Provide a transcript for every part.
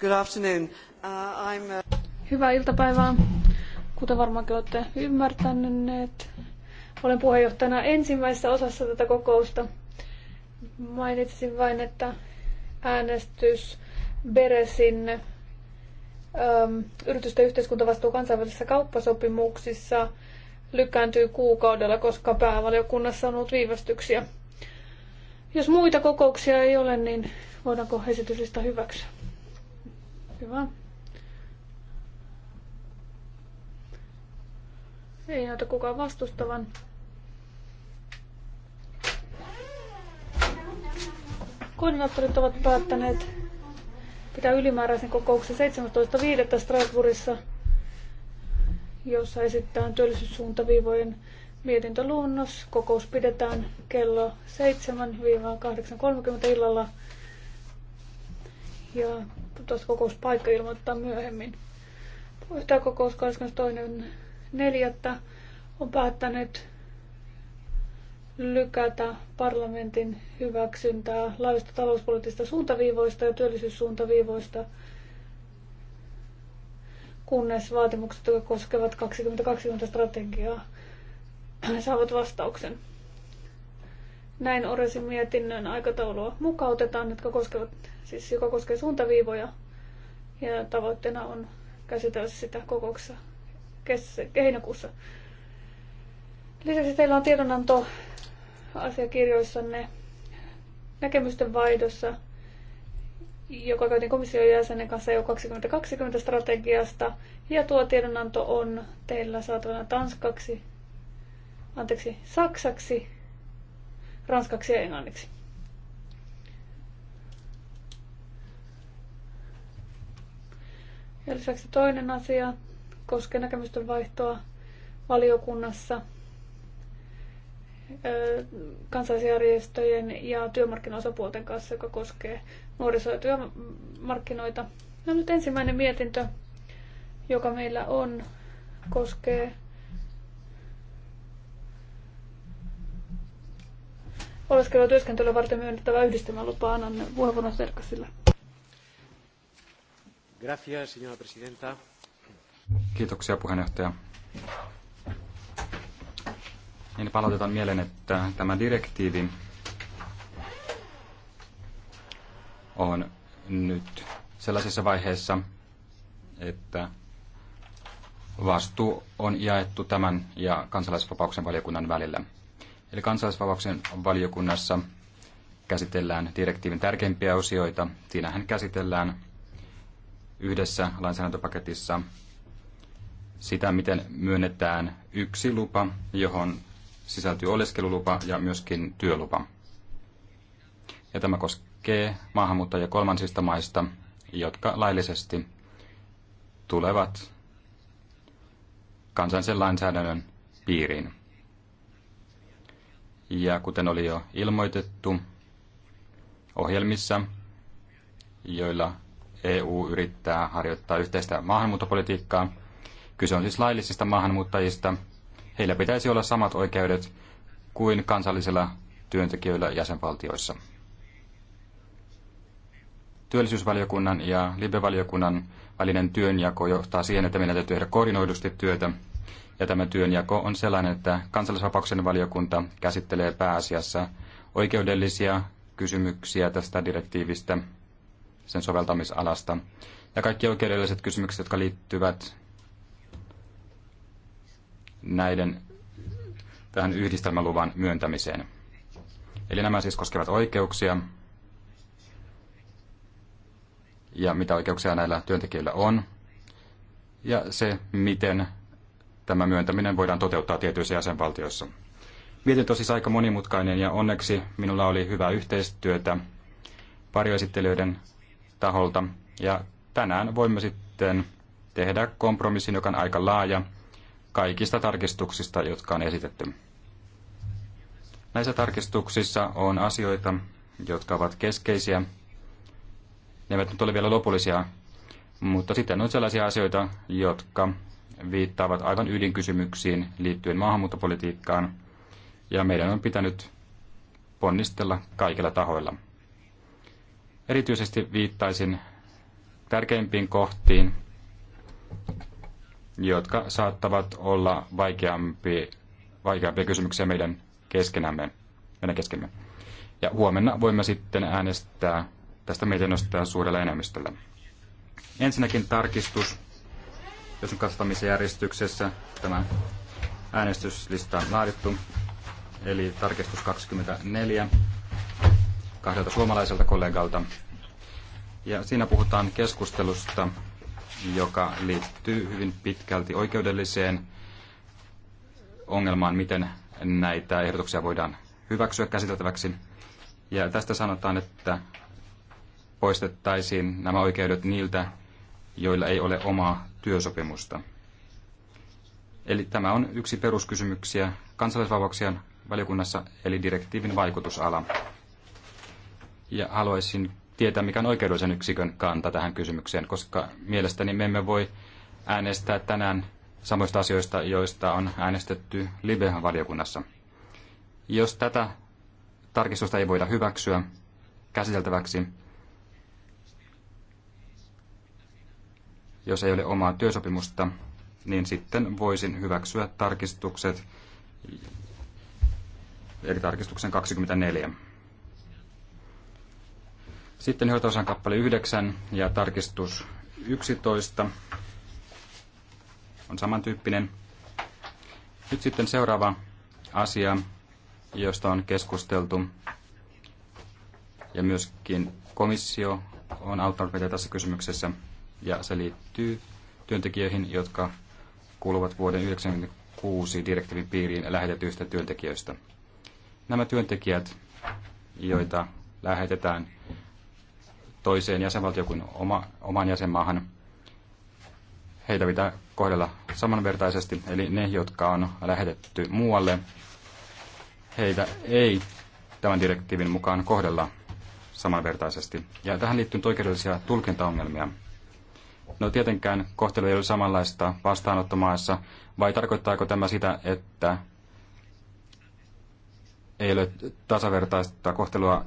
Good afternoon. Uh, I'm, uh... Hyvää iltapäivää. Kuten varmaankin olette ymmärtäneet, olen puheenjohtajana ensimmäisessä osassa tätä kokousta. Mainitsin vain, että äänestys Beresin äm, yritysten yhteiskuntavastuu kansainvälisissä kauppasopimuksissa lykkääntyy kuukaudella, koska päävaliokunnassa on ollut viivästyksiä. Jos muita kokouksia ei ole, niin voidaanko esityslista hyväksyä? Hyvä. Ei näytä kukaan vastustavan. Koordinaattorit ovat päättäneet pitää ylimääräisen kokouksen 17.5. Strasbourgissa, jossa esitetään työllisyyssuuntaviivojen mietintöluonnos. Kokous pidetään kello 7-8.30 illalla ja tuosta kokouspaikka ilmoittaa myöhemmin. kokous 22.4. on päättänyt lykätä parlamentin hyväksyntää laajista talouspoliittisista suuntaviivoista ja työllisyyssuuntaviivoista, kunnes vaatimukset, jotka koskevat 2020 strategiaa, saavat vastauksen. Näin Oresin mietinnön aikataulua mukautetaan, jotka koskevat, siis joka koskee suuntaviivoja. Ja tavoitteena on käsitellä sitä kokouksessa heinäkuussa. Lisäksi teillä on tiedonanto asiakirjoissanne näkemysten vaihdossa, joka käytiin komission jäsenen kanssa jo 2020 strategiasta. Ja tuo tiedonanto on teillä saatavana tanskaksi, anteeksi, saksaksi ranskaksi ja englanniksi. Ja lisäksi toinen asia koskee näkemysten vaihtoa valiokunnassa kansalaisjärjestöjen ja työmarkkinaosapuolten kanssa, joka koskee nuoriso- ja työmarkkinoita. No nyt ensimmäinen mietintö, joka meillä on, koskee oleskelua työskentelyä varten myönnettävä yhdistelmälupa Annan puheenvuoron Serkasille. Gracias, presidenta. Kiitoksia puheenjohtaja. Niin palautetaan mieleen, että tämä direktiivi on nyt sellaisessa vaiheessa, että vastuu on jaettu tämän ja kansalaisvapauksen valiokunnan välillä. Eli kansalaisvapauksien valiokunnassa käsitellään direktiivin tärkeimpiä osioita. Siinähän käsitellään yhdessä lainsäädäntöpaketissa sitä, miten myönnetään yksi lupa, johon sisältyy oleskelulupa ja myöskin työlupa. Ja tämä koskee maahanmuuttajia kolmansista maista, jotka laillisesti tulevat kansallisen lainsäädännön piiriin. Ja kuten oli jo ilmoitettu ohjelmissa, joilla EU yrittää harjoittaa yhteistä maahanmuuttopolitiikkaa, kyse on siis laillisista maahanmuuttajista. Heillä pitäisi olla samat oikeudet kuin kansallisilla työntekijöillä jäsenvaltioissa. Työllisyysvaliokunnan ja libevaliokunnan välinen työnjako johtaa siihen, että meidän täytyy tehdä koordinoidusti työtä ja tämä työnjako on sellainen, että kansallisvapauksen valiokunta käsittelee pääasiassa oikeudellisia kysymyksiä tästä direktiivistä, sen soveltamisalasta. Ja kaikki oikeudelliset kysymykset, jotka liittyvät näiden tähän yhdistelmäluvan myöntämiseen. Eli nämä siis koskevat oikeuksia ja mitä oikeuksia näillä työntekijöillä on ja se, miten tämä myöntäminen voidaan toteuttaa tietyissä jäsenvaltioissa. Mietintö on siis aika monimutkainen ja onneksi minulla oli hyvää yhteistyötä varjoesittelijöiden taholta. Ja tänään voimme sitten tehdä kompromissin, joka on aika laaja kaikista tarkistuksista, jotka on esitetty. Näissä tarkistuksissa on asioita, jotka ovat keskeisiä. Ne eivät nyt ole vielä lopullisia, mutta sitten on sellaisia asioita, jotka viittaavat aivan ydinkysymyksiin liittyen maahanmuuttopolitiikkaan, ja meidän on pitänyt ponnistella kaikilla tahoilla. Erityisesti viittaisin tärkeimpiin kohtiin, jotka saattavat olla vaikeampi, vaikeampia kysymyksiä meidän keskenämme, meidän keskemme. Ja huomenna voimme sitten äänestää tästä mietinnöstä suurella enemmistöllä. Ensinnäkin tarkistus jos on katsotaan missä järjestyksessä tämä äänestyslista on laadittu, eli tarkistus 24 kahdelta suomalaiselta kollegalta. Ja siinä puhutaan keskustelusta, joka liittyy hyvin pitkälti oikeudelliseen ongelmaan, miten näitä ehdotuksia voidaan hyväksyä käsiteltäväksi. Ja tästä sanotaan, että poistettaisiin nämä oikeudet niiltä, joilla ei ole omaa työsopimusta. Eli tämä on yksi peruskysymyksiä kansalaisvapauksien valiokunnassa, eli direktiivin vaikutusala. Ja haluaisin tietää, mikä on oikeudellisen yksikön kanta tähän kysymykseen, koska mielestäni me emme voi äänestää tänään samoista asioista, joista on äänestetty Libehan valiokunnassa Jos tätä tarkistusta ei voida hyväksyä käsiteltäväksi, Jos ei ole omaa työsopimusta, niin sitten voisin hyväksyä tarkistukset, eli tarkistuksen 24. Sitten hoitoosan kappale 9 ja tarkistus 11 on samantyyppinen. Nyt sitten seuraava asia, josta on keskusteltu. Ja myöskin komissio on auttanut meitä tässä kysymyksessä ja se liittyy työntekijöihin, jotka kuuluvat vuoden 1996 direktiivin piiriin lähetetyistä työntekijöistä. Nämä työntekijät, joita lähetetään toiseen jäsenvaltioon kuin oma, omaan jäsenmaahan, heitä pitää kohdella samanvertaisesti, eli ne, jotka on lähetetty muualle, heitä ei tämän direktiivin mukaan kohdella samanvertaisesti. Ja tähän liittyy oikeudellisia tulkintaongelmia. No tietenkään kohtelu ei ole samanlaista vastaanottomaassa, vai tarkoittaako tämä sitä, että ei ole tasavertaista kohtelua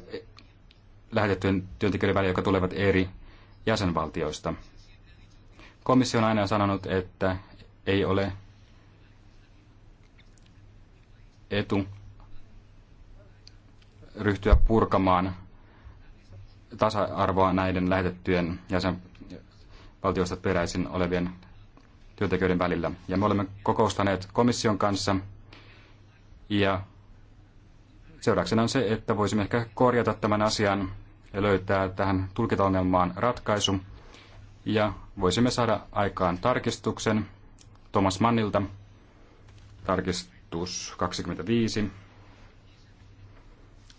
lähetettyjen työntekijöiden välillä, jotka tulevat eri jäsenvaltioista? Komissio on aina sanonut, että ei ole etu ryhtyä purkamaan tasa-arvoa näiden lähetettyjen jäsen, valtioista peräisin olevien työntekijöiden välillä. Ja me olemme kokoustaneet komission kanssa ja seurauksena on se, että voisimme ehkä korjata tämän asian ja löytää tähän tulkintaongelmaan ratkaisu. Ja voisimme saada aikaan tarkistuksen Thomas Mannilta, tarkistus 25.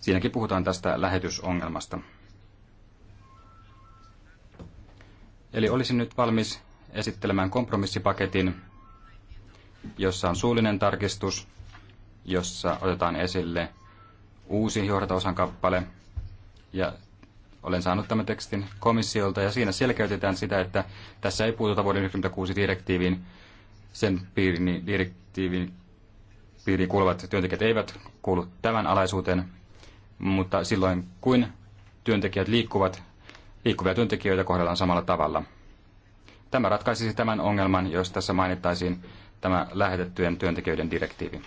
Siinäkin puhutaan tästä lähetysongelmasta. Eli olisin nyt valmis esittelemään kompromissipaketin, jossa on suullinen tarkistus, jossa otetaan esille uusi johdataosan kappale. Ja olen saanut tämän tekstin komissiolta ja siinä selkeytetään sitä, että tässä ei puututa vuoden 1996 direktiiviin. Sen direktiivin piiriin kuuluvat työntekijät eivät kuulu tämän alaisuuteen, mutta silloin kun työntekijät liikkuvat, liikkuvia työntekijöitä kohdellaan samalla tavalla. Tämä ratkaisisi tämän ongelman, jos tässä mainittaisiin tämä lähetettyjen työntekijöiden direktiivi.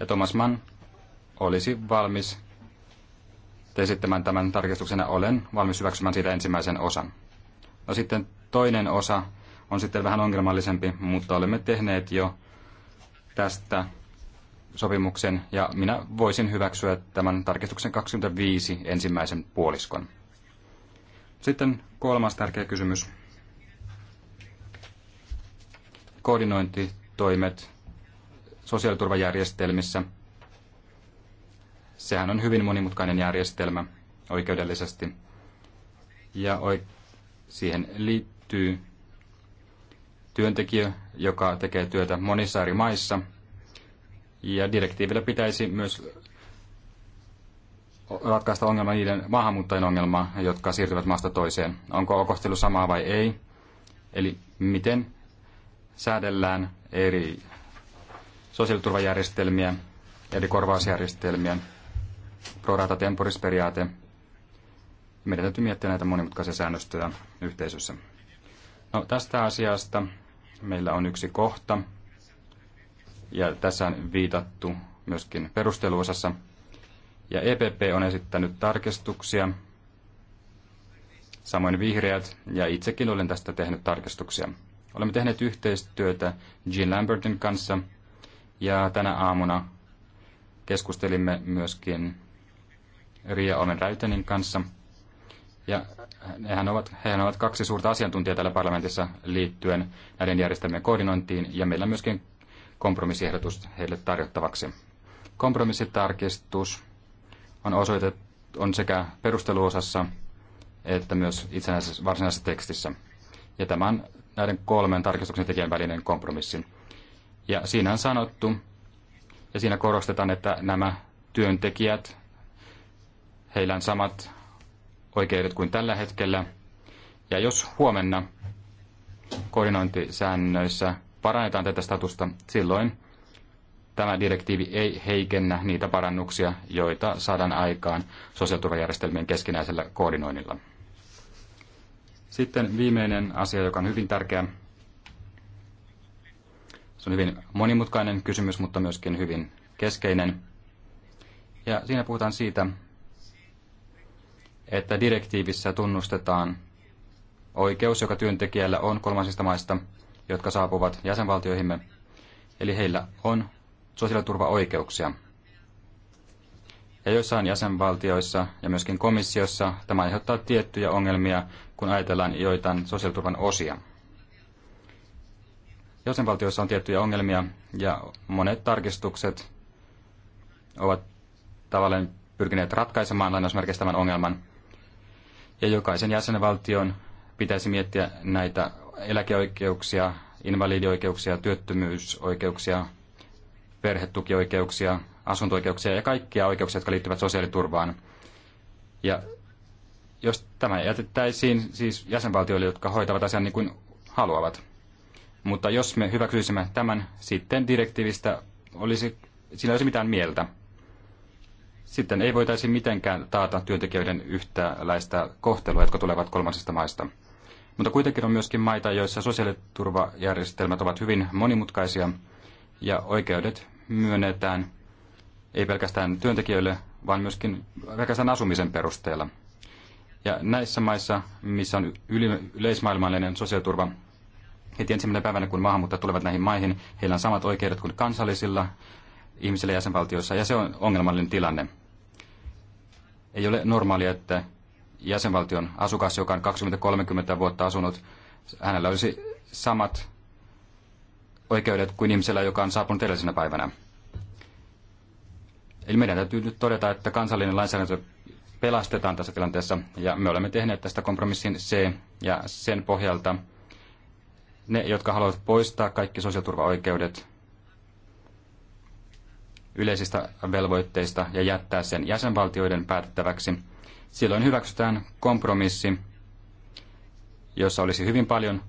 Ja Thomas Mann olisi valmis esittämään tämän tarkistuksena. Olen valmis hyväksymään siitä ensimmäisen osan. No sitten toinen osa on sitten vähän ongelmallisempi, mutta olemme tehneet jo tästä sopimuksen ja minä voisin hyväksyä tämän tarkistuksen 25 ensimmäisen puoliskon. Sitten kolmas tärkeä kysymys. koordinointitoimet sosiaaliturvajärjestelmissä. Sehän on hyvin monimutkainen järjestelmä oikeudellisesti. Ja siihen liittyy työntekijä, joka tekee työtä monissa eri maissa. Ja direktiivillä pitäisi myös ratkaista ongelma niiden maahanmuuttajien ongelma, jotka siirtyvät maasta toiseen. Onko kohtelu samaa vai ei? Eli miten säädellään eri sosiaaliturvajärjestelmiä, eri korvausjärjestelmiä, prorata temporisperiaate. Meidän täytyy miettiä näitä monimutkaisia säännöstöjä yhteisössä. No, tästä asiasta meillä on yksi kohta, ja tässä on viitattu myöskin perusteluosassa. Ja EPP on esittänyt tarkistuksia, samoin vihreät, ja itsekin olen tästä tehnyt tarkistuksia. Olemme tehneet yhteistyötä Jean Lambertin kanssa ja tänä aamuna keskustelimme myöskin Ria Omen Räytenin kanssa. Ja hehän ovat, hehän ovat kaksi suurta asiantuntijaa täällä parlamentissa liittyen näiden järjestelmien koordinointiin ja meillä on myöskin kompromissiehdotus heille tarjottavaksi. Kompromissitarkistus on osoitettu on sekä perusteluosassa että myös itsenäisessä varsinaisessa tekstissä. Ja tämä on näiden kolmen tarkistuksen tekijän välinen kompromissi. Ja siinä on sanottu, ja siinä korostetaan, että nämä työntekijät, heillä on samat oikeudet kuin tällä hetkellä. Ja jos huomenna koordinointisäännöissä parannetaan tätä statusta, silloin tämä direktiivi ei heikennä niitä parannuksia, joita saadaan aikaan sosiaaliturvajärjestelmien keskinäisellä koordinoinnilla. Sitten viimeinen asia, joka on hyvin tärkeä. Se on hyvin monimutkainen kysymys, mutta myöskin hyvin keskeinen. Ja siinä puhutaan siitä, että direktiivissä tunnustetaan oikeus, joka työntekijällä on kolmansista maista, jotka saapuvat jäsenvaltioihimme. Eli heillä on sosiaaliturvaoikeuksia. Ja joissain jäsenvaltioissa ja myöskin komissiossa tämä aiheuttaa tiettyjä ongelmia kun ajatellaan joitain sosiaaliturvan osia. Jäsenvaltioissa on tiettyjä ongelmia ja monet tarkistukset ovat tavallaan pyrkineet ratkaisemaan lainausmerkeistä tämän ongelman. Ja jokaisen jäsenvaltion pitäisi miettiä näitä eläkeoikeuksia, invalidioikeuksia, työttömyysoikeuksia, perhetukioikeuksia, asunto ja kaikkia oikeuksia, jotka liittyvät sosiaaliturvaan. Ja jos tämä jätettäisiin siis jäsenvaltioille, jotka hoitavat asian niin kuin haluavat. Mutta jos me hyväksyisimme tämän, sitten direktiivistä olisi, sillä ei olisi mitään mieltä. Sitten ei voitaisi mitenkään taata työntekijöiden yhtäläistä kohtelua, jotka tulevat kolmansista maista. Mutta kuitenkin on myöskin maita, joissa sosiaaliturvajärjestelmät ovat hyvin monimutkaisia ja oikeudet myönnetään ei pelkästään työntekijöille, vaan myöskin pelkästään asumisen perusteella. Ja näissä maissa, missä on yli, yleismaailmallinen sosiaaliturva, heti ensimmäisenä päivänä, kun maahanmuuttajat tulevat näihin maihin, heillä on samat oikeudet kuin kansallisilla ihmisillä jäsenvaltioissa, ja se on ongelmallinen tilanne. Ei ole normaalia, että jäsenvaltion asukas, joka on 20-30 vuotta asunut, hänellä olisi samat oikeudet kuin ihmisellä, joka on saapunut edellisenä päivänä. Eli meidän täytyy nyt todeta, että kansallinen lainsäädäntö pelastetaan tässä tilanteessa. Ja me olemme tehneet tästä kompromissin C ja sen pohjalta ne, jotka haluavat poistaa kaikki sosiaaliturvaoikeudet yleisistä velvoitteista ja jättää sen jäsenvaltioiden päätettäväksi, silloin hyväksytään kompromissi, jossa olisi hyvin paljon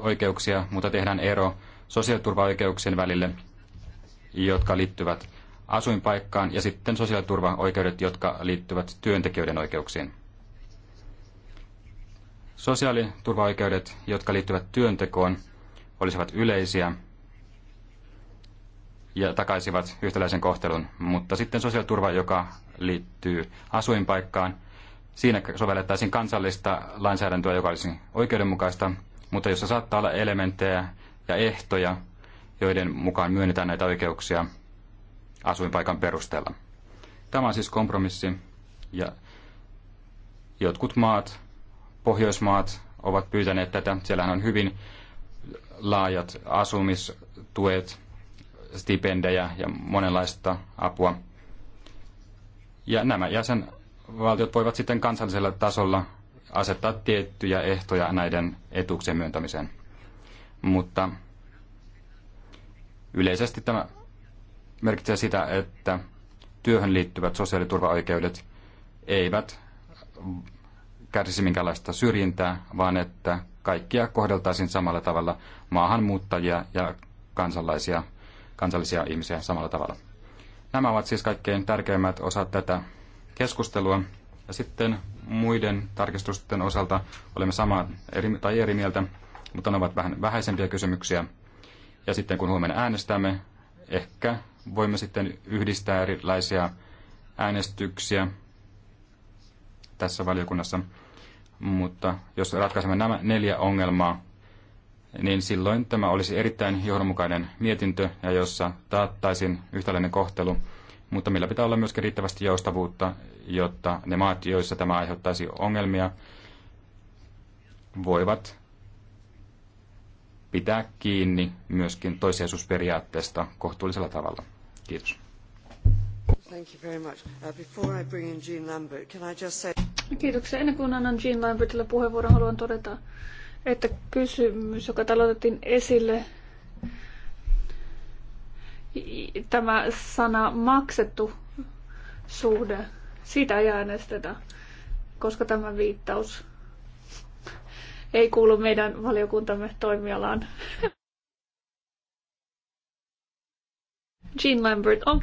oikeuksia, mutta tehdään ero sosiaaliturvaoikeuksien välille, jotka liittyvät asuinpaikkaan ja sitten sosiaaliturvaoikeudet, jotka liittyvät työntekijöiden oikeuksiin. Sosiaaliturvaoikeudet, jotka liittyvät työntekoon, olisivat yleisiä ja takaisivat yhtäläisen kohtelun, mutta sitten sosiaaliturva, joka liittyy asuinpaikkaan, siinä sovellettaisiin kansallista lainsäädäntöä, joka olisi oikeudenmukaista, mutta jossa saattaa olla elementtejä ja ehtoja, joiden mukaan myönnetään näitä oikeuksia – asuinpaikan perusteella. Tämä on siis kompromissi ja jotkut maat, Pohjoismaat, ovat pyytäneet tätä. Siellähän on hyvin laajat asumistuet, stipendejä ja monenlaista apua. Ja nämä jäsenvaltiot voivat sitten kansallisella tasolla asettaa tiettyjä ehtoja näiden etuuksien myöntämiseen. Mutta yleisesti tämä merkitsee sitä, että työhön liittyvät sosiaaliturvaoikeudet eivät kärsisi minkäänlaista syrjintää, vaan että kaikkia kohdeltaisiin samalla tavalla maahanmuuttajia ja kansalaisia, kansallisia ihmisiä samalla tavalla. Nämä ovat siis kaikkein tärkeimmät osat tätä keskustelua. Ja sitten muiden tarkistusten osalta olemme samaa eri, tai eri mieltä, mutta ne ovat vähän vähäisempiä kysymyksiä. Ja sitten kun huomenna äänestämme, ehkä voimme sitten yhdistää erilaisia äänestyksiä tässä valiokunnassa. Mutta jos ratkaisemme nämä neljä ongelmaa, niin silloin tämä olisi erittäin johdonmukainen mietintö, ja jossa taattaisiin yhtäläinen kohtelu, mutta millä pitää olla myöskin riittävästi joustavuutta, jotta ne maat, joissa tämä aiheuttaisi ongelmia, voivat pitää kiinni myöskin toissijaisuusperiaatteesta kohtuullisella tavalla. Kiitos. Thank you very much. Uh, before I bring in Jean Lambert, can I just say... Kiitoksia. Ennen kuin annan Jean Lambertille puheenvuoron, haluan todeta, että kysymys, joka täällä otettiin esille, tämä sana maksettu suhde, sitä ei äänestetä, koska tämä viittaus ei kuulu meidän valiokuntamme toimialaan. Jean Lambert, onko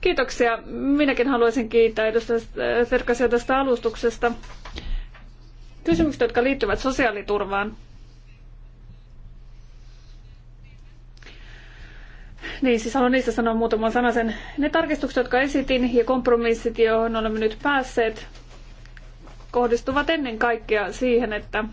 Kiitoksia. Minäkin haluaisin kiittää edustaja Serkasia tästä alustuksesta. Kysymykset, jotka liittyvät sosiaaliturvaan. Niin, siis haluan niistä sanoa muutaman sanasen. Ne tarkistukset, jotka esitin ja kompromissit, joihin olemme nyt päässeet, kohdistuvat ennen kaikkea siihen, että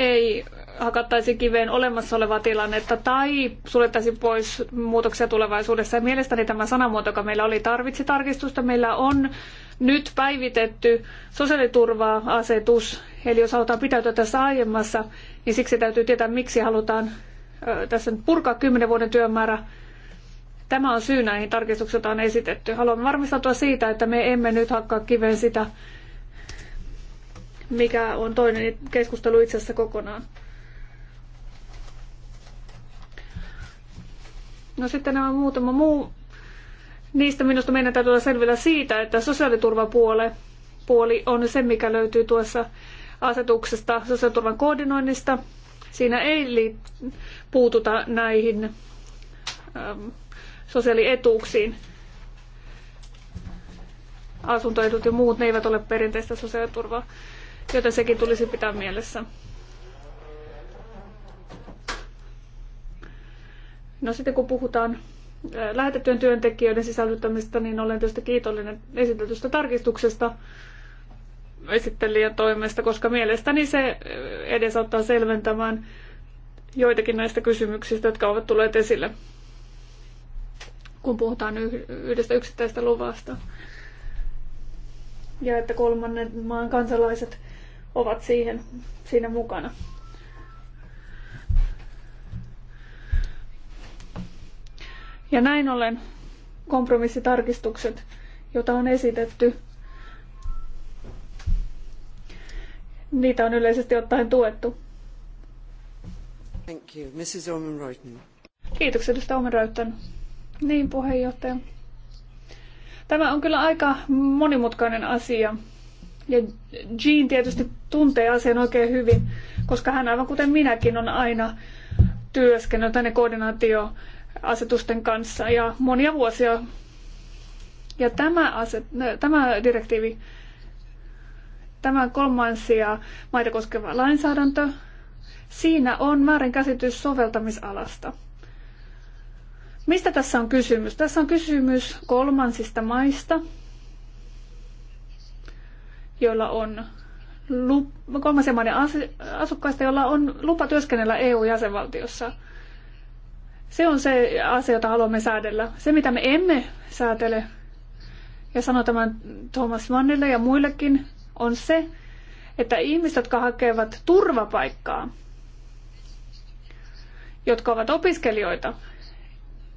ei hakattaisi kiveen olemassa olevaa tilannetta tai suljettaisi pois muutoksia tulevaisuudessa. Ja mielestäni tämä sanamuoto, joka meillä oli, tarvitsi tarkistusta. Meillä on nyt päivitetty sosiaaliturva-asetus, eli jos halutaan pitäytyä tässä aiemmassa, niin siksi täytyy tietää, miksi halutaan tässä purkaa 10 vuoden työmäärä. Tämä on syy näihin tarkistuksiin, joita on esitetty. Haluamme varmistautua siitä, että me emme nyt hakkaa kiveen sitä mikä on toinen keskustelu itse asiassa kokonaan. No sitten nämä muutama muu. Niistä minusta meidän täytyy olla selvillä siitä, että sosiaaliturvapuoli puoli on se, mikä löytyy tuossa asetuksesta sosiaaliturvan koordinoinnista. Siinä ei li- puututa näihin äm, sosiaalietuuksiin. Asuntoedut ja muut, ne eivät ole perinteistä sosiaaliturvaa joten sekin tulisi pitää mielessä. No sitten kun puhutaan lähetettyjen työntekijöiden sisällyttämistä, niin olen tietysti kiitollinen esitetystä tarkistuksesta esittelijän toimesta, koska mielestäni se edesauttaa selventämään joitakin näistä kysymyksistä, jotka ovat tulleet esille, kun puhutaan yhdestä yksittäistä luvasta. Ja että kolmannen maan kansalaiset ovat siihen, siinä mukana. Ja näin ollen kompromissitarkistukset, joita on esitetty, niitä on yleisesti ottaen tuettu. Thank you. Mrs. Kiitoksia, edustaja omen Niin, puheenjohtaja. Tämä on kyllä aika monimutkainen asia. Ja Jean tietysti tuntee asian oikein hyvin, koska hän aivan kuten minäkin on aina työskennellyt tänne koordinaatioasetusten kanssa ja monia vuosia. Ja tämä, aset, tämä direktiivi, tämä kolmansia maita koskeva lainsäädäntö, siinä on käsitys soveltamisalasta. Mistä tässä on kysymys? Tässä on kysymys kolmansista maista, joilla on lup- kolmansien maiden asukkaista, joilla on lupa työskennellä EU-jäsenvaltiossa. Se on se asia, jota haluamme säädellä. Se, mitä me emme säätele, ja sano tämän Thomas Mannille ja muillekin, on se, että ihmiset, jotka hakevat turvapaikkaa, jotka ovat opiskelijoita,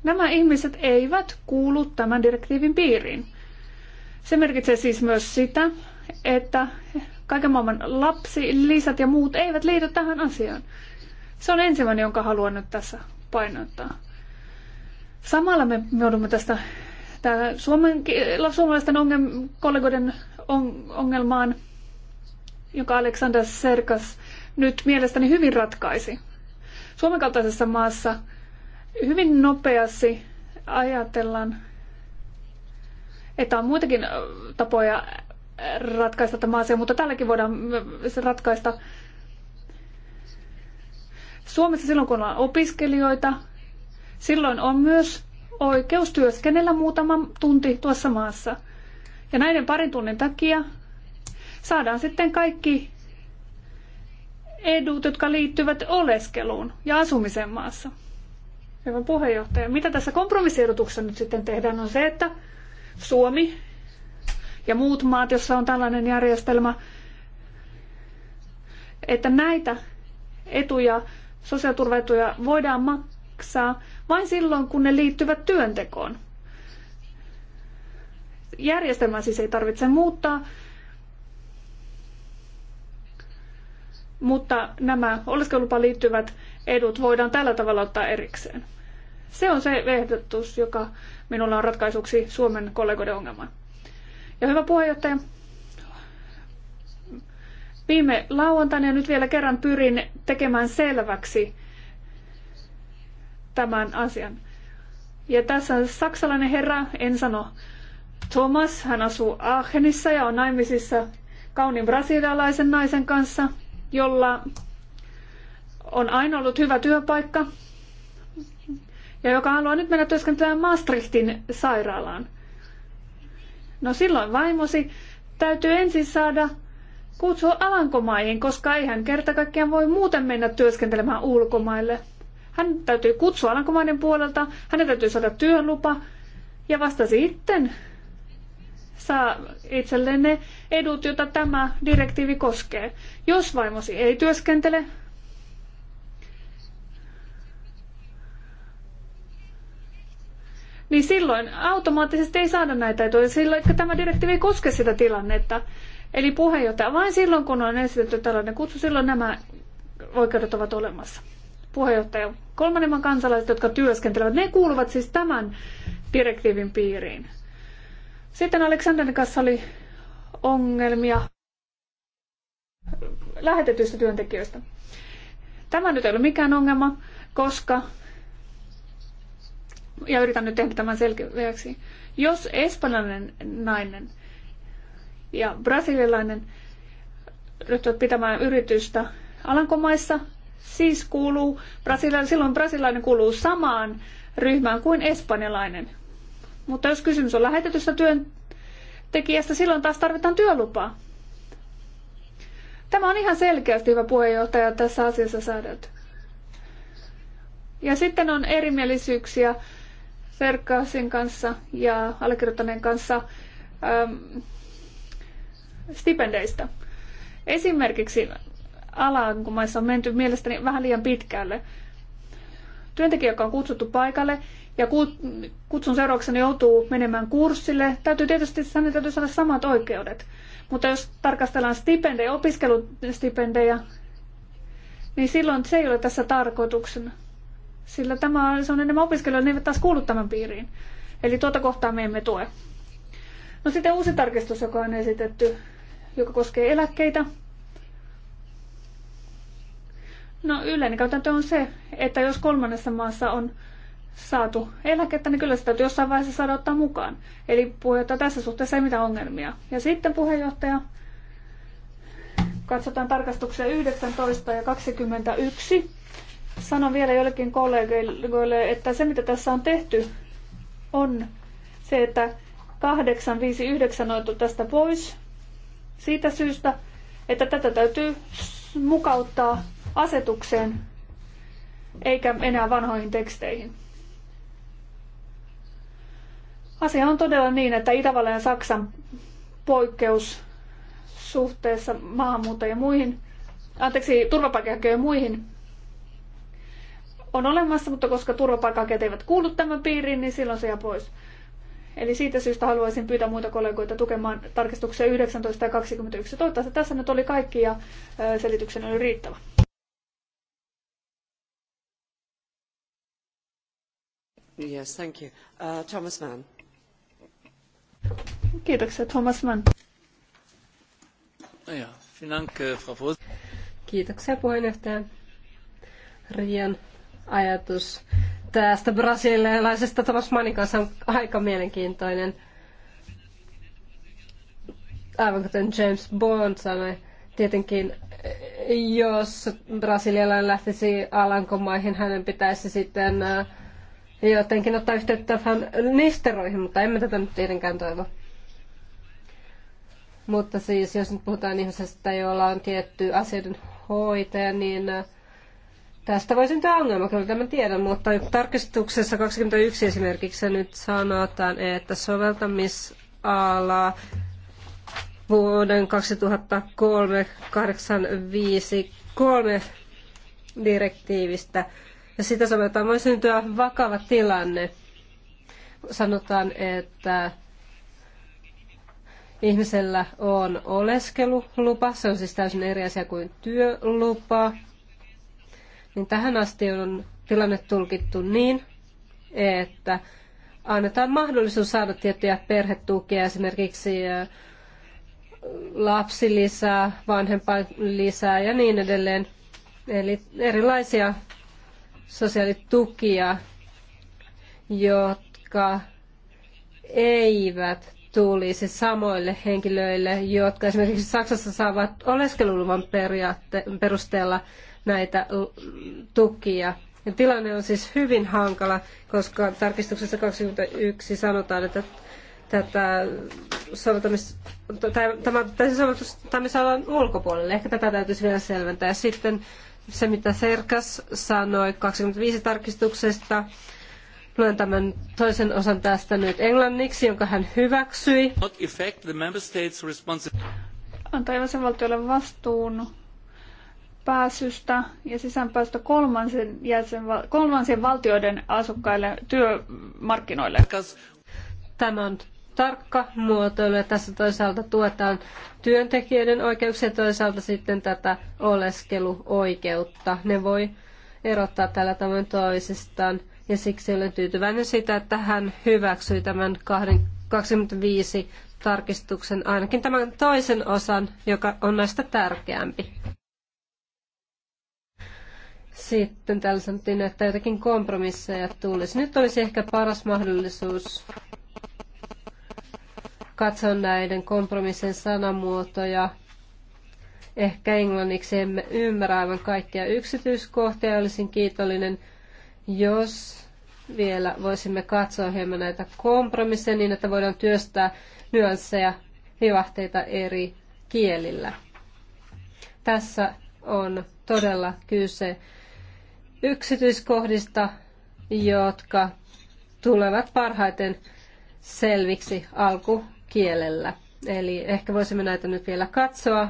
nämä ihmiset eivät kuulu tämän direktiivin piiriin. Se merkitsee siis myös sitä, että kaiken maailman lapsi, lisät ja muut eivät liity tähän asiaan. Se on ensimmäinen, jonka haluan nyt tässä painottaa. Samalla me joudumme tästä suomen, suomalaisten ongel, kollegoiden on, ongelmaan, joka Aleksander Serkas nyt mielestäni hyvin ratkaisi. Suomen kaltaisessa maassa hyvin nopeasti ajatellaan, että on muitakin tapoja ratkaista tämä asia, mutta tälläkin voidaan se ratkaista. Suomessa silloin, kun ollaan opiskelijoita, silloin on myös oikeus työskennellä muutama tunti tuossa maassa. Ja näiden parin tunnin takia saadaan sitten kaikki edut, jotka liittyvät oleskeluun ja asumiseen maassa. Hyvä puheenjohtaja. Mitä tässä kompromissiehdotuksessa nyt sitten tehdään on se, että Suomi ja muut maat, joissa on tällainen järjestelmä, että näitä etuja, sosiaaliturvaetuja voidaan maksaa vain silloin, kun ne liittyvät työntekoon. Järjestelmää siis ei tarvitse muuttaa, mutta nämä oleskelulupaan liittyvät edut voidaan tällä tavalla ottaa erikseen. Se on se ehdotus, joka minulla on ratkaisuksi Suomen kollegoiden ongelmaan. Ja hyvä puheenjohtaja, viime lauantaina ja nyt vielä kerran pyrin tekemään selväksi tämän asian. Ja tässä on siis saksalainen herra, en sano Thomas, hän asuu Aachenissa ja on naimisissa kauniin brasilialaisen naisen kanssa, jolla on aina ollut hyvä työpaikka ja joka haluaa nyt mennä työskentelemään Maastrichtin sairaalaan. No silloin vaimosi täytyy ensin saada kutsua Alankomaihin, koska ei hän kerta kaikkiaan voi muuten mennä työskentelemään ulkomaille. Hän täytyy kutsua Alankomaiden puolelta, hänen täytyy saada työlupa ja vasta sitten saa itselleen ne edut, joita tämä direktiivi koskee. Jos vaimosi ei työskentele, niin silloin automaattisesti ei saada näitä etuja. Silloin tämä direktiivi ei koske sitä tilannetta. Eli puheenjohtaja, vain silloin kun on esitetty tällainen kutsu, silloin nämä oikeudet ovat olemassa. Puheenjohtaja, kolmannen maan kansalaiset, jotka työskentelevät, ne kuuluvat siis tämän direktiivin piiriin. Sitten Aleksandrin kanssa oli ongelmia lähetetyistä työntekijöistä. Tämä nyt ei ole mikään ongelma, koska ja yritän nyt tehdä tämän selkeäksi. Jos espanjalainen nainen ja brasililainen ryhtyvät pitämään yritystä Alankomaissa, siis kuuluu, silloin brasilainen kuuluu samaan ryhmään kuin espanjalainen. Mutta jos kysymys on lähetetystä työntekijästä, silloin taas tarvitaan työlupaa. Tämä on ihan selkeästi hyvä puheenjohtaja tässä asiassa säädelty. Ja sitten on erimielisyyksiä Serkaasin kanssa ja allekirjoittaneen kanssa ähm, stipendeistä. Esimerkiksi alankumaissa on menty mielestäni vähän liian pitkälle. Työntekijä, joka on kutsuttu paikalle ja kutsun seurauksena joutuu menemään kurssille, täytyy tietysti hänen täytyy saada samat oikeudet. Mutta jos tarkastellaan stipendejä, opiskelustipendejä, niin silloin se ei ole tässä tarkoituksena. Sillä tämä, se on enemmän opiskelijoita, ne eivät taas kuulu tämän piiriin. Eli tuota kohtaa me emme tue. No sitten uusi tarkistus, joka on esitetty, joka koskee eläkkeitä. No yleinen käytäntö on se, että jos kolmannessa maassa on saatu eläkettä, niin kyllä sitä täytyy jossain vaiheessa saada ottaa mukaan. Eli puheenjohtaja tässä suhteessa ei mitään ongelmia. Ja sitten puheenjohtaja, katsotaan tarkastuksia 19 ja 21 sanon vielä joillekin kollegoille, että se mitä tässä on tehty on se, että 859 noitu tästä pois siitä syystä, että tätä täytyy mukauttaa asetukseen eikä enää vanhoihin teksteihin. Asia on todella niin, että Itävallan ja Saksan poikkeus suhteessa maahanmuuttajien muihin, anteeksi, turvapaikanhakijoihin muihin on olemassa, mutta koska turvapaikkahakijat eivät kuulu tämän piiriin, niin silloin se jää pois. Eli siitä syystä haluaisin pyytää muita kollegoita tukemaan tarkistuksia 19 ja 21. Toivottavasti tässä nyt oli kaikki ja selityksen oli riittävä. Yes, thank you. Uh, Thomas Mann. Kiitoksia, Thomas Mann. No ja, äh, Kiitoksia puheenjohtaja. Rian ajatus tästä brasilialaisesta Thomas Mannin kanssa on aika mielenkiintoinen. Aivan kuten James Bond sanoi, tietenkin jos brasilialainen lähtisi Alankomaihin, hänen pitäisi sitten äh, jotenkin ottaa yhteyttä vähän nisteroihin, mutta emme tätä nyt tietenkään toivo. Mutta siis, jos nyt puhutaan ihmisestä, jolla on tietty asioiden hoitaja, niin äh, Tästä voi syntyä ongelma, kyllä tämän tiedän, mutta tarkistuksessa 21 esimerkiksi nyt sanotaan, että soveltamisala vuoden 2003 853 direktiivistä. Ja sitä sovelletaan voi syntyä vakava tilanne. Sanotaan, että ihmisellä on oleskelulupa, se on siis täysin eri asia kuin työlupa niin tähän asti on tilanne tulkittu niin, että annetaan mahdollisuus saada tiettyjä perhetukia, esimerkiksi äh, lapsilisää, vanhempainlisää ja niin edelleen. Eli erilaisia sosiaalitukia, jotka eivät tulisi samoille henkilöille, jotka esimerkiksi Saksassa saavat oleskeluluvan perusteella näitä tukia. Ja tilanne on siis hyvin hankala, koska tarkistuksessa 21 sanotaan, että tätä soveltamis, tämä täysin soveltamisalan ulkopuolelle. Ehkä tätä täytyisi vielä selventää. Sitten se, mitä Serkas sanoi 25 tarkistuksesta, luen tämän toisen osan tästä nyt englanniksi, jonka hän hyväksyi. Antaa jäsenvaltiolle vastuun pääsystä ja sisäänpäästä kolmansien, jäsen, kolmansien valtioiden asukkaille työmarkkinoille. Tämä on tarkka muotoilu ja tässä toisaalta tuetaan työntekijöiden oikeuksia ja toisaalta sitten tätä oleskeluoikeutta. Ne voi erottaa tällä tavoin toisistaan ja siksi olen tyytyväinen siitä, että hän hyväksyi tämän 25 tarkistuksen, ainakin tämän toisen osan, joka on näistä tärkeämpi. Sitten täällä sanottiin, että jotakin kompromisseja tulisi. Nyt olisi ehkä paras mahdollisuus katsoa näiden kompromissin sanamuotoja. Ehkä englanniksi emme ymmärrä aivan kaikkia yksityiskohtia. Olisin kiitollinen, jos vielä voisimme katsoa hieman näitä kompromisseja niin, että voidaan työstää nyansseja, vivahteita eri kielillä. Tässä on todella kyse yksityiskohdista, jotka tulevat parhaiten selviksi alkukielellä. Eli ehkä voisimme näitä nyt vielä katsoa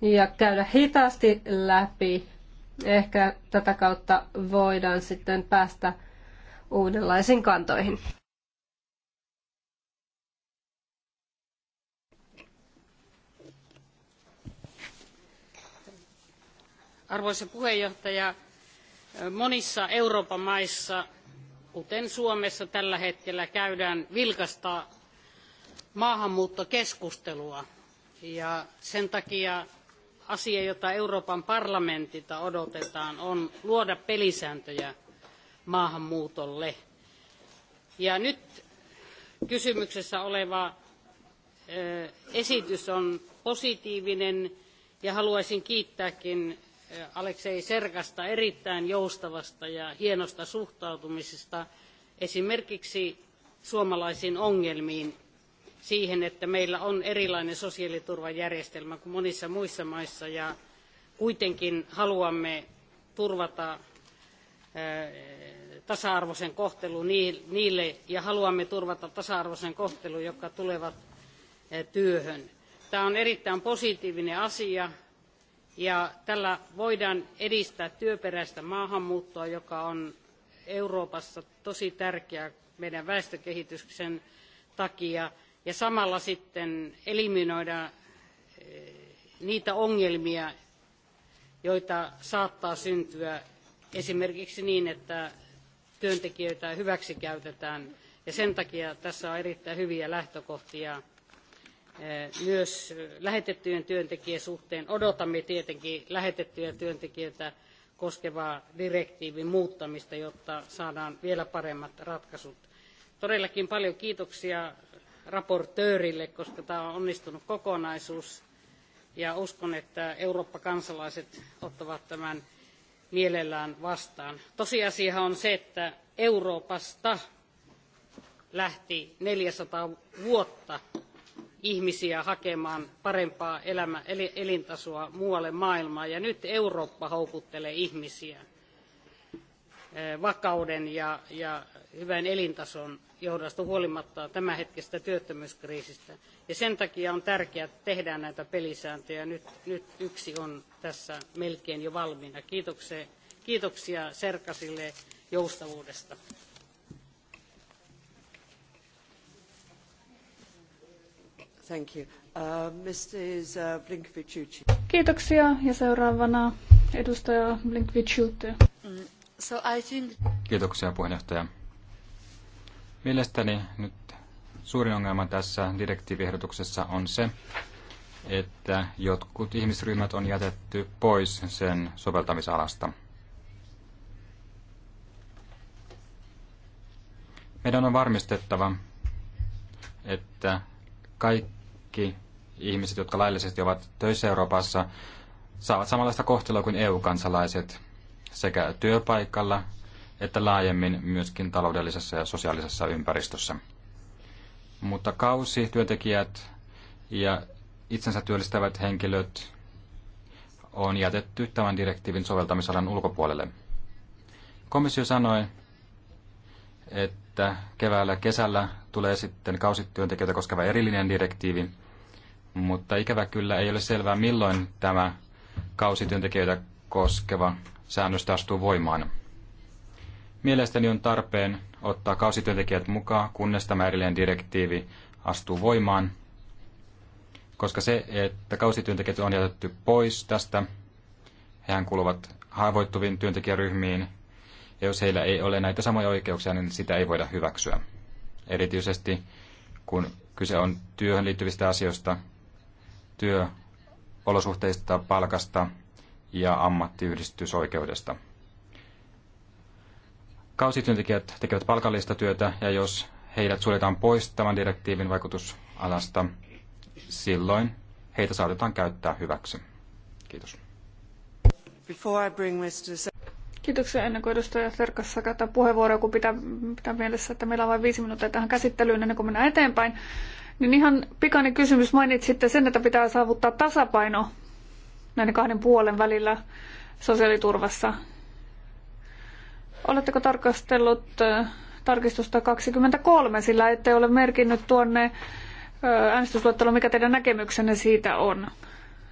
ja käydä hitaasti läpi. Ehkä tätä kautta voidaan sitten päästä uudenlaisiin kantoihin. Arvoisa puheenjohtaja, monissa Euroopan maissa, kuten Suomessa tällä hetkellä, käydään vilkasta maahanmuuttokeskustelua. Ja sen takia asia, jota Euroopan parlamentilta odotetaan, on luoda pelisääntöjä maahanmuutolle. Ja nyt kysymyksessä oleva esitys on positiivinen ja haluaisin kiittääkin Aleksei Serkasta erittäin joustavasta ja hienosta suhtautumisesta esimerkiksi suomalaisiin ongelmiin siihen, että meillä on erilainen sosiaaliturvajärjestelmä kuin monissa muissa maissa ja kuitenkin haluamme turvata tasa-arvoisen kohtelun niille ja haluamme turvata tasa-arvoisen kohtelun, jotka tulevat työhön. Tämä on erittäin positiivinen asia ja tällä voidaan edistää työperäistä maahanmuuttoa, joka on Euroopassa tosi tärkeää meidän väestökehityksen takia. Ja samalla sitten eliminoida eh, niitä ongelmia, joita saattaa syntyä esimerkiksi niin, että työntekijöitä hyväksikäytetään. Ja sen takia tässä on erittäin hyviä lähtökohtia Eh, myös lähetettyjen työntekijän suhteen odotamme tietenkin lähetettyjä työntekijöitä koskevaa direktiivin muuttamista, jotta saadaan vielä paremmat ratkaisut. Todellakin paljon kiitoksia raportöörille, koska tämä on onnistunut kokonaisuus. Ja uskon, että Eurooppa-kansalaiset ottavat tämän mielellään vastaan. Tosiasia on se, että Euroopasta lähti 400 vuotta ihmisiä hakemaan parempaa elämä, elintasoa muualle maailmaan. Ja nyt Eurooppa houkuttelee ihmisiä eh, vakauden ja, ja hyvän elintason johdosta huolimatta tämänhetkisestä työttömyyskriisistä. Ja sen takia on tärkeää, että tehdään näitä pelisääntöjä. Nyt, nyt yksi on tässä melkein jo valmiina. Kiitoksia, kiitoksia Serkasille joustavuudesta. Thank you. Uh, Mrs. Uh, Blinkvichuti. Kiitoksia ja seuraavana edustaja Blinkvichuti. Mm, so I think... Kiitoksia puheenjohtaja. Mielestäni nyt suurin ongelma tässä direktiiviehdotuksessa on se, että jotkut ihmisryhmät on jätetty pois sen soveltamisalasta. Meidän on varmistettava, että kaikki kaikki ihmiset, jotka laillisesti ovat töissä Euroopassa, saavat samanlaista kohtelua kuin EU-kansalaiset sekä työpaikalla että laajemmin myöskin taloudellisessa ja sosiaalisessa ympäristössä. Mutta kausi, työntekijät ja itsensä työllistävät henkilöt on jätetty tämän direktiivin soveltamisalan ulkopuolelle. Komissio sanoi, että keväällä kesällä tulee sitten kausityöntekijöitä koskeva erillinen direktiivi, mutta ikävä kyllä ei ole selvää, milloin tämä kausityöntekijöitä koskeva säännös astuu voimaan. Mielestäni on tarpeen ottaa kausityöntekijät mukaan, kunnes tämä erillinen direktiivi astuu voimaan, koska se, että kausityöntekijät on jätetty pois tästä, hehän kuuluvat haavoittuviin työntekijäryhmiin, ja jos heillä ei ole näitä samoja oikeuksia, niin sitä ei voida hyväksyä. Erityisesti kun kyse on työhön liittyvistä asioista, työolosuhteista, palkasta ja ammattiyhdistysoikeudesta. Kausityöntekijät tekevät palkallista työtä ja jos heidät suljetaan pois tämän direktiivin vaikutusalasta, silloin heitä saatetaan käyttää hyväksi. Kiitos. Kiitoksia ennen kuin edustaja Serkas saa puheenvuoroa, kun pitää, pitää mielessä, että meillä on vain viisi minuuttia tähän käsittelyyn ennen kuin mennään eteenpäin. Niin ihan pikainen kysymys. Mainitsitte sen, että pitää saavuttaa tasapaino näiden kahden puolen välillä sosiaaliturvassa. Oletteko tarkastellut tarkistusta 23, sillä ette ole merkinnyt tuonne äänestysluetteloon, mikä teidän näkemyksenne siitä on?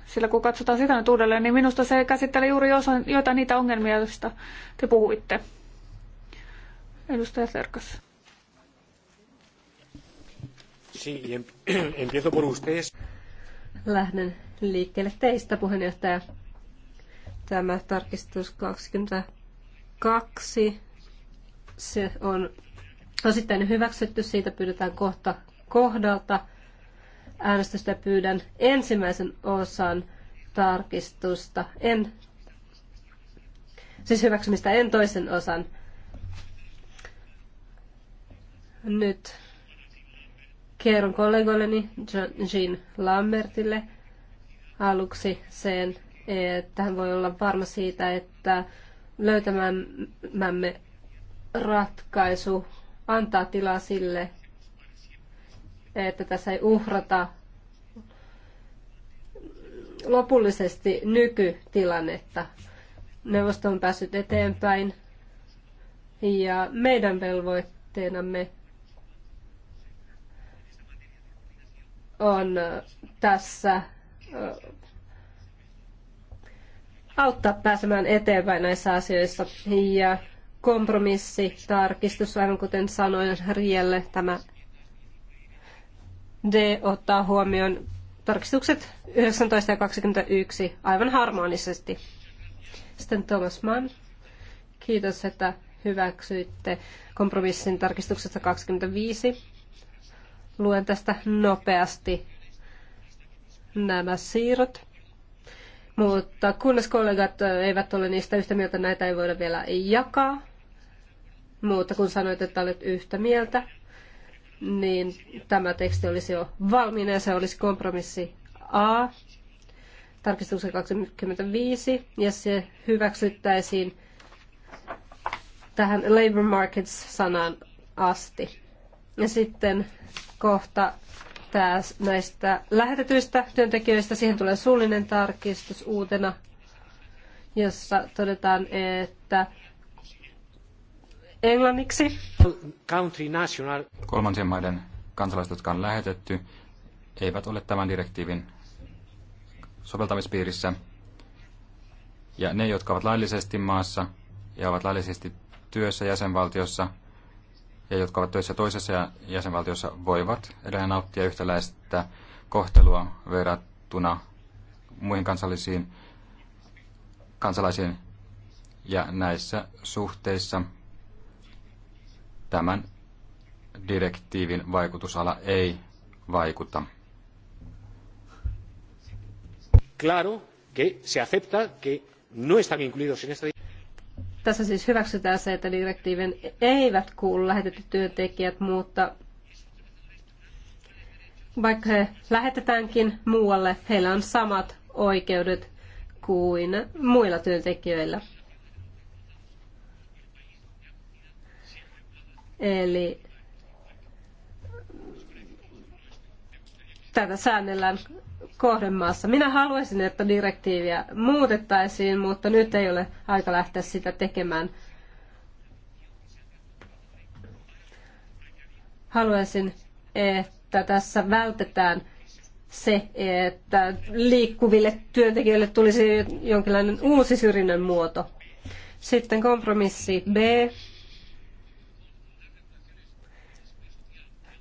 Sillä kun katsotaan sitä nyt uudelleen, niin minusta se käsittelee juuri joitain niitä ongelmia, joista te puhuitte. Edustaja Serkas. empiezo por ustedes. Lähden liikkeelle teistä, puheenjohtaja. Tämä tarkistus 22, se on osittain hyväksytty, siitä pyydetään kohta kohdalta äänestystä pyydän ensimmäisen osan tarkistusta. En, siis hyväksymistä en toisen osan. Nyt kerron kollegoilleni Jean Lambertille aluksi sen, että hän voi olla varma siitä, että löytämämme ratkaisu antaa tilaa sille, että tässä ei uhrata lopullisesti nykytilannetta. Neuvosto on päässyt eteenpäin ja meidän velvoitteenamme on tässä auttaa pääsemään eteenpäin näissä asioissa. Ja kompromissi, tarkistus, aivan kuten sanoin Rielle, tämä D ottaa huomioon tarkistukset 19 ja 21 aivan harmonisesti. Sitten Thomas Mann, kiitos, että hyväksyitte kompromissin tarkistuksesta 25 Luen tästä nopeasti nämä siirrot. Mutta kunnes kollegat eivät ole niistä yhtä mieltä, näitä ei voida vielä jakaa. Mutta kun sanoit, että olet yhtä mieltä, niin tämä teksti olisi jo valmiina ja se olisi kompromissi A, tarkistuksen 25, ja se hyväksyttäisiin tähän labor markets-sanaan asti. Ja sitten kohta taas näistä lähetetyistä työntekijöistä, siihen tulee suullinen tarkistus uutena, jossa todetaan, että englanniksi. Country national. Kolmansien maiden kansalaiset, jotka on lähetetty, eivät ole tämän direktiivin soveltamispiirissä. Ja ne, jotka ovat laillisesti maassa ja ovat laillisesti työssä jäsenvaltiossa, ja jotka ovat töissä toisessa jäsenvaltiossa voivat edelleen nauttia yhtäläistä kohtelua verrattuna muihin kansallisiin kansalaisiin. Ja näissä suhteissa tämän direktiivin vaikutusala ei vaikuta. Claro que se acepta que no están incluidos en esta tässä siis hyväksytään se, että direktiivin eivät kuulu lähetetyt työntekijät, mutta vaikka he lähetetäänkin muualle, heillä on samat oikeudet kuin muilla työntekijöillä. Eli tätä säännellään kohdemaassa. Minä haluaisin, että direktiiviä muutettaisiin, mutta nyt ei ole aika lähteä sitä tekemään. Haluaisin, että tässä vältetään se, että liikkuville työntekijöille tulisi jonkinlainen uusi syrjinnän muoto. Sitten kompromissi B.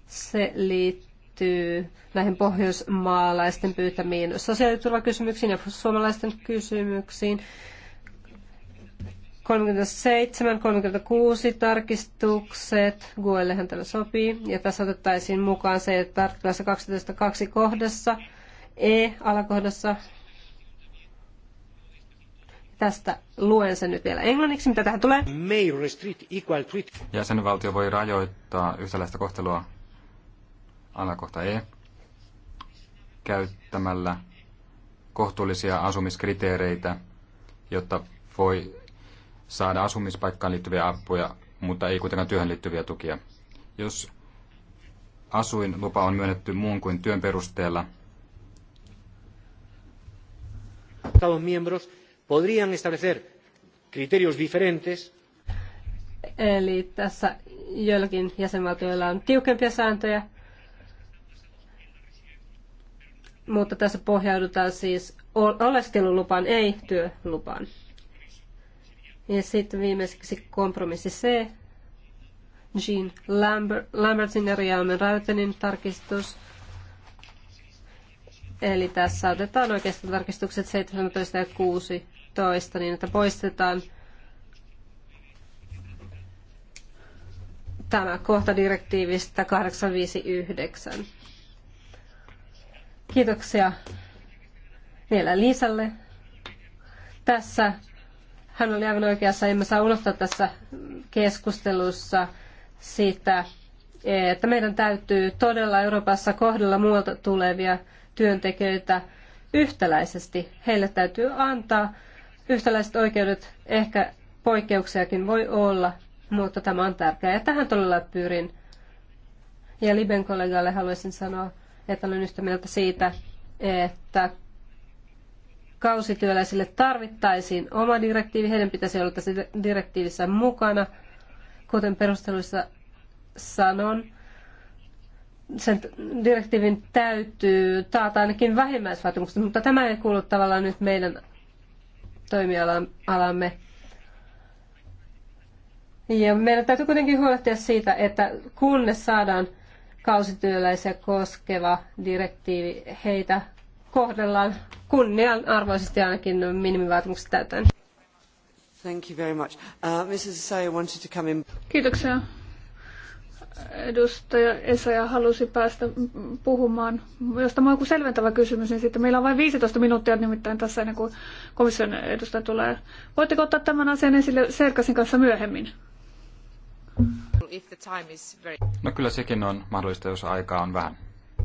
Se liittyy liittyy näihin pohjoismaalaisten pyytämiin sosiaaliturvakysymyksiin ja suomalaisten kysymyksiin. 37, 36 tarkistukset, Guellehän tämä sopii, ja tässä otettaisiin mukaan se, että artiklassa 12.2 kohdassa, E-alakohdassa, tästä luen sen nyt vielä englanniksi, mitä tähän tulee. Jäsenvaltio voi rajoittaa yhtäläistä kohtelua alakohta E, käyttämällä kohtuullisia asumiskriteereitä, jotta voi saada asumispaikkaan liittyviä apuja, mutta ei kuitenkaan työhön liittyviä tukia. Jos asuinlupa on myönnetty muun kuin työn perusteella, Estados miembros podrían establecer criterios diferentes. Eli tässä joillakin jäsenvaltioilla on tiukempia sääntöjä mutta tässä pohjaudutaan siis oleskelulupaan, ei työlupaan. Ja sitten viimeiseksi kompromissi C, Jean Lambert, Lambertin ja Riamen Räytenin tarkistus. Eli tässä otetaan oikeastaan tarkistukset 17 ja 16 niin, että poistetaan tämä kohta direktiivistä 859. Kiitoksia vielä Liisalle. Tässä hän oli aivan oikeassa, emme saa unohtaa tässä keskustelussa sitä, että meidän täytyy todella Euroopassa kohdella muualta tulevia työntekijöitä yhtäläisesti. Heille täytyy antaa yhtäläiset oikeudet, ehkä poikkeuksiakin voi olla, mutta tämä on tärkeää ja tähän todella pyrin. Ja Liben kollegalle haluaisin sanoa, että olen yhtä mieltä siitä, että kausityöläisille tarvittaisiin oma direktiivi, heidän pitäisi olla tässä direktiivissä mukana. Kuten perusteluissa sanon, sen direktiivin täytyy taata ainakin vähimmäisvaatimukset, mutta tämä ei kuulu tavallaan nyt meidän toimialamme. Ja meidän täytyy kuitenkin huolehtia siitä, että kunnes saadaan kausityöläisiä koskeva direktiivi, heitä kohdellaan kunnianarvoisesti ainakin minimivaatimukset täyttäen. Thank you very much. Uh, Mrs. Isaiah wanted to come in. Kiitoksia. Edustaja Esaja halusi päästä puhumaan. Jos tämä on joku selventävä kysymys, niin sitten meillä on vain 15 minuuttia nimittäin tässä ennen kuin komission edustaja tulee. Voitteko ottaa tämän asian esille Serkasin kanssa myöhemmin? if the time is very... No kyllä sekin on mahdollista, jos aikaa on vähän.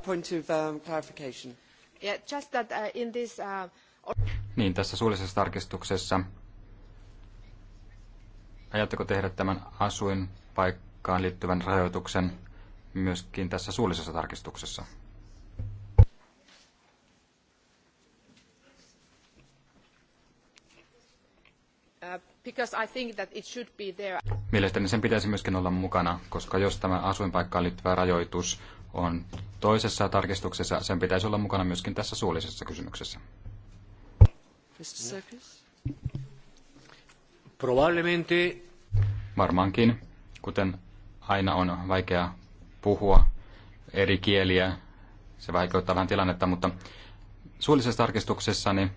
Point of um, clarification. Yeah, just that uh, in this... Uh... Niin, tässä suullisessa tarkistuksessa ajatteko tehdä tämän asuinpaikkaan liittyvän rajoituksen myöskin tässä suullisessa tarkistuksessa? because I think that it should be there. Mielestäni sen pitäisi myöskin olla mukana, koska jos tämä asuinpaikkaan liittyvä rajoitus on toisessa tarkistuksessa, sen pitäisi olla mukana myöskin tässä suullisessa kysymyksessä. Probablemente. Varmaankin, kuten aina on vaikea puhua eri kieliä, se vaikeuttaa vähän tilannetta, mutta suullisessa tarkistuksessa niin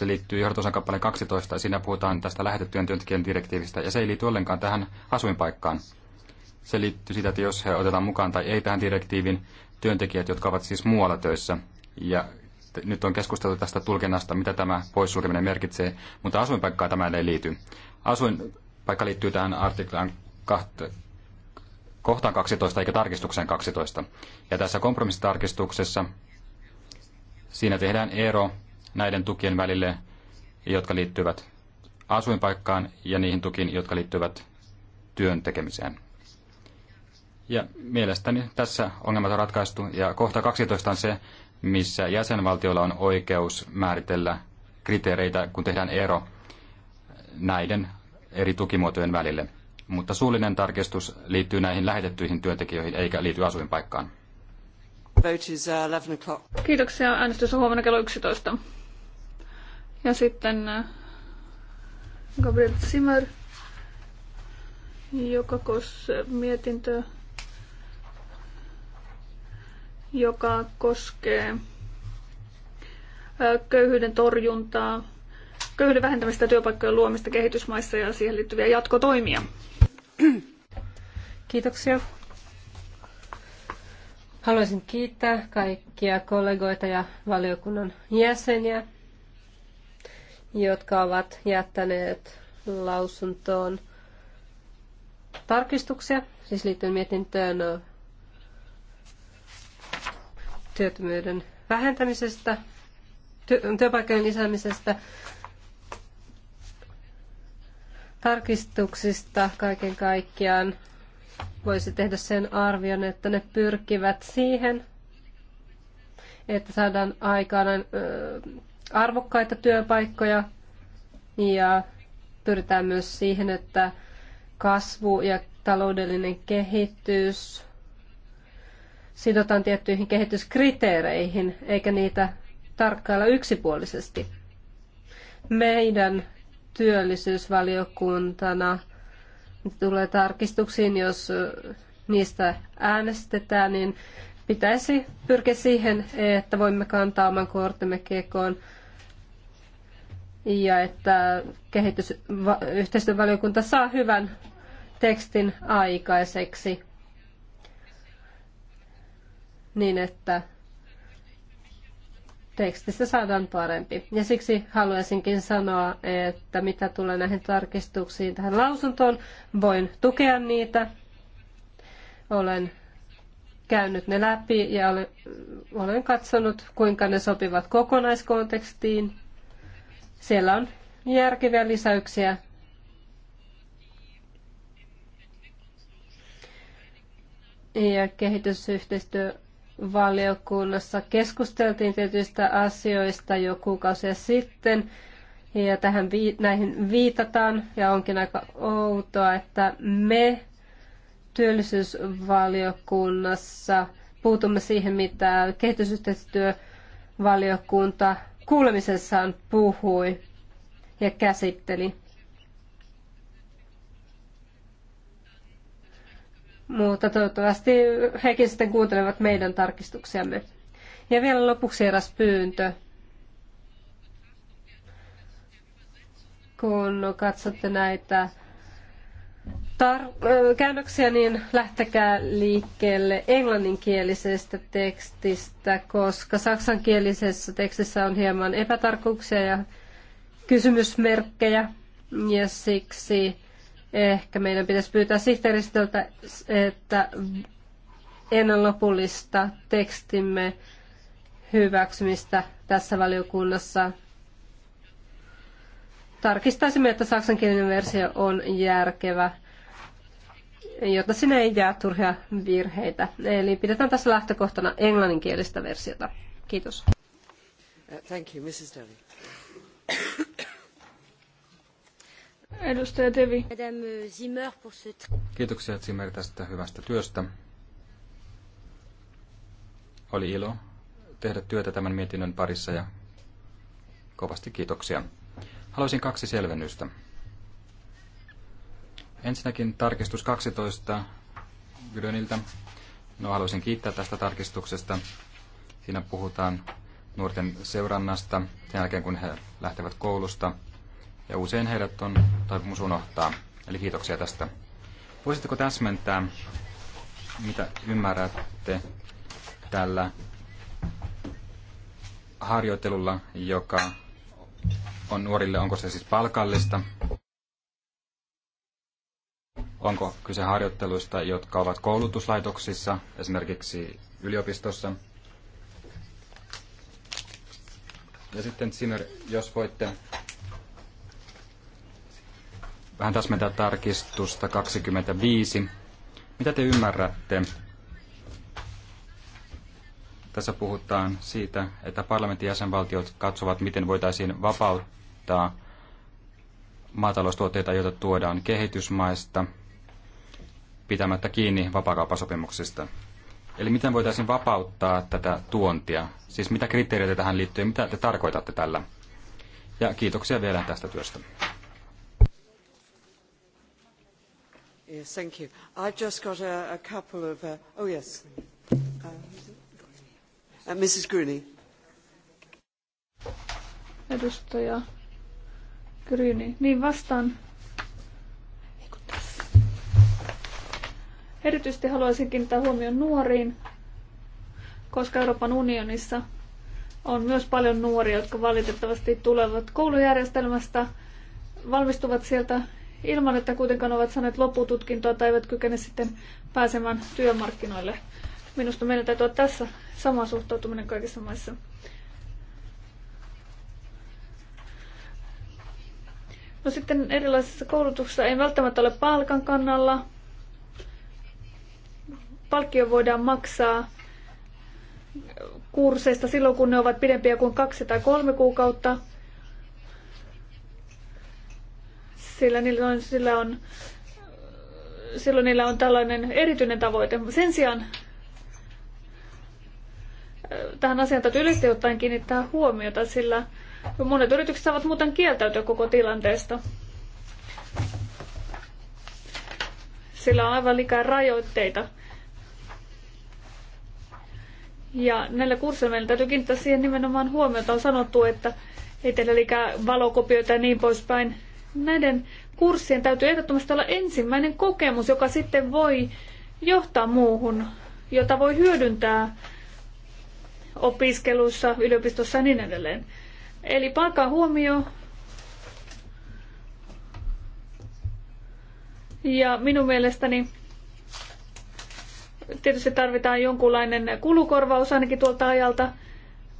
se liittyy johdotosan kappale 12 ja siinä puhutaan tästä lähetettyjen työntekijän direktiivistä ja se ei liity ollenkaan tähän asuinpaikkaan. Se liittyy sitä, että jos he otetaan mukaan tai ei tähän direktiivin työntekijät, jotka ovat siis muualla töissä ja nyt on keskusteltu tästä tulkinnasta, mitä tämä poissulkeminen merkitsee, mutta asuinpaikkaa tämä ei liity. Asuinpaikka liittyy tähän artiklaan kohtaan 12 eikä tarkistukseen 12. Ja tässä kompromissitarkistuksessa siinä tehdään ero näiden tukien välille, jotka liittyvät asuinpaikkaan ja niihin tukiin, jotka liittyvät työn tekemiseen. Ja mielestäni tässä ongelmat on ratkaistu. Ja kohta 12 on se, missä jäsenvaltioilla on oikeus määritellä kriteereitä, kun tehdään ero näiden eri tukimuotojen välille. Mutta suullinen tarkistus liittyy näihin lähetettyihin työntekijöihin eikä liity asuinpaikkaan. Uh, Kiitoksia. Äänestys on huomenna kello 11. Ja sitten äh, Gabriel Zimmer, joka koskee mietintö, joka koskee äh, köyhyyden torjuntaa, köyhyyden vähentämistä työpaikkojen luomista kehitysmaissa ja siihen liittyviä jatkotoimia. Kiitoksia. Haluaisin kiittää kaikkia kollegoita ja valiokunnan jäseniä jotka ovat jättäneet lausuntoon tarkistuksia, siis liittyen mietintöön työttömyyden vähentämisestä, työpaikkojen lisäämisestä, tarkistuksista kaiken kaikkiaan. Voisi tehdä sen arvion, että ne pyrkivät siihen, että saadaan aikaan arvokkaita työpaikkoja ja pyritään myös siihen, että kasvu ja taloudellinen kehitys sidotaan tiettyihin kehityskriteereihin, eikä niitä tarkkailla yksipuolisesti. Meidän työllisyysvaliokuntana tulee tarkistuksiin, jos niistä äänestetään, niin pitäisi pyrkiä siihen, että voimme kantaa oman kortemme kekoon ja että kehitysyhteistyövaliokunta saa hyvän tekstin aikaiseksi niin, että tekstistä saadaan parempi. Ja siksi haluaisinkin sanoa, että mitä tulee näihin tarkistuksiin tähän lausuntoon, voin tukea niitä. Olen käynyt ne läpi ja olen, olen katsonut, kuinka ne sopivat kokonaiskontekstiin siellä on järkeviä lisäyksiä. Ja kehitysyhteistyövaliokunnassa keskusteltiin tietyistä asioista jo kuukausia sitten. Ja tähän vi- näihin viitataan ja onkin aika outoa, että me työllisyysvaliokunnassa puutumme siihen, mitä kehitysyhteistyövaliokunta kuulemisessaan puhui ja käsitteli. Mutta toivottavasti hekin sitten kuuntelevat meidän tarkistuksiamme. Ja vielä lopuksi eräs pyyntö. Kun katsotte näitä tar- käännöksiä, niin lähtekää liikkeelle englanninkielisestä tekstistä, koska saksankielisessä tekstissä on hieman epätarkkuuksia ja kysymysmerkkejä. Ja siksi ehkä meidän pitäisi pyytää sihteeristöltä, että ennen lopullista tekstimme hyväksymistä tässä valiokunnassa tarkistaisimme, että saksankielinen versio on järkevä jotta sinne ei jää turhia virheitä. Eli pidetään tässä lähtökohtana englanninkielistä versiota. Kiitos. Thank you, Mrs. Devi. Edustaja Tevi. Kiitoksia Zimmer tästä hyvästä työstä. Oli ilo tehdä työtä tämän mietinnön parissa ja kovasti kiitoksia. Haluaisin kaksi selvennystä. Ensinnäkin tarkistus 12 Gydöniltä. No, haluaisin kiittää tästä tarkistuksesta. Siinä puhutaan nuorten seurannasta sen jälkeen, kun he lähtevät koulusta. Ja usein heidät on taipumus unohtaa. Eli kiitoksia tästä. Voisitteko täsmentää, mitä ymmärrätte tällä harjoittelulla, joka on nuorille, onko se siis palkallista? onko kyse harjoitteluista, jotka ovat koulutuslaitoksissa, esimerkiksi yliopistossa. Ja sitten Zimmer, jos voitte vähän täsmentää tarkistusta 25. Mitä te ymmärrätte? Tässä puhutaan siitä, että parlamentin jäsenvaltiot katsovat, miten voitaisiin vapauttaa maataloustuotteita, joita tuodaan kehitysmaista – pitämättä kiinni vapaakauppasopimuksista. Eli miten voitaisiin vapauttaa tätä tuontia? Siis mitä kriteereitä tähän liittyy mitä te tarkoitatte tällä? Ja kiitoksia vielä tästä työstä. Yes, thank you. I've just got a, a couple of... Uh, oh, yes. Uh, Mrs. Greeny. Edustaja Greeny. Niin vastaan Erityisesti haluaisin kiinnittää huomioon nuoriin, koska Euroopan unionissa on myös paljon nuoria, jotka valitettavasti tulevat koulujärjestelmästä, valmistuvat sieltä ilman, että kuitenkaan ovat saaneet loppututkintoa tai eivät kykene sitten pääsemään työmarkkinoille. Minusta meidän täytyy olla tässä sama suhtautuminen kaikissa maissa. No sitten erilaisissa koulutuksissa ei välttämättä ole palkan kannalla, palkkio voidaan maksaa kursseista silloin, kun ne ovat pidempiä kuin kaksi tai kolme kuukautta, sillä niillä on, sillä on, silloin niillä on tällainen erityinen tavoite. Sen sijaan äh, tähän asiaan täytyy yleisesti ottaen kiinnittää huomiota, sillä monet yritykset saavat muuten kieltäytyä koko tilanteesta. Sillä on aivan liikaa rajoitteita. Ja näillä kursseilla meillä täytyy kiinnittää siihen nimenomaan huomiota. On sanottu, että ei teillä liikaa valokopioita ja niin poispäin. Näiden kurssien täytyy ehdottomasti olla ensimmäinen kokemus, joka sitten voi johtaa muuhun, jota voi hyödyntää opiskelussa, yliopistossa ja niin edelleen. Eli palkaa huomio. Ja minun mielestäni tietysti tarvitaan jonkunlainen kulukorvaus ainakin tuolta ajalta,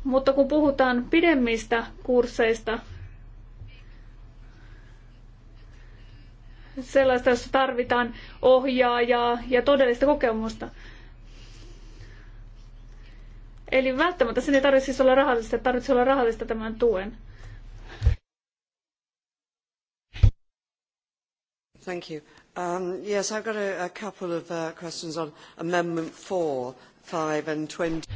mutta kun puhutaan pidemmistä kursseista, sellaista, jossa tarvitaan ohjaajaa ja todellista kokemusta. Eli välttämättä sinne ei tarvitse siis olla rahallista, tarvitse olla rahallista tämän tuen. Thank you. Um, yes, I've got a, a couple of uh, questions on Amendment 4, 5 and 20.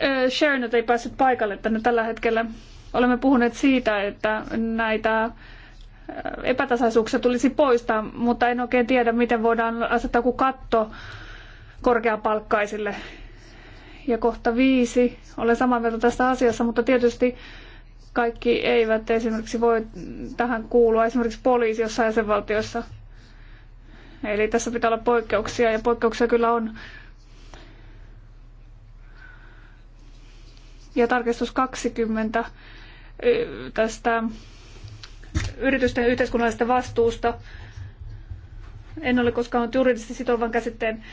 Uh, Sharon ei päässyt paikalle tänne tällä hetkellä. Olemme puhuneet siitä, että näitä uh, epätasaisuuksia tulisi poistaa, mutta en oikein tiedä, miten voidaan asettaa joku katto korkeapalkkaisille. Ja kohta viisi, olen samaa mieltä tästä asiassa, mutta tietysti kaikki eivät esimerkiksi voi tähän kuulua, esimerkiksi poliisi jossain jäsenvaltiossa. Eli tässä pitää olla poikkeuksia, ja poikkeuksia kyllä on. Ja tarkistus 20 tästä yritysten yhteiskunnallisesta vastuusta. En ole koskaan ollut juridisesti sitovan käsitteen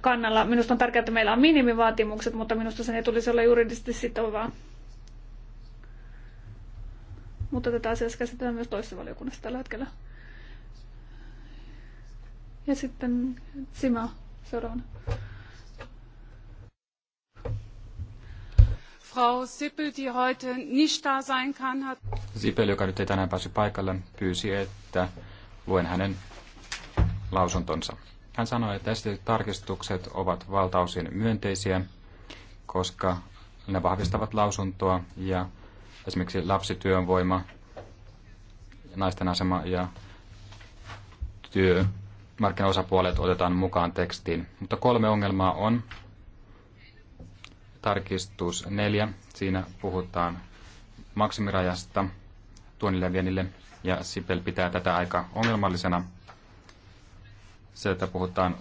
kannalla. Minusta on tärkeää, että meillä on minimivaatimukset, mutta minusta sen ei tulisi olla juridisesti sitovaa mutta tätä asiaa käsitellään myös toisessa valiokunnassa tällä hetkellä. Ja sitten Sima seuraavana. Frau Sippel, die heute nicht da sein kann, hat... Sippel, joka nyt ei tänään päässyt paikalle, pyysi, että luen hänen lausuntonsa. Hän sanoi, että esitetyt tarkistukset ovat valtaosin myönteisiä, koska ne vahvistavat lausuntoa ja esimerkiksi lapsityönvoima, naisten asema ja työ Markkinaosapuolet otetaan mukaan tekstiin. Mutta kolme ongelmaa on. Tarkistus neljä. Siinä puhutaan maksimirajasta tuonnille vienille, ja Sipel pitää tätä aika ongelmallisena. Se, että puhutaan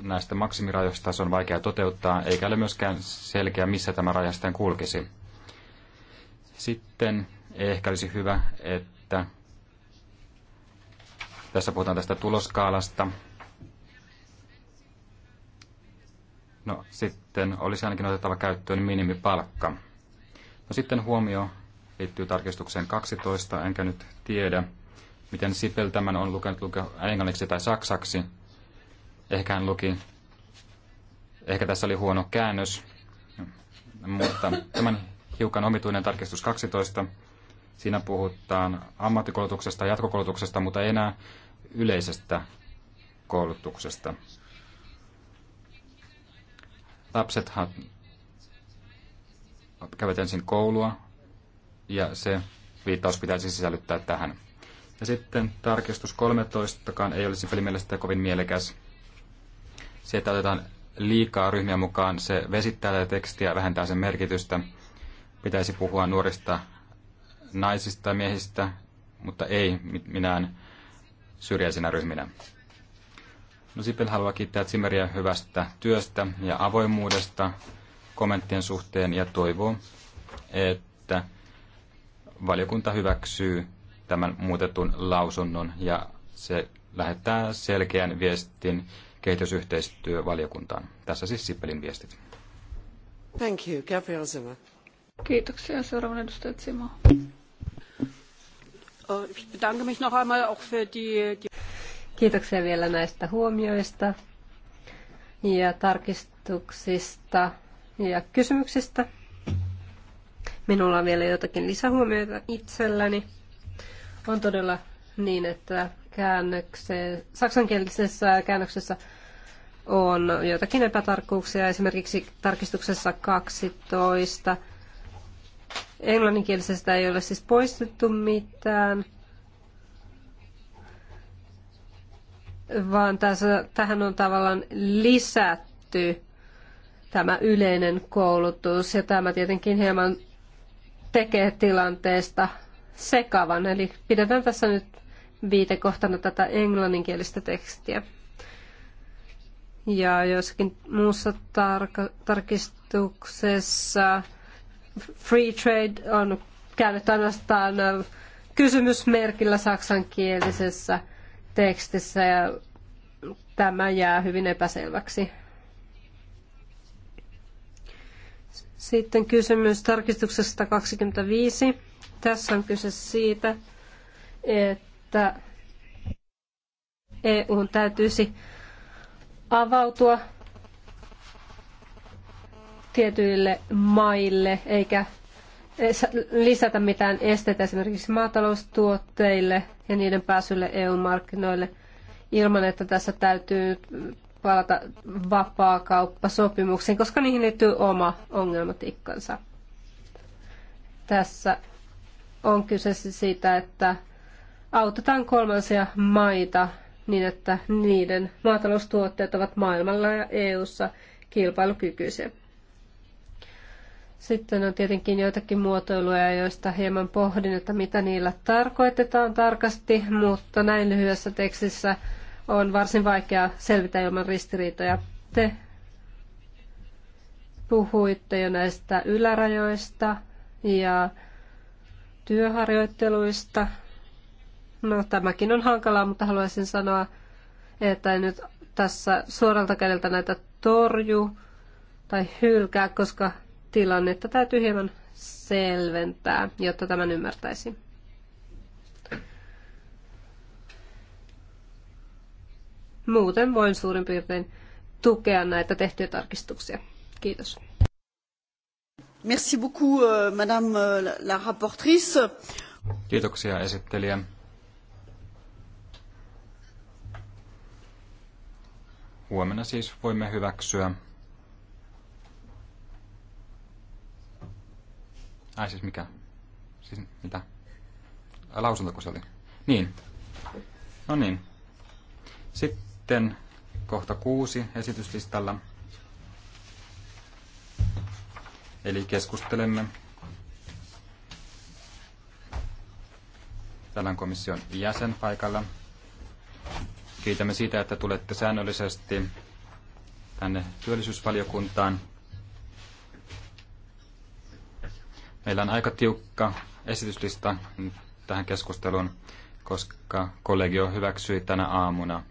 näistä maksimirajoista, se on vaikea toteuttaa, eikä ole myöskään selkeä, missä tämä raja sitten kulkisi. Sitten ehkä olisi hyvä, että tässä puhutaan tästä tuloskaalasta. No sitten olisi ainakin otettava käyttöön minimipalkka. No sitten huomio liittyy tarkistukseen 12, enkä nyt tiedä, miten Sipel tämän on lukenut lukea englanniksi tai saksaksi. Ehkä hän luki, ehkä tässä oli huono käännös, mutta tämän hiukan omituinen tarkistus 12. Siinä puhutaan ammattikoulutuksesta, jatkokoulutuksesta, mutta ei enää yleisestä koulutuksesta. Lapsethan käyvät ensin koulua ja se viittaus pitäisi sisällyttää tähän. Ja sitten tarkistus 13 ei olisi pelimielestä kovin mielekäs. Se, että otetaan liikaa ryhmiä mukaan, se vesittää tätä tekstiä ja vähentää sen merkitystä. Pitäisi puhua nuorista naisista ja miehistä, mutta ei minään syrjäisinä ryhminä. No Sipil haluaa kiittää Zimmeriä hyvästä työstä ja avoimuudesta kommenttien suhteen ja toivoo, että valiokunta hyväksyy tämän muutetun lausunnon ja se lähettää selkeän viestin kehitysyhteistyövaliokuntaan. Tässä siis Sipelin viestit. Thank you, Gabriel Zimmer. Kiitoksia. Seuraavan edustaja Tsimo. Kiitoksia vielä näistä huomioista ja tarkistuksista ja kysymyksistä. Minulla on vielä jotakin lisähuomioita itselläni. On todella niin, että saksankielisessä käännöksessä on jotakin epätarkkuuksia, esimerkiksi tarkistuksessa 12 – Englanninkielisestä ei ole siis poistettu mitään, vaan tässä, tähän on tavallaan lisätty tämä yleinen koulutus. Ja tämä tietenkin hieman tekee tilanteesta sekavan. Eli pidetään tässä nyt viitekohtana tätä englanninkielistä tekstiä. Ja joskin muussa tarkistuksessa free trade on käynyt ainoastaan kysymysmerkillä saksankielisessä tekstissä ja tämä jää hyvin epäselväksi. Sitten kysymys tarkistuksesta 25. Tässä on kyse siitä, että EU täytyisi avautua tietyille maille, eikä eh, lisätä mitään esteitä esimerkiksi maataloustuotteille ja niiden pääsylle EU-markkinoille ilman, että tässä täytyy palata vapaakauppasopimuksiin, koska niihin liittyy oma ongelmatikkansa. Tässä on kyse siis siitä, että autetaan kolmansia maita niin, että niiden maataloustuotteet ovat maailmalla ja EU:ssa kilpailukykyisiä. Sitten on tietenkin joitakin muotoiluja, joista hieman pohdin, että mitä niillä tarkoitetaan tarkasti, mutta näin lyhyessä tekstissä on varsin vaikea selvitä ilman ristiriitoja. Te puhuitte jo näistä ylärajoista ja työharjoitteluista. No tämäkin on hankalaa, mutta haluaisin sanoa, että en nyt tässä suoralta kädeltä näitä torju tai hylkää, koska tilannetta täytyy hieman selventää, jotta tämän ymmärtäisi. Muuten voin suurin piirtein tukea näitä tehtyjä tarkistuksia. Kiitos. Merci beaucoup, euh, madame euh, la rapportrice. Kiitoksia esittelijä. Huomenna siis voimme hyväksyä Ai siis mikä? Siis mitä? Lausuntoko se oli? Niin. No niin. Sitten kohta kuusi esityslistalla. Eli keskustelemme tämän komission jäsen paikalla. Kiitämme siitä, että tulette säännöllisesti tänne työllisyysvaliokuntaan. Meillä on aika tiukka esityslista tähän keskusteluun, koska kollegio hyväksyi tänä aamuna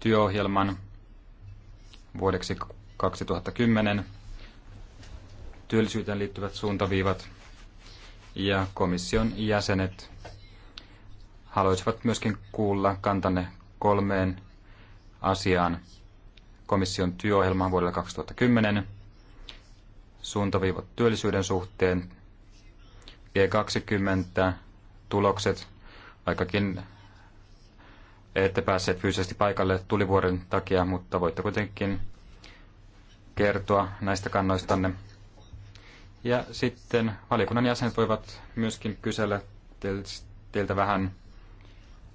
työohjelman vuodeksi 2010, työllisyyteen liittyvät suuntaviivat ja komission jäsenet haluaisivat myöskin kuulla kantanne kolmeen asiaan komission työohjelmaan vuodelle 2010 suuntaviivat työllisyyden suhteen, G20 tulokset, vaikkakin ette päässeet fyysisesti paikalle tulivuoren takia, mutta voitte kuitenkin kertoa näistä kannoistanne. Ja sitten valiokunnan jäsenet voivat myöskin kysellä teiltä vähän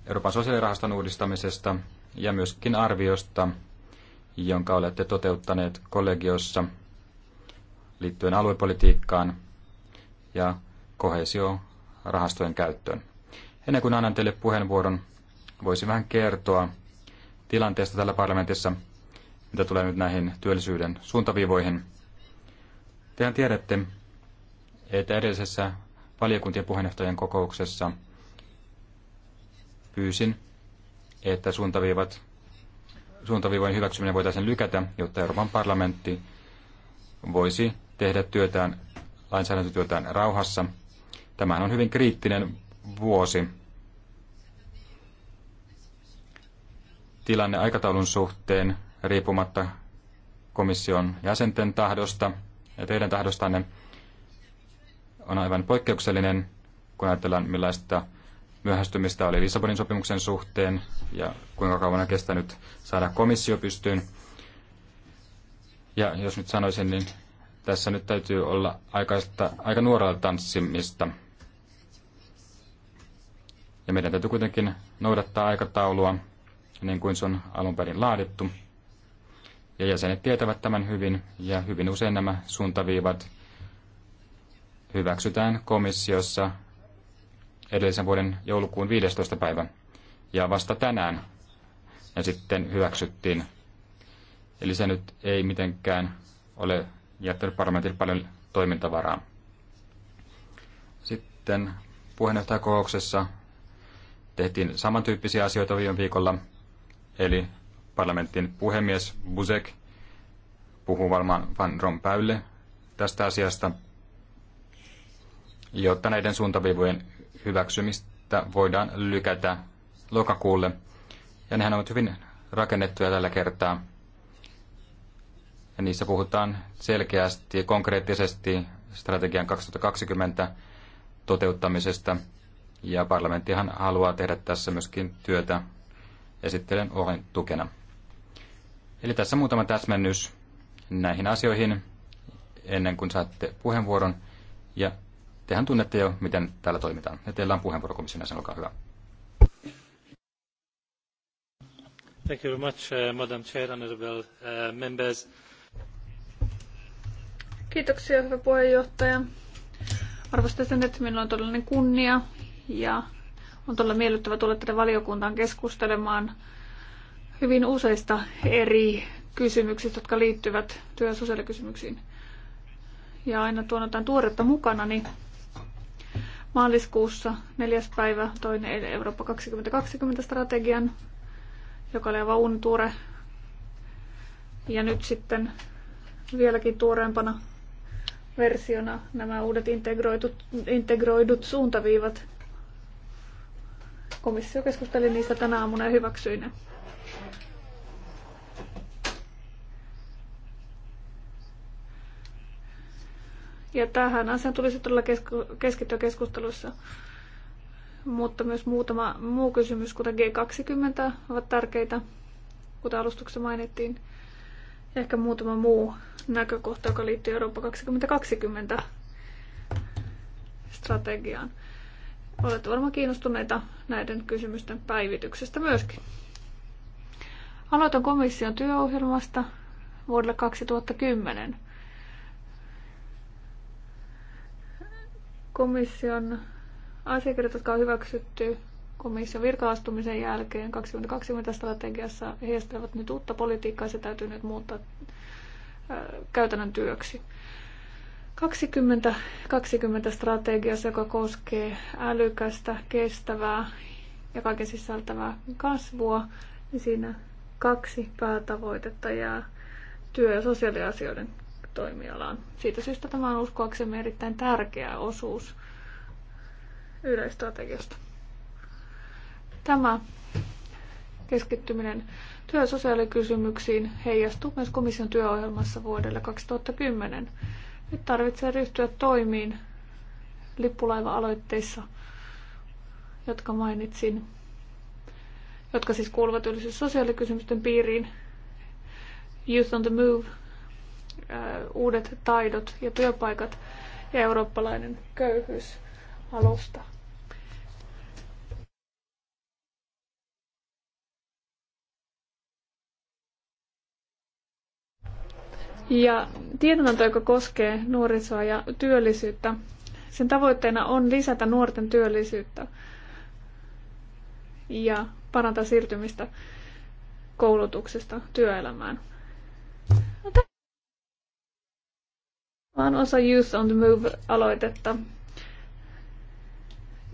Euroopan sosiaalirahaston uudistamisesta ja myöskin arviosta, jonka olette toteuttaneet kollegiossa – liittyen aluepolitiikkaan ja kohesiorahastojen käyttöön. Ennen kuin annan teille puheenvuoron, voisin vähän kertoa tilanteesta tällä parlamentissa, mitä tulee nyt näihin työllisyyden suuntaviivoihin. Tehän tiedätte, että edellisessä valiokuntien puheenjohtajien kokouksessa pyysin, että suuntaviivat, suuntaviivojen hyväksyminen voitaisiin lykätä, jotta Euroopan parlamentti voisi tehdä työtään, lainsäädäntötyötään rauhassa. Tämähän on hyvin kriittinen vuosi. Tilanne aikataulun suhteen riippumatta komission jäsenten tahdosta ja teidän tahdostanne on aivan poikkeuksellinen, kun ajatellaan millaista myöhästymistä oli Lissabonin sopimuksen suhteen ja kuinka kauan on kestänyt saada komissio pystyyn. Ja jos nyt sanoisin, niin tässä nyt täytyy olla aikaista, aika nuorella tanssimista. Ja meidän täytyy kuitenkin noudattaa aikataulua, niin kuin se on alun perin laadittu. Ja jäsenet tietävät tämän hyvin, ja hyvin usein nämä suuntaviivat hyväksytään komissiossa edellisen vuoden joulukuun 15. päivä. Ja vasta tänään ne sitten hyväksyttiin. Eli se nyt ei mitenkään ole jättänyt parlamentille paljon toimintavaraa. Sitten puheenjohtajakokouksessa tehtiin samantyyppisiä asioita viime viikolla, eli parlamentin puhemies Busek puhuu varmaan Van Rompuylle tästä asiasta, jotta näiden suuntaviivojen hyväksymistä voidaan lykätä lokakuulle. Ja nehän ovat hyvin rakennettuja tällä kertaa. Ja niissä puhutaan selkeästi, ja konkreettisesti strategian 2020 toteuttamisesta. Ja parlamenttihan haluaa tehdä tässä myöskin työtä esittelen ohjen tukena. Eli tässä muutama täsmennys näihin asioihin ennen kuin saatte puheenvuoron. Ja tehän tunnette jo, miten täällä toimitaan. Ja teillä on puheenvuoro komission jäsen, olkaa hyvä. Thank you very much, uh, Madam Chair, honorable uh, members. Kiitoksia, hyvä puheenjohtaja. Arvostan sen, että minulla on todellinen kunnia ja on todella miellyttävä tulla tänne valiokuntaan keskustelemaan hyvin useista eri kysymyksistä, jotka liittyvät työ- ja sosiaalikysymyksiin. Ja aina tuon jotain tuoretta mukana, niin maaliskuussa neljäs päivä toinen Eurooppa 2020 strategian, joka oli aivan untuure. Ja nyt sitten vieläkin tuoreempana versiona nämä uudet integroidut, integroidut suuntaviivat. Komissio keskusteli niistä tänä aamuna ja hyväksyi ne. Ja tähän asiaan tulisi todella keskittyä keskusteluissa. Mutta myös muutama muu kysymys, kuten G20, ovat tärkeitä, kuten alustuksessa mainittiin ehkä muutama muu näkökohta, joka liittyy Eurooppa 2020 strategiaan. Olette varmaan kiinnostuneita näiden kysymysten päivityksestä myöskin. Aloitan komission työohjelmasta vuodelle 2010. Komission asiakirjat, jotka on hyväksytty komission virkaastumisen jälkeen 2020 strategiassa heijastelevat nyt uutta politiikkaa ja se täytyy nyt muuttaa käytännön työksi. 2020 strategiassa, joka koskee älykästä, kestävää ja kaiken sisältävää kasvua, niin siinä kaksi päätavoitetta jää työ- ja sosiaaliasioiden toimialaan. Siitä syystä tämä on uskoaksemme erittäin tärkeä osuus yleistrategiasta. Tämä keskittyminen työ- ja sosiaalikysymyksiin heijastuu myös komission työohjelmassa vuodelle 2010. Nyt tarvitsee ryhtyä toimiin lippulaiva-aloitteissa, jotka mainitsin, jotka siis kuuluvat työllisyys- sosiaalikysymysten piiriin. Youth on the Move, äh, uudet taidot ja työpaikat ja eurooppalainen köyhyysalusta. Ja tiedonanto, joka koskee nuorisoa ja työllisyyttä, sen tavoitteena on lisätä nuorten työllisyyttä ja parantaa siirtymistä koulutuksesta työelämään. Tämä on osa Youth on the Move-aloitetta.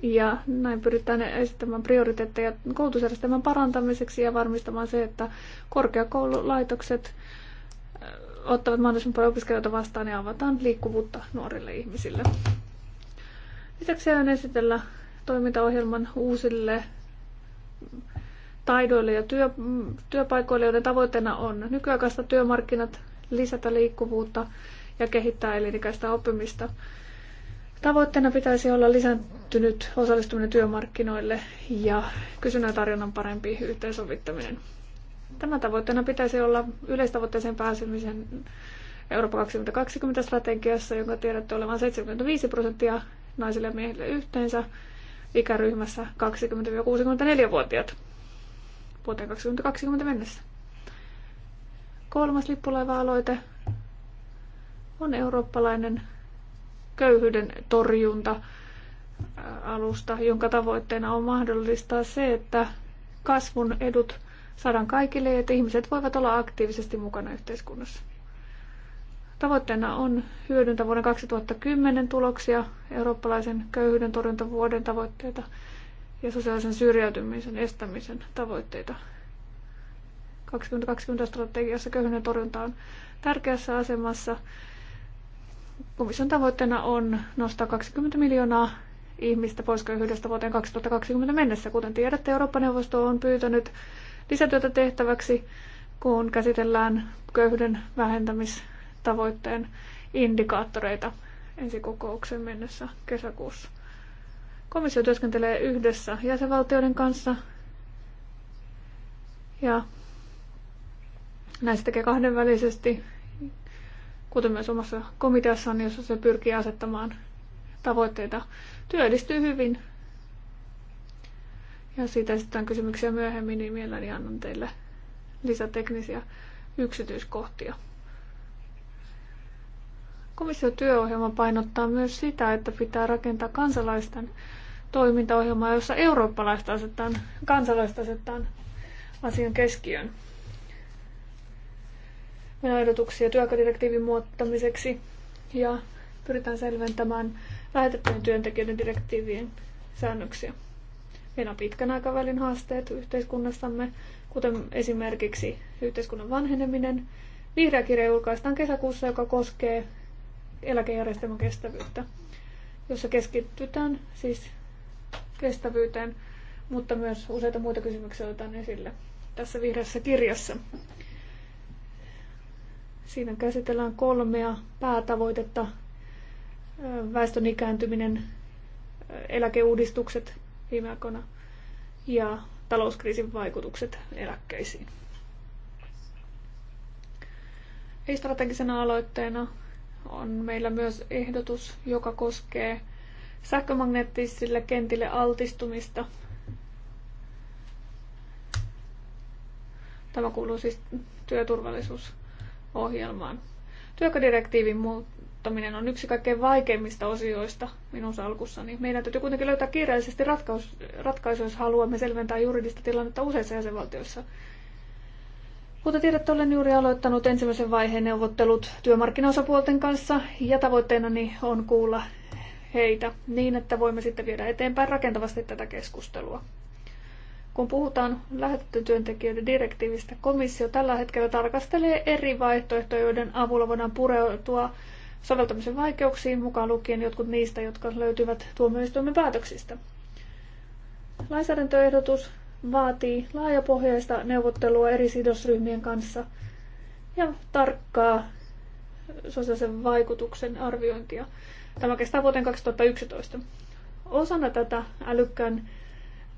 Ja näin pyritään esittämään prioriteetteja koulutusjärjestelmän parantamiseksi ja varmistamaan se, että korkeakoululaitokset ottavat mahdollisimman paljon opiskelijoita vastaan ja avataan liikkuvuutta nuorille ihmisille. Lisäksi aion esitellä toimintaohjelman uusille taidoille ja työ, työpaikoille, joiden tavoitteena on nykyaikaista työmarkkinat, lisätä liikkuvuutta ja kehittää elinikäistä oppimista. Tavoitteena pitäisi olla lisääntynyt osallistuminen työmarkkinoille ja kysynnän tarjonnan parempi yhteensovittaminen. Tämä tavoitteena pitäisi olla yleistavoitteeseen pääsemisen Eurooppa 2020 strategiassa, jonka tiedätte olevan 75 prosenttia naisille ja miehille yhteensä ikäryhmässä 20-64-vuotiaat vuoteen 2020 mennessä. Kolmas lippulaiva-aloite on eurooppalainen köyhyyden torjunta alusta, jonka tavoitteena on mahdollistaa se, että kasvun edut saadaan kaikille, että ihmiset voivat olla aktiivisesti mukana yhteiskunnassa. Tavoitteena on hyödyntää vuoden 2010 tuloksia, eurooppalaisen köyhyyden torjuntavuoden tavoitteita ja sosiaalisen syrjäytymisen estämisen tavoitteita. 2020-strategiassa köyhyyden torjunta on tärkeässä asemassa. Komission tavoitteena on nostaa 20 miljoonaa ihmistä pois köyhyydestä vuoteen 2020 mennessä. Kuten tiedätte, Eurooppa-neuvosto on pyytänyt lisätyötä tehtäväksi, kun käsitellään köyhyyden vähentämistavoitteen indikaattoreita ensi kokoukseen mennessä kesäkuussa. Komissio työskentelee yhdessä jäsenvaltioiden kanssa ja näistä tekee kahdenvälisesti, kuten myös omassa komiteassaan, jossa se pyrkii asettamaan tavoitteita. Työllistyy hyvin ja siitä on kysymyksiä myöhemmin, niin mielelläni annan teille lisäteknisiä yksityiskohtia. Komission työohjelma painottaa myös sitä, että pitää rakentaa kansalaisten toimintaohjelmaa, jossa eurooppalaiset asetetaan, kansalaiset asetetaan asian keskiöön. Meillä on ehdotuksia työaikadirektiivin muuttamiseksi ja pyritään selventämään lähetettyjen työntekijöiden direktiivien säännöksiä. Meillä on pitkän aikavälin haasteet yhteiskunnassamme, kuten esimerkiksi yhteiskunnan vanheneminen. Vihreä kirja julkaistaan kesäkuussa, joka koskee eläkejärjestelmän kestävyyttä, jossa keskitytään siis kestävyyteen, mutta myös useita muita kysymyksiä otetaan esille tässä vihreässä kirjassa. Siinä käsitellään kolmea päätavoitetta. Väestön ikääntyminen, eläkeuudistukset viime aikoina ja talouskriisin vaikutukset eläkkeisiin. Ei-strategisena aloitteena on meillä myös ehdotus, joka koskee sähkömagneettisille kentille altistumista. Tämä kuuluu siis työturvallisuusohjelmaan. Työkadirektiivin kirjoittaminen on yksi kaikkein vaikeimmista osioista minun salkussani. Meidän täytyy kuitenkin löytää kiireellisesti ratkaus, ratkaisu jos haluamme selventää juridista tilannetta useissa jäsenvaltioissa. Kuten tiedätte, olen juuri aloittanut ensimmäisen vaiheen neuvottelut työmarkkinaosapuolten kanssa ja tavoitteenani on kuulla heitä niin, että voimme sitten viedä eteenpäin rakentavasti tätä keskustelua. Kun puhutaan lähetettyjen työntekijöiden direktiivistä, komissio tällä hetkellä tarkastelee eri vaihtoehtoja, joiden avulla voidaan pureutua soveltamisen vaikeuksiin, mukaan lukien jotkut niistä, jotka löytyvät tuomioistuimen päätöksistä. Lainsäädäntöehdotus vaatii laajapohjaista neuvottelua eri sidosryhmien kanssa ja tarkkaa sosiaalisen vaikutuksen arviointia. Tämä kestää vuoteen 2011. Osana tätä älykkään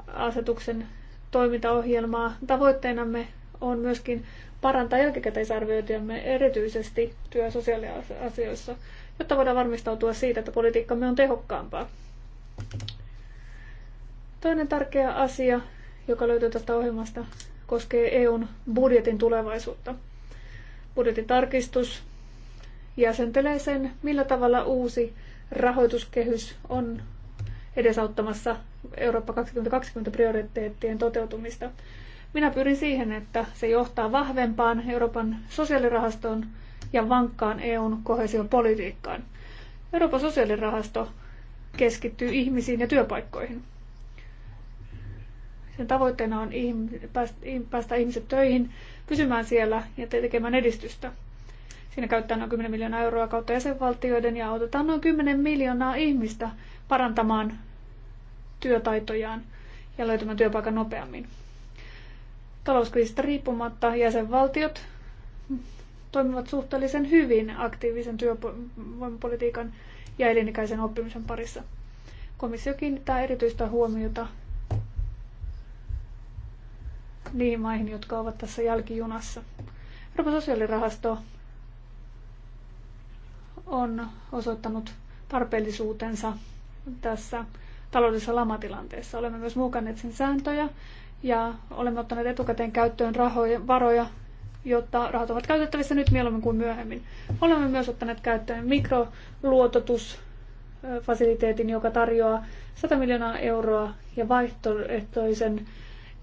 asetuksen toimintaohjelmaa tavoitteenamme on myöskin parantaa jälkikäteisarviointiamme erityisesti työ- ja sosiaaliasioissa, jotta voidaan varmistautua siitä, että politiikkamme on tehokkaampaa. Toinen tärkeä asia, joka löytyy tästä ohjelmasta, koskee EUn budjetin tulevaisuutta. Budjetin tarkistus jäsentelee sen, millä tavalla uusi rahoituskehys on edesauttamassa Eurooppa 2020 prioriteettien toteutumista. Minä pyrin siihen, että se johtaa vahvempaan Euroopan sosiaalirahastoon ja vankkaan EUn kohesiopolitiikkaan. Euroopan sosiaalirahasto keskittyy ihmisiin ja työpaikkoihin. Sen tavoitteena on päästä ihmiset töihin, pysymään siellä ja tekemään edistystä. Siinä käyttää noin 10 miljoonaa euroa kautta jäsenvaltioiden ja autetaan noin 10 miljoonaa ihmistä parantamaan työtaitojaan ja löytämään työpaikan nopeammin. Talouskriisistä riippumatta jäsenvaltiot toimivat suhteellisen hyvin aktiivisen työvoimapolitiikan ja elinikäisen oppimisen parissa. Komissio kiinnittää erityistä huomiota niihin maihin, jotka ovat tässä jälkijunassa. Euroopan sosiaalirahasto on osoittanut tarpeellisuutensa tässä taloudellisessa lamatilanteessa. Olemme myös muokanneet sen sääntöjä, ja olemme ottaneet etukäteen käyttöön rahoja, varoja, jotta rahat ovat käytettävissä nyt mieluummin kuin myöhemmin. Olemme myös ottaneet käyttöön mikroluototusfasiliteetin, joka tarjoaa 100 miljoonaa euroa ja vaihtoehtoisen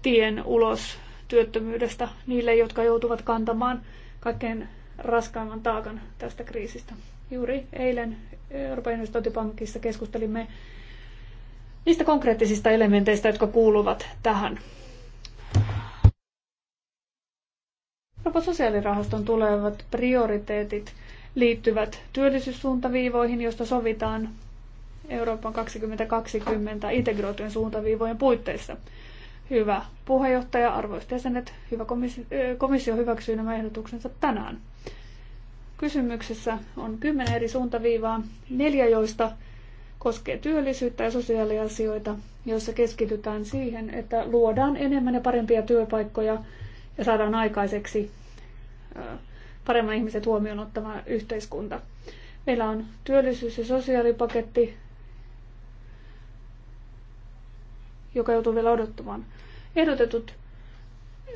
tien ulos työttömyydestä niille, jotka joutuvat kantamaan kaikkein raskaimman taakan tästä kriisistä. Juuri eilen Euroopan investointipankissa keskustelimme niistä konkreettisista elementeistä, jotka kuuluvat tähän Euroopan sosiaalirahaston tulevat prioriteetit liittyvät työllisyyssuuntaviivoihin, joista sovitaan Euroopan 2020 integroitujen suuntaviivojen puitteissa. Hyvä puheenjohtaja, arvoisat jäsenet, hyvä komissio, komissio hyväksyy nämä ehdotuksensa tänään. Kysymyksessä on kymmenen eri suuntaviivaa, neljä joista koskee työllisyyttä ja sosiaaliasioita, joissa keskitytään siihen, että luodaan enemmän ja parempia työpaikkoja ja saadaan aikaiseksi paremman ihmiset huomioon ottava yhteiskunta. Meillä on työllisyys- ja sosiaalipaketti, joka joutuu vielä odottamaan. Ehdotetut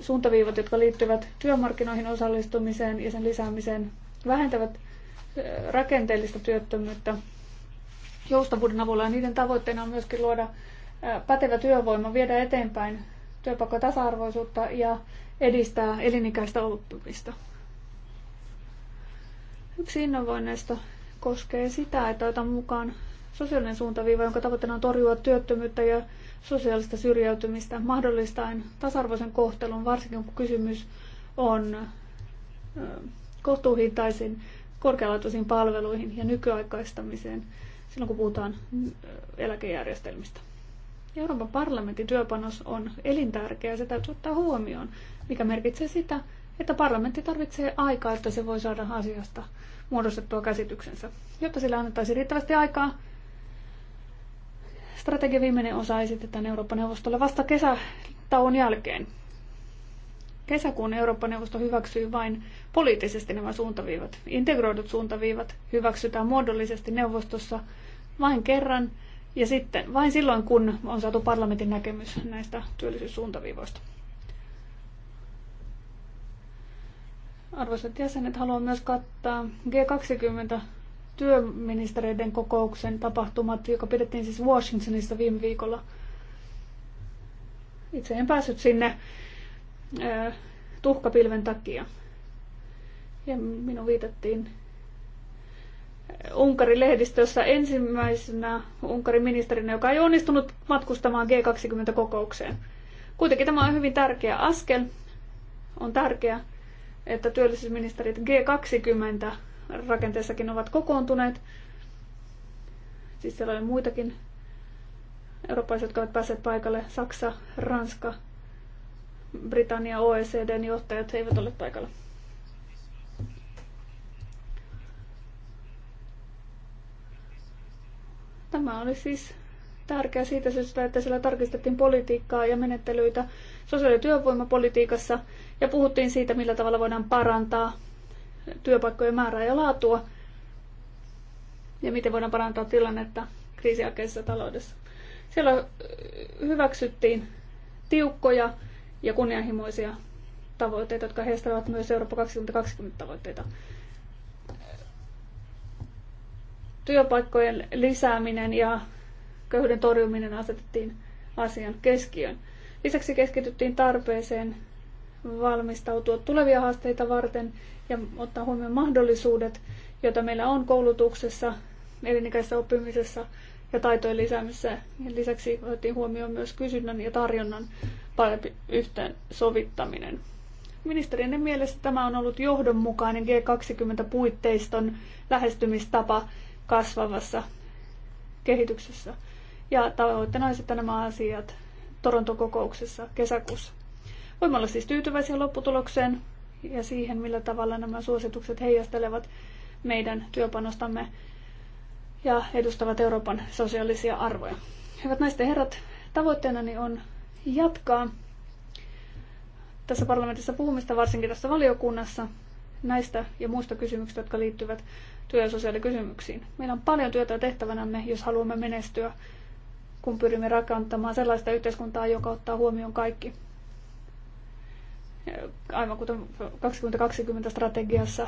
suuntaviivat, jotka liittyvät työmarkkinoihin osallistumiseen ja sen lisäämiseen, vähentävät rakenteellista työttömyyttä joustavuuden avulla ja niiden tavoitteena on myöskin luoda pätevä työvoima, viedä eteenpäin työpaikka tasa-arvoisuutta ja edistää elinikäistä oppimista. Yksi innovoinneista koskee sitä, että otan mukaan sosiaalinen suuntaviiva, jonka tavoitteena on torjua työttömyyttä ja sosiaalista syrjäytymistä mahdollistaen tasa-arvoisen kohtelun, varsinkin kun kysymys on kohtuuhintaisiin korkealaatuisiin palveluihin ja nykyaikaistamiseen silloin kun puhutaan mm, eläkejärjestelmistä. Euroopan parlamentin työpanos on elintärkeä ja se täytyy ottaa huomioon, mikä merkitsee sitä, että parlamentti tarvitsee aikaa, että se voi saada asiasta muodostettua käsityksensä, jotta sillä annettaisiin riittävästi aikaa. Strategian viimeinen osa esitetään Euroopan neuvostolle vasta kesätauon jälkeen. Kesäkuun Euroopan neuvosto hyväksyy vain poliittisesti nämä suuntaviivat. Integroidut suuntaviivat hyväksytään muodollisesti neuvostossa vain kerran ja sitten vain silloin, kun on saatu parlamentin näkemys näistä työllisyyssuuntaviivoista. Arvoisat jäsenet, haluan myös kattaa G20 työministereiden kokouksen tapahtumat, joka pidettiin siis Washingtonissa viime viikolla. Itse en päässyt sinne äh, tuhkapilven takia. Ja minun viitattiin Unkarin lehdistössä ensimmäisenä Unkarin ministerinä, joka ei onnistunut matkustamaan G20-kokoukseen. Kuitenkin tämä on hyvin tärkeä askel. On tärkeää, että työllisyysministerit G20 rakenteessakin ovat kokoontuneet. Siis siellä oli muitakin eurooppalaiset, jotka ovat päässeet paikalle. Saksa, Ranska, Britannia, OECDn johtajat eivät ole paikalla. Tämä oli siis tärkeä siitä syystä, että siellä tarkistettiin politiikkaa ja menettelyitä sosiaali- ja työvoimapolitiikassa ja puhuttiin siitä, millä tavalla voidaan parantaa työpaikkojen määrää ja laatua ja miten voidaan parantaa tilannetta kriisiakeisessa taloudessa. Siellä hyväksyttiin tiukkoja ja kunnianhimoisia tavoitteita, jotka heistävät myös Eurooppa 2020 tavoitteita työpaikkojen lisääminen ja köyhyyden torjuminen asetettiin asian keskiöön. Lisäksi keskityttiin tarpeeseen valmistautua tulevia haasteita varten ja ottaa huomioon mahdollisuudet, joita meillä on koulutuksessa, elinikäisessä oppimisessa ja taitojen lisäämisessä. Lisäksi otettiin huomioon myös kysynnän ja tarjonnan parempi yhteensovittaminen. Ministerienne mielestä tämä on ollut johdonmukainen G20-puitteiston lähestymistapa kasvavassa kehityksessä. Ja tavoitteena on sitten nämä asiat Toronton kokouksessa kesäkuussa. Voimme olla siis tyytyväisiä lopputulokseen ja siihen, millä tavalla nämä suositukset heijastelevat meidän työpanostamme ja edustavat Euroopan sosiaalisia arvoja. Hyvät naiset ja herrat, tavoitteenani on jatkaa tässä parlamentissa puhumista, varsinkin tässä valiokunnassa, näistä ja muista kysymyksistä, jotka liittyvät työ- ja sosiaalikysymyksiin. Meillä on paljon työtä tehtävänämme, jos haluamme menestyä, kun pyrimme rakentamaan sellaista yhteiskuntaa, joka ottaa huomioon kaikki. Aivan kuten 2020 strategiassa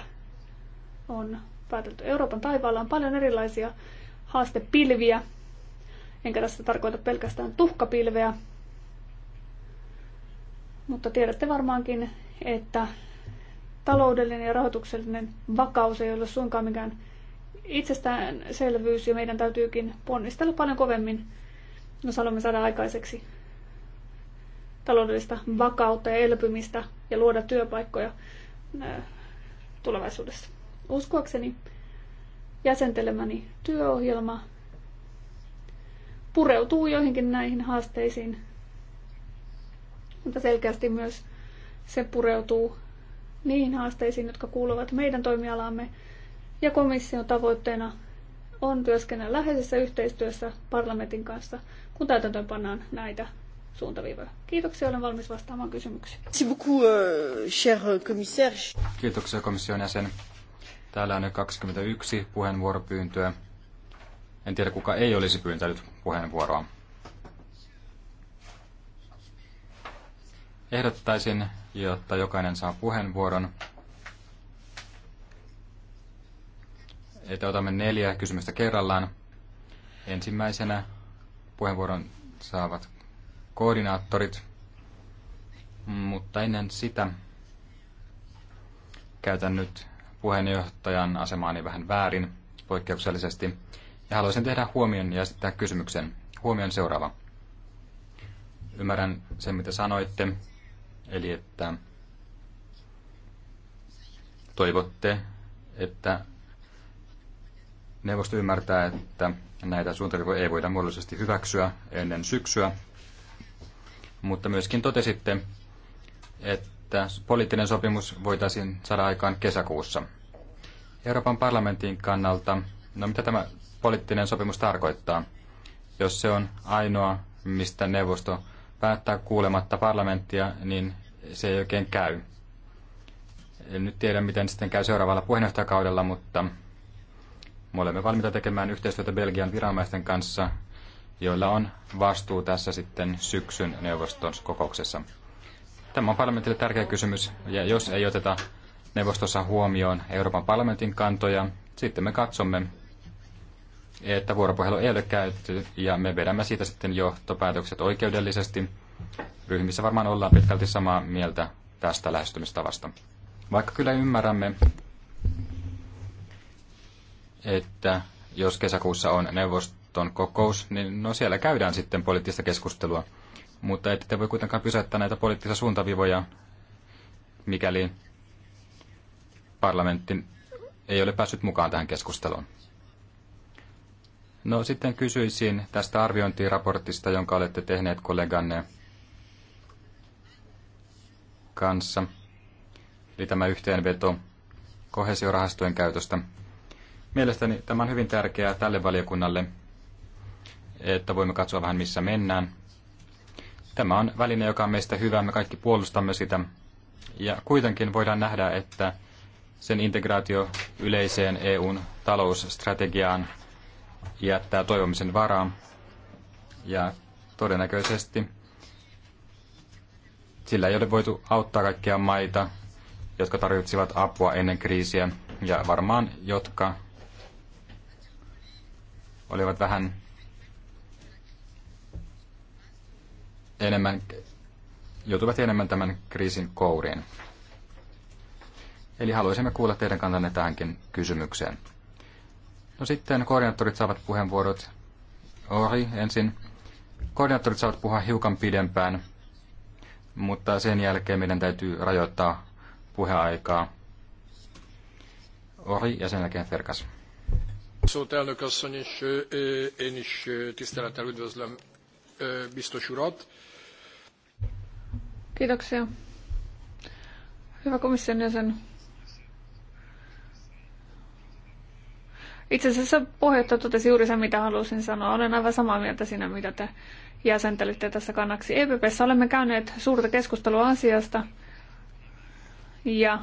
on päätelty. Euroopan taivaalla on paljon erilaisia haastepilviä, enkä tässä tarkoita pelkästään tuhkapilveä, mutta tiedätte varmaankin, että Taloudellinen ja rahoituksellinen vakaus ei ole suinkaan mikään itsestäänselvyys ja meidän täytyykin ponnistella paljon kovemmin, jos haluamme saada aikaiseksi taloudellista vakautta ja elpymistä ja luoda työpaikkoja äh, tulevaisuudessa. Uskoakseni jäsentelemäni työohjelma pureutuu joihinkin näihin haasteisiin, mutta selkeästi myös se pureutuu niihin haasteisiin, jotka kuuluvat meidän toimialaamme, ja komission tavoitteena on työskennellä läheisessä yhteistyössä parlamentin kanssa, kun täytäntöönpannaan näitä suuntaviivoja. Kiitoksia, olen valmis vastaamaan kysymyksiin. Euh, Kiitoksia komission jäsen. Täällä on nyt 21 puheenvuoropyyntöä. En tiedä, kuka ei olisi pyyntänyt puheenvuoroa. Ehdottaisin, jotta jokainen saa puheenvuoron. Että otamme neljä kysymystä kerrallaan. Ensimmäisenä puheenvuoron saavat koordinaattorit, mutta ennen sitä käytän nyt puheenjohtajan asemaani vähän väärin poikkeuksellisesti. Ja haluaisin tehdä huomion ja esittää kysymyksen. Huomion seuraava. Ymmärrän sen, mitä sanoitte Eli että toivotte, että neuvosto ymmärtää, että näitä suuntaviivoja ei voida muodollisesti hyväksyä ennen syksyä, mutta myöskin totesitte, että poliittinen sopimus voitaisiin saada aikaan kesäkuussa. Euroopan parlamentin kannalta, no mitä tämä poliittinen sopimus tarkoittaa, jos se on ainoa, mistä neuvosto päättää kuulematta parlamenttia, niin se ei oikein käy. En nyt tiedä, miten sitten käy seuraavalla puheenjohtajakaudella, mutta me olemme valmiita tekemään yhteistyötä Belgian viranomaisten kanssa, joilla on vastuu tässä sitten syksyn neuvoston kokouksessa. Tämä on parlamentille tärkeä kysymys, ja jos ei oteta neuvostossa huomioon Euroopan parlamentin kantoja, sitten me katsomme, että vuoropuhelu ei ole käyty ja me vedämme siitä sitten johtopäätökset oikeudellisesti. Ryhmissä varmaan ollaan pitkälti samaa mieltä tästä lähestymistavasta. Vaikka kyllä ymmärrämme, että jos kesäkuussa on neuvoston kokous, niin no siellä käydään sitten poliittista keskustelua. Mutta ette te voi kuitenkaan pysäyttää näitä poliittisia suuntavivoja, mikäli parlamentti ei ole päässyt mukaan tähän keskusteluun. No sitten kysyisin tästä arviointiraportista, jonka olette tehneet kolleganne kanssa. Eli tämä yhteenveto kohesiorahastojen käytöstä. Mielestäni tämä on hyvin tärkeää tälle valiokunnalle, että voimme katsoa vähän missä mennään. Tämä on väline, joka on meistä hyvä, me kaikki puolustamme sitä. Ja kuitenkin voidaan nähdä, että sen integraatio yleiseen EUn talousstrategiaan jättää toivomisen varaa ja todennäköisesti sillä ei ole voitu auttaa kaikkia maita, jotka tarvitsivat apua ennen kriisiä ja varmaan jotka olivat vähän enemmän, joutuvat enemmän tämän kriisin kouriin. Eli haluaisimme kuulla teidän kantanne tähänkin kysymykseen. No sitten koordinaattorit saavat puheenvuorot. Ori ensin. Koordinaattorit saavat puhua hiukan pidempään, mutta sen jälkeen meidän täytyy rajoittaa puheaikaa. Ori ja sen jälkeen Ferkas. Kiitoksia. Hyvä komission jäsen. Itse asiassa puheenjohtaja totesi juuri sen, mitä halusin sanoa. Olen aivan samaa mieltä siinä, mitä te jäsentelitte tässä kannaksi. EPPssä olemme käyneet suurta keskustelua asiasta ja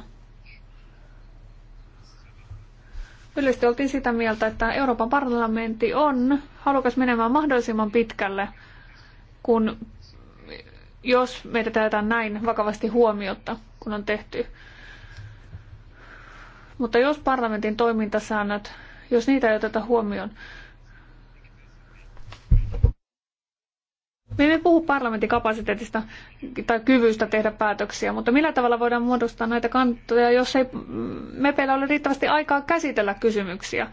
yleisesti oltiin sitä mieltä, että Euroopan parlamentti on halukas menemään mahdollisimman pitkälle, kun jos meitä täytetään näin vakavasti huomiota, kun on tehty. Mutta jos parlamentin toimintasäännöt jos niitä ei oteta huomioon. Me emme puhu parlamentin kapasiteetista tai kyvystä tehdä päätöksiä, mutta millä tavalla voidaan muodostaa näitä kantoja, jos ei mepeillä ole riittävästi aikaa käsitellä kysymyksiä?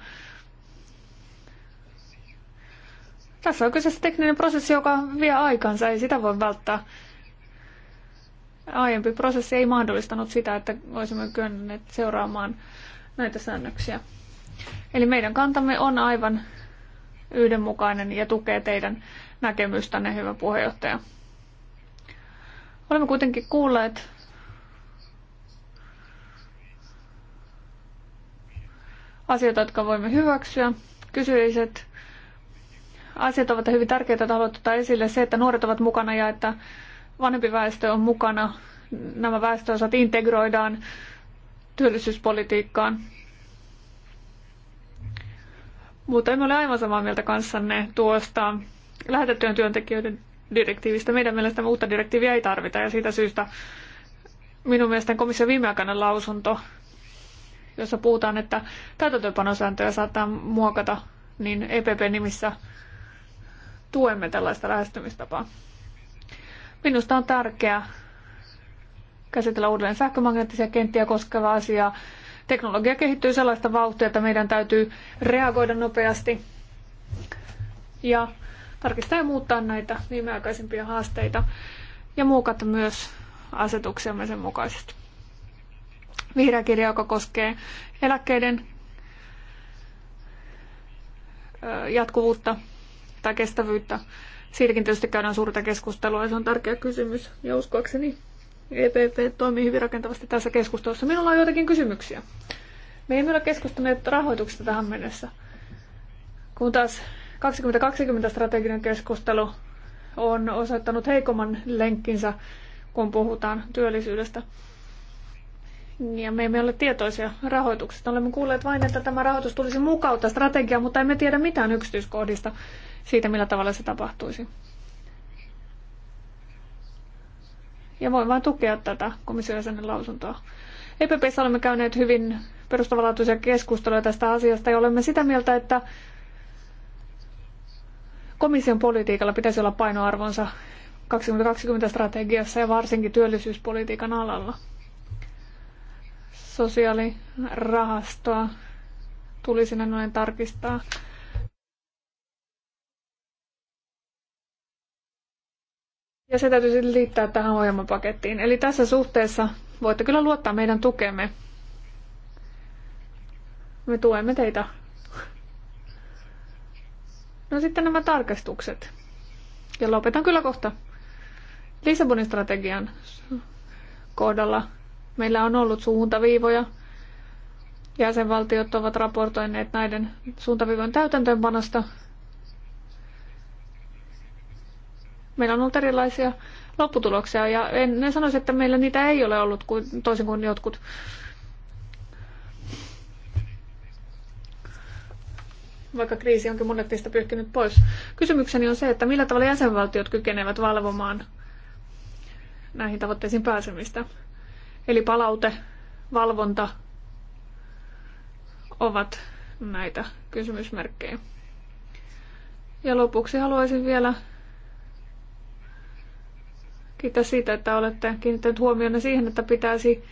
Tässä on kyseessä tekninen prosessi, joka vie aikansa, ei sitä voi välttää. Aiempi prosessi ei mahdollistanut sitä, että olisimme kyenneet seuraamaan näitä säännöksiä. Eli meidän kantamme on aivan yhdenmukainen ja tukee teidän näkemystänne, hyvä puheenjohtaja. Olemme kuitenkin kuulleet asioita, jotka voimme hyväksyä. Kysyiset asiat ovat hyvin tärkeitä, että haluat ottaa esille se, että nuoret ovat mukana ja että vanhempi väestö on mukana. Nämä väestöosat integroidaan työllisyyspolitiikkaan. Mutta en ole aivan samaa mieltä kanssanne tuosta lähetettyjen työntekijöiden direktiivistä. Meidän mielestämme uutta direktiiviä ei tarvita ja siitä syystä minun mielestäni komission viimeaikainen lausunto, jossa puhutaan, että täytäntöpanosääntöjä saattaa muokata, niin EPP-nimissä tuemme tällaista lähestymistapaa. Minusta on tärkeää käsitellä uudelleen sähkömagneettisia kenttiä koskeva asia, Teknologia kehittyy sellaista vauhtia, että meidän täytyy reagoida nopeasti ja tarkistaa ja muuttaa näitä viimeaikaisimpia haasteita ja muokata myös asetuksiamme sen mukaisesti. Vihreä kirja, joka koskee eläkkeiden jatkuvuutta tai kestävyyttä. Siitäkin tietysti käydään suurta keskustelua ja se on tärkeä kysymys ja uskoakseni EPP toimii hyvin rakentavasti tässä keskustelussa. Minulla on joitakin kysymyksiä. Me emme ole keskustaneet rahoituksesta tähän mennessä, kun taas 2020-strateginen keskustelu on osoittanut heikomman lenkkinsä, kun puhutaan työllisyydestä. Niin ja me emme ole tietoisia rahoituksesta. Olemme kuulleet vain, että tämä rahoitus tulisi mukautta strategiaan, mutta emme tiedä mitään yksityiskohdista siitä, millä tavalla se tapahtuisi. Ja voin vain tukea tätä komission jäsenen lausuntoa. EPPissä olemme käyneet hyvin perustavanlaatuisia keskusteluja tästä asiasta ja olemme sitä mieltä, että komission politiikalla pitäisi olla painoarvonsa 2020-strategiassa ja varsinkin työllisyyspolitiikan alalla. Sosiaalirahastoa tulisi näin tarkistaa Ja se täytyy liittää tähän ohjelmapakettiin. Eli tässä suhteessa voitte kyllä luottaa meidän tukemme. Me tuemme teitä. No sitten nämä tarkastukset. Ja lopetan kyllä kohta. Lissabonin strategian kohdalla meillä on ollut suuntaviivoja. Jäsenvaltiot ovat raportoineet näiden suuntaviivojen täytäntöönpanosta Meillä on ollut erilaisia lopputuloksia ja en, en sanoisi, että meillä niitä ei ole ollut kuin, toisin kuin jotkut. Vaikka kriisi onkin monet niistä pyyhkinyt pois. Kysymykseni on se, että millä tavalla jäsenvaltiot kykenevät valvomaan näihin tavoitteisiin pääsemistä. Eli palaute, valvonta ovat näitä kysymysmerkkejä. Ja lopuksi haluaisin vielä Kiitos siitä, että olette kiinnittäneet huomioon siihen, että pitäisi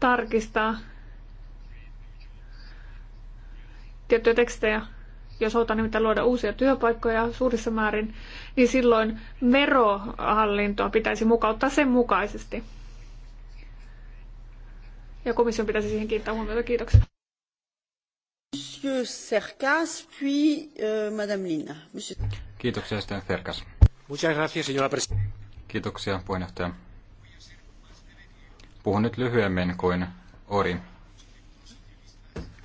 tarkistaa tiettyjä tekstejä. Jos halutaan nimittäin luoda uusia työpaikkoja suurissa määrin, niin silloin verohallintoa pitäisi mukauttaa sen mukaisesti. Ja komission pitäisi siihen kiinnittää huomiota. Kiitoksia. Monsieur puis euh, Madame Lina. Kiitoksia, sitten Serkas. Muchas gracias, señora presidenta. Kiitoksia puheenjohtaja. Puhun nyt lyhyemmin kuin Ori,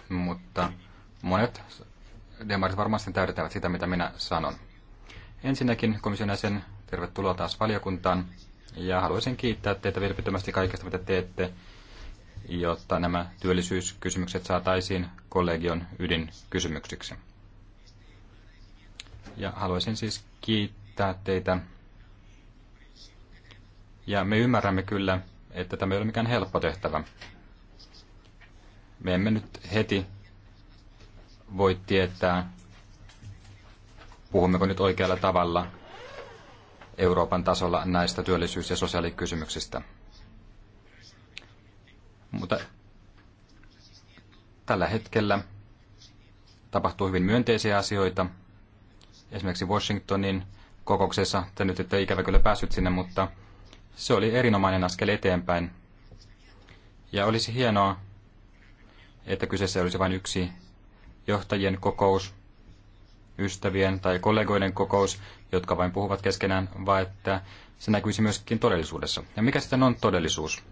mutta monet demarit varmasti täydentävät sitä, mitä minä sanon. Ensinnäkin komission jäsen, tervetuloa taas valiokuntaan ja haluaisin kiittää teitä vilpittömästi kaikesta, mitä teette, jotta nämä työllisyyskysymykset saataisiin kollegion ydinkysymyksiksi. Ja haluaisin siis kiittää teitä ja me ymmärrämme kyllä, että tämä ei ole mikään helppo tehtävä. Me emme nyt heti voi tietää, puhummeko nyt oikealla tavalla Euroopan tasolla näistä työllisyys- ja sosiaalikysymyksistä. Mutta tällä hetkellä tapahtuu hyvin myönteisiä asioita. Esimerkiksi Washingtonin kokouksessa, te nyt ette ikävä kyllä päässyt sinne, mutta se oli erinomainen askel eteenpäin. Ja olisi hienoa, että kyseessä olisi vain yksi johtajien kokous, ystävien tai kollegoiden kokous, jotka vain puhuvat keskenään, vaan että se näkyisi myöskin todellisuudessa. Ja mikä sitten on todellisuus?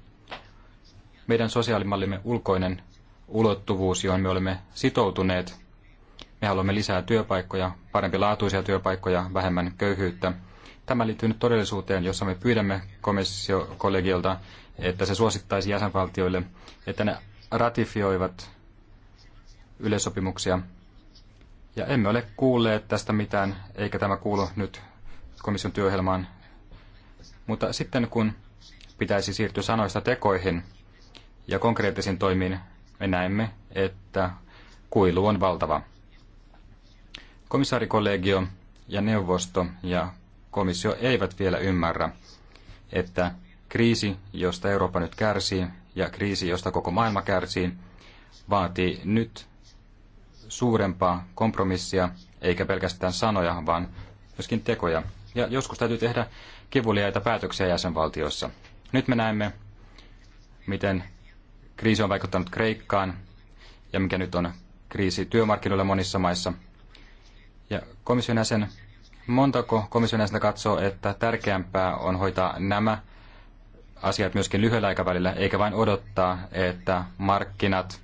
Meidän sosiaalimallimme ulkoinen ulottuvuus, johon me olemme sitoutuneet. Me haluamme lisää työpaikkoja, parempi laatuisia työpaikkoja, vähemmän köyhyyttä – Tämä liittyy nyt todellisuuteen, jossa me pyydämme komissiokollegiolta, että se suosittaisi jäsenvaltioille, että ne ratifioivat yleissopimuksia. Ja emme ole kuulleet tästä mitään, eikä tämä kuulu nyt komission työohjelmaan. Mutta sitten kun pitäisi siirtyä sanoista tekoihin ja konkreettisiin toimiin, me näemme, että kuilu on valtava. Komissaarikollegio ja neuvosto ja komissio eivät vielä ymmärrä, että kriisi, josta Eurooppa nyt kärsii, ja kriisi, josta koko maailma kärsii, vaatii nyt suurempaa kompromissia, eikä pelkästään sanoja, vaan myöskin tekoja. Ja joskus täytyy tehdä kivuliaita päätöksiä jäsenvaltiossa. Nyt me näemme, miten kriisi on vaikuttanut Kreikkaan ja mikä nyt on kriisi työmarkkinoilla monissa maissa. Ja komission jäsen, Montako komissionäistä katsoo, että tärkeämpää on hoitaa nämä asiat myöskin lyhyellä aikavälillä, eikä vain odottaa, että markkinat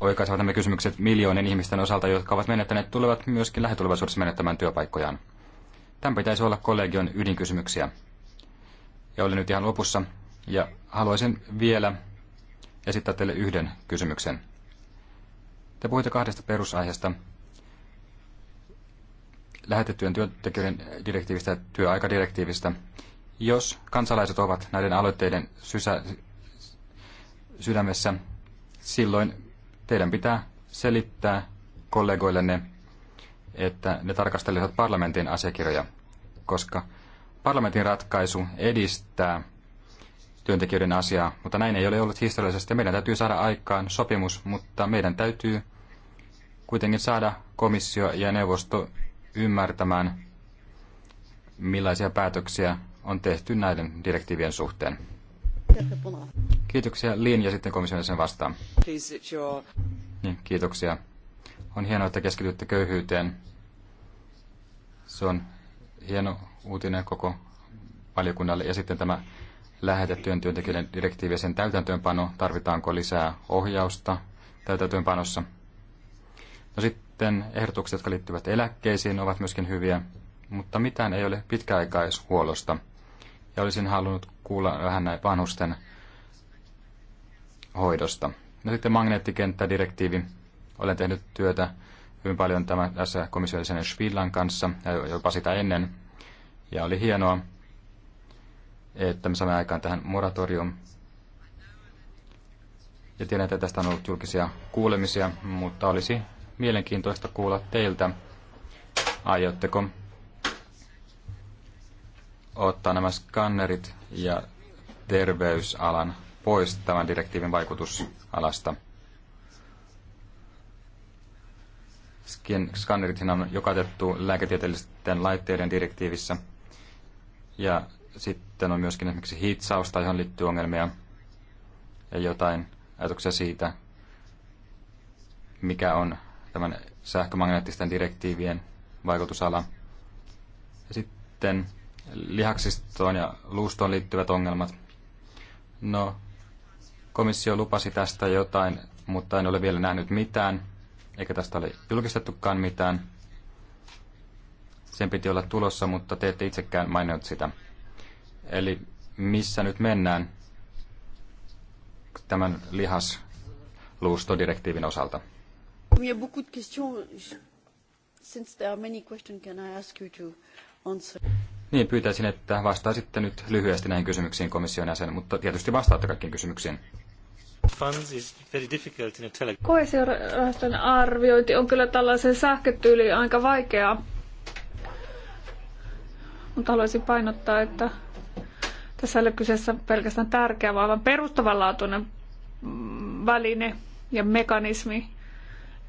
oikaisevat nämä kysymykset miljoonien ihmisten osalta, jotka ovat menettäneet, tulevat myöskin lähitulevaisuudessa menettämään työpaikkojaan. Tämän pitäisi olla kollegion ydinkysymyksiä. Ja olen nyt ihan lopussa, ja haluaisin vielä esittää teille yhden kysymyksen. Te puhuitte kahdesta perusaiheesta, lähetettyjen työntekijöiden direktiivistä ja työaikadirektiivistä. Jos kansalaiset ovat näiden aloitteiden sysä, sydämessä, silloin teidän pitää selittää kollegoillenne, että ne tarkastelevat parlamentin asiakirjoja, koska parlamentin ratkaisu edistää työntekijöiden asiaa, mutta näin ei ole ollut historiallisesti. Meidän täytyy saada aikaan sopimus, mutta meidän täytyy kuitenkin saada komissio ja neuvosto ymmärtämään, millaisia päätöksiä on tehty näiden direktiivien suhteen. Kiitoksia Liin ja sitten komission sen vastaan. Niin, kiitoksia. On hienoa, että keskitytte köyhyyteen. Se on hieno uutinen koko valiokunnalle. Ja sitten tämä lähetettyjen työntekijöiden direktiivi ja sen täytäntöönpano. Tarvitaanko lisää ohjausta täytäntöönpanossa? No sitten sitten ehdotukset, jotka liittyvät eläkkeisiin, ovat myöskin hyviä, mutta mitään ei ole pitkäaikaishuollosta. Ja olisin halunnut kuulla vähän näin vanhusten hoidosta. No sitten magneettikenttädirektiivi. Olen tehnyt työtä hyvin paljon tämän tässä komissiolisen Schwillan kanssa, ja jopa sitä ennen. Ja oli hienoa, että me saamme aikaan tähän moratorium. Ja tiedän, että tästä on ollut julkisia kuulemisia, mutta olisi mielenkiintoista kuulla teiltä. Aiotteko ottaa nämä skannerit ja terveysalan pois tämän direktiivin vaikutusalasta? Skannerit on jokatettu lääketieteellisten laitteiden direktiivissä. Ja sitten on myöskin esimerkiksi hitsausta, johon liittyy ongelmia ja jotain ajatuksia siitä, mikä on tämän sähkömagneettisten direktiivien vaikutusala. Ja sitten lihaksistoon ja luustoon liittyvät ongelmat. No, komissio lupasi tästä jotain, mutta en ole vielä nähnyt mitään, eikä tästä ole julkistettukaan mitään. Sen piti olla tulossa, mutta te ette itsekään maininnut sitä. Eli missä nyt mennään tämän lihasluustodirektiivin osalta? Il y a beaucoup de questions. Since there are many questions, can I ask you to answer? Niin, pyytäisin, että vastaisitte nyt lyhyesti näihin kysymyksiin komission jäsen, mutta tietysti vastaatte kaikkiin kysymyksiin. Koesiorahaston arviointi on kyllä tällaisen sähkötyyliin aika vaikeaa. Mutta haluaisin painottaa, että tässä ei ole kyseessä pelkästään tärkeä, vaan perustavanlaatuinen väline ja mekanismi,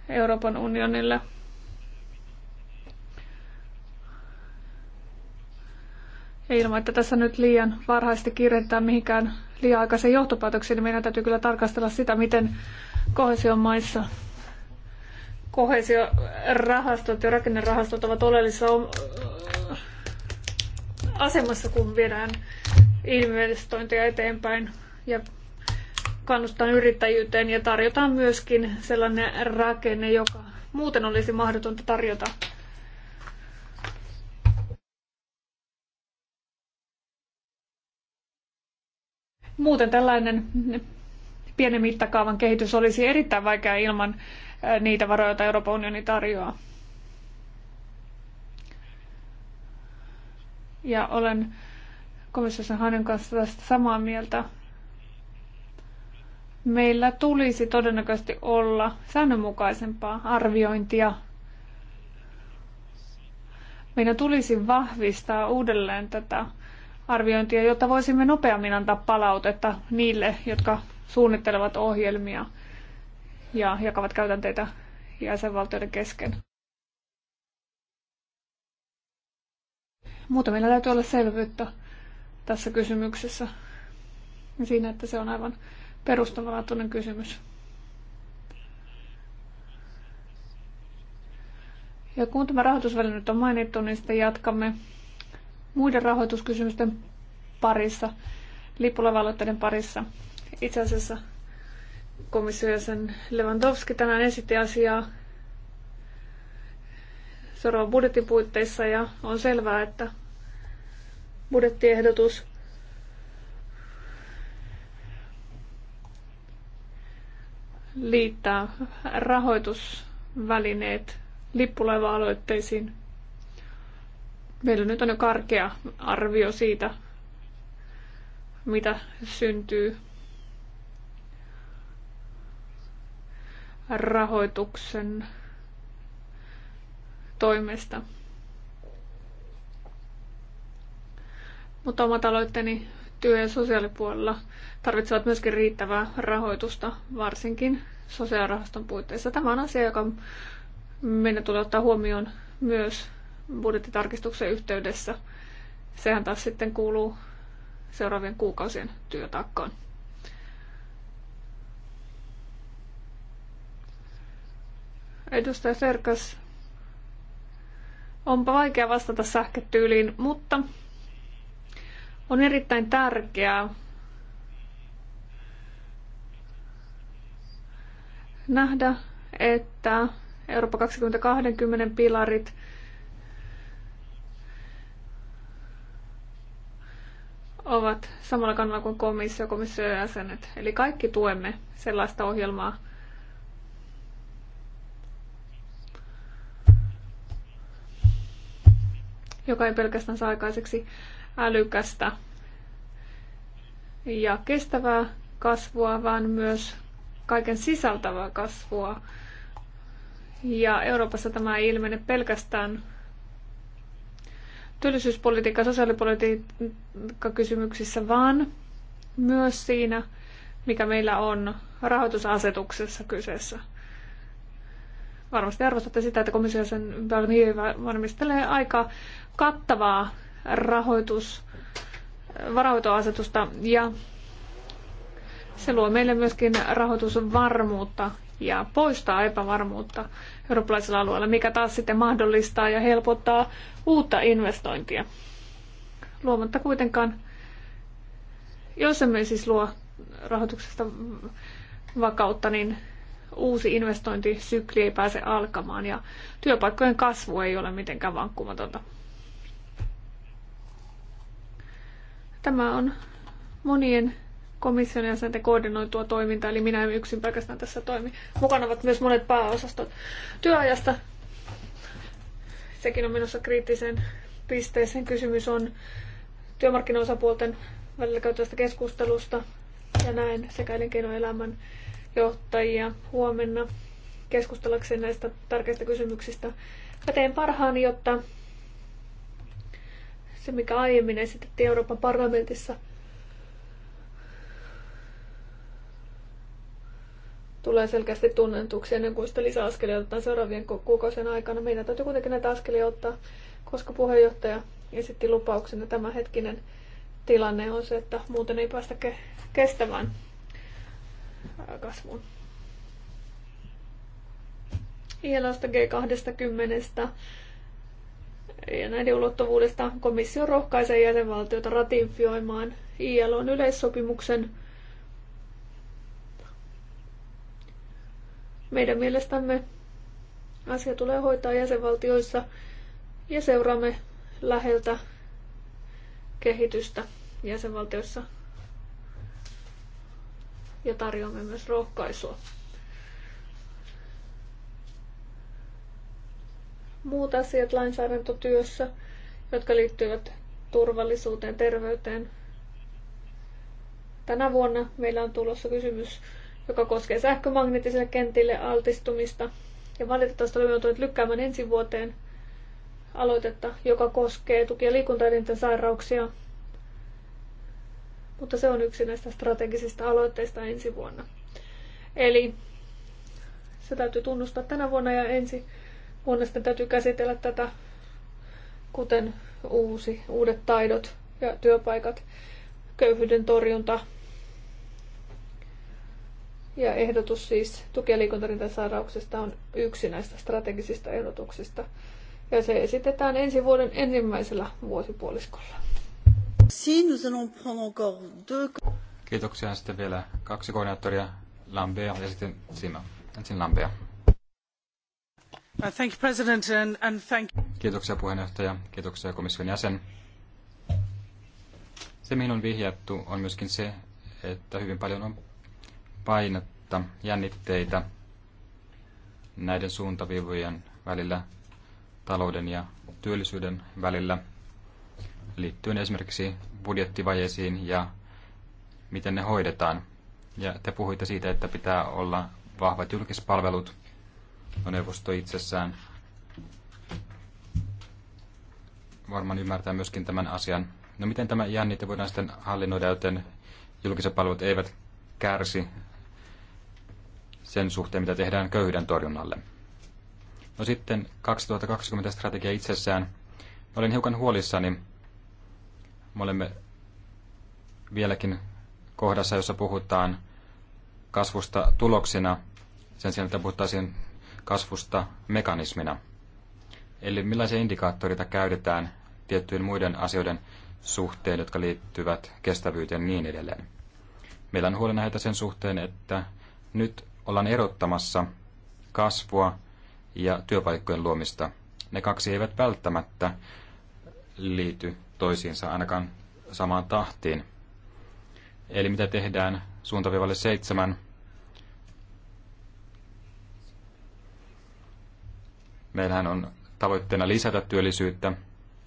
Euroopan unionille. Ja ilman, että tässä nyt liian varhaisesti kirjoitetaan mihinkään liian aikaisen johtopäätöksiin, niin meidän täytyy kyllä tarkastella sitä, miten kohesion maissa kohesiorahastot ja rakennerahastot ovat oleellisessa asemassa, kun viedään investointeja eteenpäin ja kannustaan yrittäjyyteen ja tarjotaan myöskin sellainen rakenne, joka muuten olisi mahdotonta tarjota. Muuten tällainen pienen mittakaavan kehitys olisi erittäin vaikea ilman niitä varoja, joita Euroopan unioni tarjoaa. Ja olen komissiossa Hanen kanssa tästä samaa mieltä meillä tulisi todennäköisesti olla säännönmukaisempaa arviointia. Meidän tulisi vahvistaa uudelleen tätä arviointia, jotta voisimme nopeammin antaa palautetta niille, jotka suunnittelevat ohjelmia ja jakavat käytänteitä jäsenvaltioiden kesken. Muuta meillä täytyy olla selvyyttä tässä kysymyksessä. siinä, että se on aivan perustavanlaatuinen kysymys. Ja kun tämä rahoitusväline nyt on mainittu, niin sitten jatkamme muiden rahoituskysymysten parissa, lippulevaloitteiden parissa. Itse asiassa sen Lewandowski tänään esitti asiaa seuraavan budjetin puitteissa ja on selvää, että budjettiehdotus liittää rahoitusvälineet lippulaiva-aloitteisiin. Meillä nyt on jo karkea arvio siitä, mitä syntyy rahoituksen toimesta. Mutta omat aloitteeni työ- ja sosiaalipuolella tarvitsevat myöskin riittävää rahoitusta, varsinkin sosiaalirahaston puitteissa. Tämä on asia, joka meidän tulee ottaa huomioon myös budjettitarkistuksen yhteydessä. Sehän taas sitten kuuluu seuraavien kuukausien työtaakkaan. Edustaja Serkas, onpa vaikea vastata sähkötyyliin, mutta on erittäin tärkeää nähdä, että Eurooppa 2020 pilarit ovat samalla kannalla kuin komissio, komission jäsenet. Eli kaikki tuemme sellaista ohjelmaa, joka ei pelkästään saa aikaiseksi älykästä ja kestävää kasvua, vaan myös kaiken sisältävää kasvua. Ja Euroopassa tämä ei ilmene pelkästään työllisyyspolitiikka- ja sosiaalipolitiikka-kysymyksissä, vaan myös siinä, mikä meillä on rahoitusasetuksessa kyseessä. Varmasti arvostatte sitä, että komissio sen varmistelee aika kattavaa rahoitus, varautoasetusta ja se luo meille myöskin rahoitusvarmuutta ja poistaa epävarmuutta eurooppalaisella alueella, mikä taas sitten mahdollistaa ja helpottaa uutta investointia. Luomatta kuitenkaan, jos emme siis luo rahoituksesta vakautta, niin uusi investointisykli ei pääse alkamaan ja työpaikkojen kasvu ei ole mitenkään vankkumatonta. Tämä on monien komission jäsenten koordinoitua toimintaa, eli minä en yksin pelkästään tässä toimi. Mukana ovat myös monet pääosastot työajasta. Sekin on menossa kriittiseen pisteeseen. Kysymys on työmarkkinaosapuolten välillä käytävästä keskustelusta ja näin sekä elinkeinoelämän johtajia huomenna keskustellakseen näistä tärkeistä kysymyksistä. Mä teen parhaani, jotta se mikä aiemmin esitettiin Euroopan parlamentissa, tulee selkeästi tunnetuksi, ennen kuin sitä lisäaskelia otetaan seuraavien kuukausien aikana. Meidän täytyy kuitenkin näitä askelia ottaa, koska puheenjohtaja esitti lupauksen, ja tämä hetkinen tilanne on se, että muuten ei päästä ke- kestävään äh, kasvuun. ILOsta G20 ja näiden ulottuvuudesta komissio rohkaisee jäsenvaltioita ratifioimaan ILOn yleissopimuksen. Meidän mielestämme asia tulee hoitaa jäsenvaltioissa ja seuraamme läheltä kehitystä jäsenvaltioissa ja tarjoamme myös rohkaisua. muut asiat lainsäädäntötyössä, jotka liittyvät turvallisuuteen, terveyteen. Tänä vuonna meillä on tulossa kysymys, joka koskee sähkömagneettisille kentille altistumista. Ja valitettavasti olemme joutuneet lykkäämään ensi vuoteen aloitetta, joka koskee tuki- ja liikuntaelinten sairauksia. Mutta se on yksi näistä strategisista aloitteista ensi vuonna. Eli se täytyy tunnustaa tänä vuonna ja ensi vuonna sitten täytyy käsitellä tätä, kuten uusi, uudet taidot ja työpaikat, köyhyyden torjunta ja ehdotus siis tuki- ja liikuntarintasairauksesta on yksi näistä strategisista ehdotuksista. Ja se esitetään ensi vuoden ensimmäisellä vuosipuoliskolla. Kiitoksia. Sitten vielä kaksi koordinaattoria, Lambert ja sitten Sima. Ensin Lambert. Uh, thank you, President, and, thank... Kiitoksia puheenjohtaja, kiitoksia komission jäsen. Se, mihin on vihjattu, on myöskin se, että hyvin paljon on painetta, jännitteitä näiden suuntaviivojen välillä, talouden ja työllisyyden välillä, liittyen esimerkiksi budjettivajeisiin ja miten ne hoidetaan. Ja te puhuitte siitä, että pitää olla vahvat julkispalvelut – No neuvosto itsessään varmaan ymmärtää myöskin tämän asian. No miten tämä jännite voidaan sitten hallinnoida, joten julkiset palvelut eivät kärsi sen suhteen, mitä tehdään köyhyyden torjunnalle. No sitten 2020 strategia itsessään. Olin hiukan huolissani. Me olemme vieläkin kohdassa, jossa puhutaan kasvusta tuloksina sen sijaan, että puhuttaisiin kasvusta mekanismina. Eli millaisia indikaattoreita käytetään tiettyjen muiden asioiden suhteen, jotka liittyvät kestävyyteen ja niin edelleen. Meillä on huolenaiheita sen suhteen, että nyt ollaan erottamassa kasvua ja työpaikkojen luomista. Ne kaksi eivät välttämättä liity toisiinsa ainakaan samaan tahtiin. Eli mitä tehdään suuntaviivalle seitsemän Meillähän on tavoitteena lisätä työllisyyttä.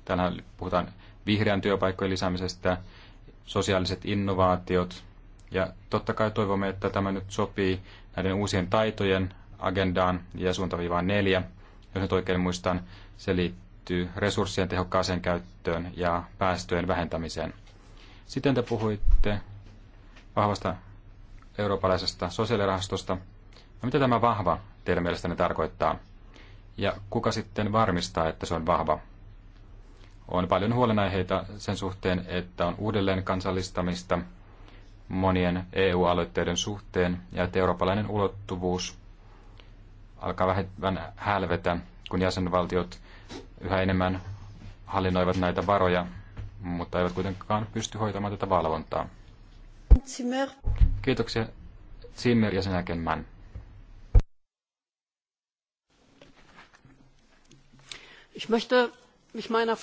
Täällähän puhutaan vihreän työpaikkojen lisäämisestä, sosiaaliset innovaatiot. Ja totta kai toivomme, että tämä nyt sopii näiden uusien taitojen agendaan ja suuntaviivaan neljä. Jos nyt oikein muistan, se liittyy resurssien tehokkaaseen käyttöön ja päästöjen vähentämiseen. Sitten te puhuitte vahvasta eurooppalaisesta sosiaalirahastosta. No, mitä tämä vahva teidän mielestänne tarkoittaa? Ja kuka sitten varmistaa, että se on vahva? On paljon huolenaiheita sen suhteen, että on uudelleen kansallistamista monien EU-aloitteiden suhteen ja että eurooppalainen ulottuvuus alkaa vähän hälvetä, kun jäsenvaltiot yhä enemmän hallinnoivat näitä varoja, mutta eivät kuitenkaan pysty hoitamaan tätä valvontaa. Zimmer. Kiitoksia Zimmer ja sen jälkeen Mann. Ich möchte mich meiner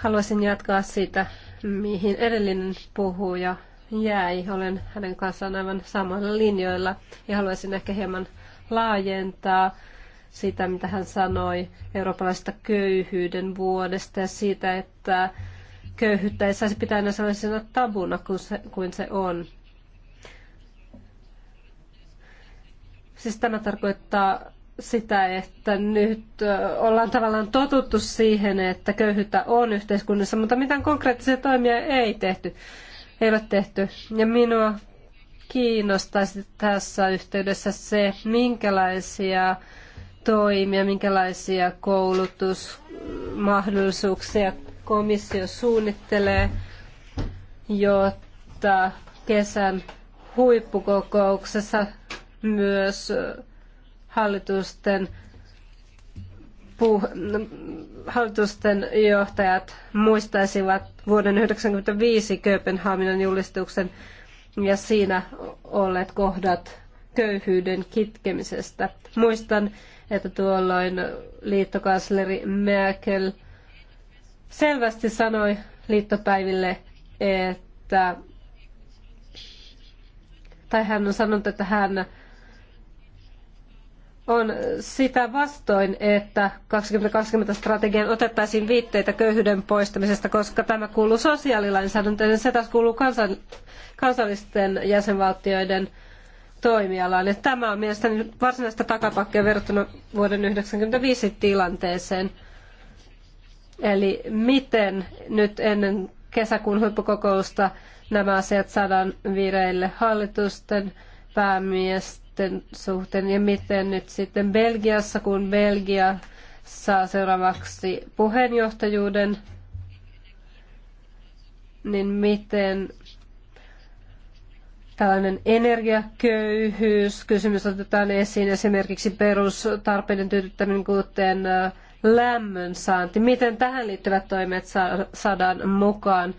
Haluaisin jatkaa siitä, mihin edellinen puhuja jäi. Olen hänen kanssaan aivan samalla linjoilla ja haluaisin ehkä hieman laajentaa sitä, mitä hän sanoi eurooppalaisesta köyhyyden vuodesta ja siitä, että köyhyyttä ei saisi pitää enää sellaisena tabuna kuin se, kuin se on. Siis tämä tarkoittaa sitä, että nyt ollaan tavallaan totuttu siihen, että köyhyyttä on yhteiskunnassa, mutta mitään konkreettisia toimia ei tehty, ei ole tehty. Ja minua kiinnostaisi tässä yhteydessä se, minkälaisia toimia, minkälaisia koulutusmahdollisuuksia komissio suunnittelee, jotta kesän huippukokouksessa myös hallitusten, puh- no, hallitusten johtajat muistaisivat vuoden 1995 Kööpenhaminan julistuksen ja siinä olleet kohdat köyhyyden kitkemisestä. Muistan, että tuolloin liittokansleri Merkel selvästi sanoi liittopäiville, että tai hän on sanonut, että hän on sitä vastoin, että 2020-strategian otettaisiin viitteitä köyhyyden poistamisesta, koska tämä kuuluu sosiaalilainsäädäntöön, se taas kuuluu kansan, kansallisten jäsenvaltioiden toimialaan. tämä on mielestäni varsinaista takapakkia verrattuna vuoden 1995 tilanteeseen. Eli miten nyt ennen kesäkuun huippukokousta nämä asiat saadaan vireille hallitusten päämiesten sitten suhteen ja miten nyt sitten Belgiassa, kun Belgia saa seuraavaksi puheenjohtajuuden, niin miten tällainen energiaköyhyys, kysymys otetaan esiin esimerkiksi perustarpeiden tyydyttäminen, kuten äh, lämmön saanti. Miten tähän liittyvät toimet saadaan mukaan?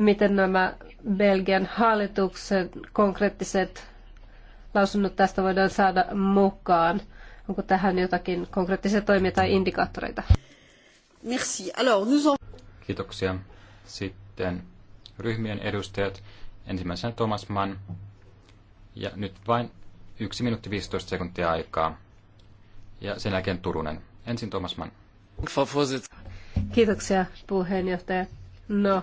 miten nämä Belgian hallituksen konkreettiset lausunnot tästä voidaan saada mukaan. Onko tähän jotakin konkreettisia toimia tai indikaattoreita? Merci. Alors, nous on... Kiitoksia. Sitten ryhmien edustajat. Ensimmäisenä Thomas Mann. Ja nyt vain 1 minuutti 15 sekuntia aikaa. Ja sen jälkeen Turunen. Ensin Thomas Mann. Kiitoksia puheenjohtaja. No,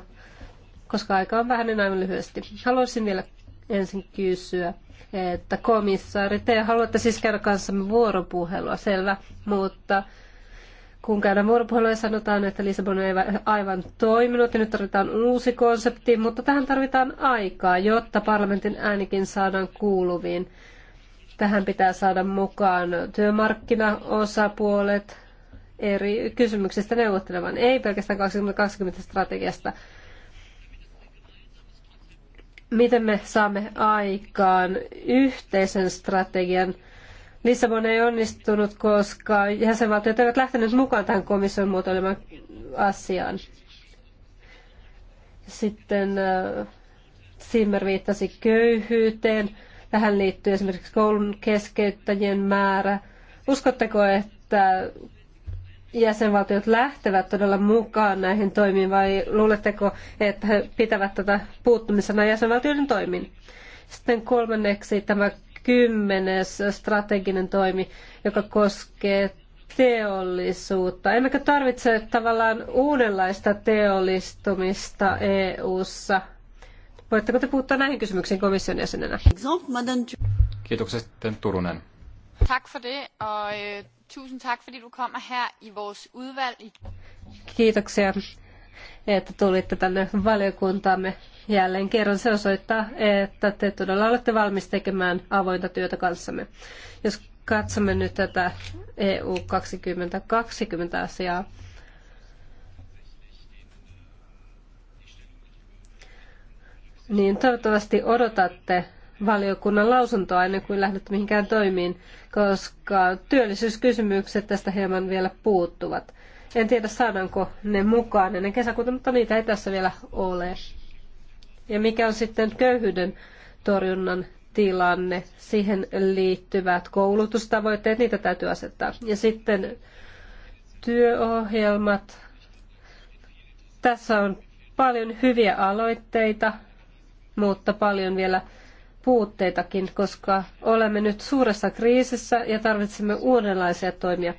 koska aika on vähän näin lyhyesti. Haluaisin vielä ensin kysyä, että komissaari, te haluatte siis käydä kanssamme vuoropuhelua, selvä, mutta kun käydään vuoropuhelua ja sanotaan, että Lisabon ei aivan toiminut ja nyt tarvitaan uusi konsepti, mutta tähän tarvitaan aikaa, jotta parlamentin äänikin saadaan kuuluviin. Tähän pitää saada mukaan työmarkkinaosapuolet eri kysymyksistä neuvottelemaan, ei pelkästään 2020 strategiasta miten me saamme aikaan yhteisen strategian. Lissabon ei onnistunut, koska jäsenvaltiot eivät lähteneet mukaan tähän komission muotoilemaan asiaan. Sitten Simmer äh, viittasi köyhyyteen. Tähän liittyy esimerkiksi koulun keskeyttäjien määrä. Uskotteko, että jäsenvaltiot lähtevät todella mukaan näihin toimiin vai luuletteko, että he pitävät tätä puuttumisena jäsenvaltioiden toimiin? Sitten kolmanneksi tämä kymmenes strateginen toimi, joka koskee teollisuutta. Emmekö tarvitse tavallaan uudenlaista teollistumista EU-ssa? Voitteko te puuttua näihin kysymyksiin komission jäsenenä? Kiitoksia Turunen. Tak for det, og øh, tusind tak, fordi du kommer her i vores udvalg. Kiitoksia, että tulitte tänne valiokuntaamme jälleen kerran. Se osoittaa, että te todella olette valmis tekemään avointa työtä kanssamme. Jos katsomme nyt tätä EU 2020 asiaa, niin toivottavasti odotatte valiokunnan lausuntoa ennen kuin lähdet mihinkään toimiin, koska työllisyyskysymykset tästä hieman vielä puuttuvat. En tiedä saadaanko ne mukaan ennen kesäkuuta, mutta niitä ei tässä vielä ole. Ja mikä on sitten köyhyyden torjunnan tilanne, siihen liittyvät koulutustavoitteet, niitä täytyy asettaa. Ja sitten työohjelmat. Tässä on paljon hyviä aloitteita, mutta paljon vielä puutteitakin, koska olemme nyt suuressa kriisissä ja tarvitsemme uudenlaisia toimia.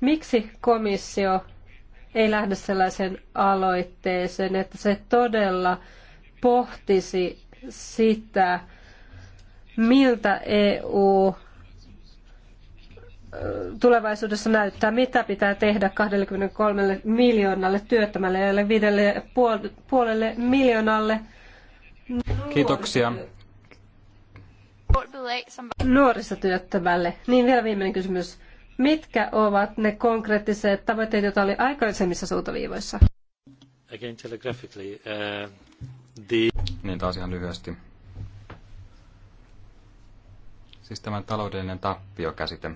Miksi komissio ei lähde sellaiseen aloitteeseen, että se todella pohtisi sitä, miltä EU tulevaisuudessa näyttää, mitä pitää tehdä 23 miljoonalle työttömälle ja 5,5 miljoonalle. Kiitoksia nuorisotyöttömälle. Niin vielä viimeinen kysymys. Mitkä ovat ne konkreettiset tavoitteet, joita oli aikaisemmissa suuntaviivoissa? Again telegraphically, uh, the... Niin taas ihan lyhyesti. Siis tämä taloudellinen tappiokäsite.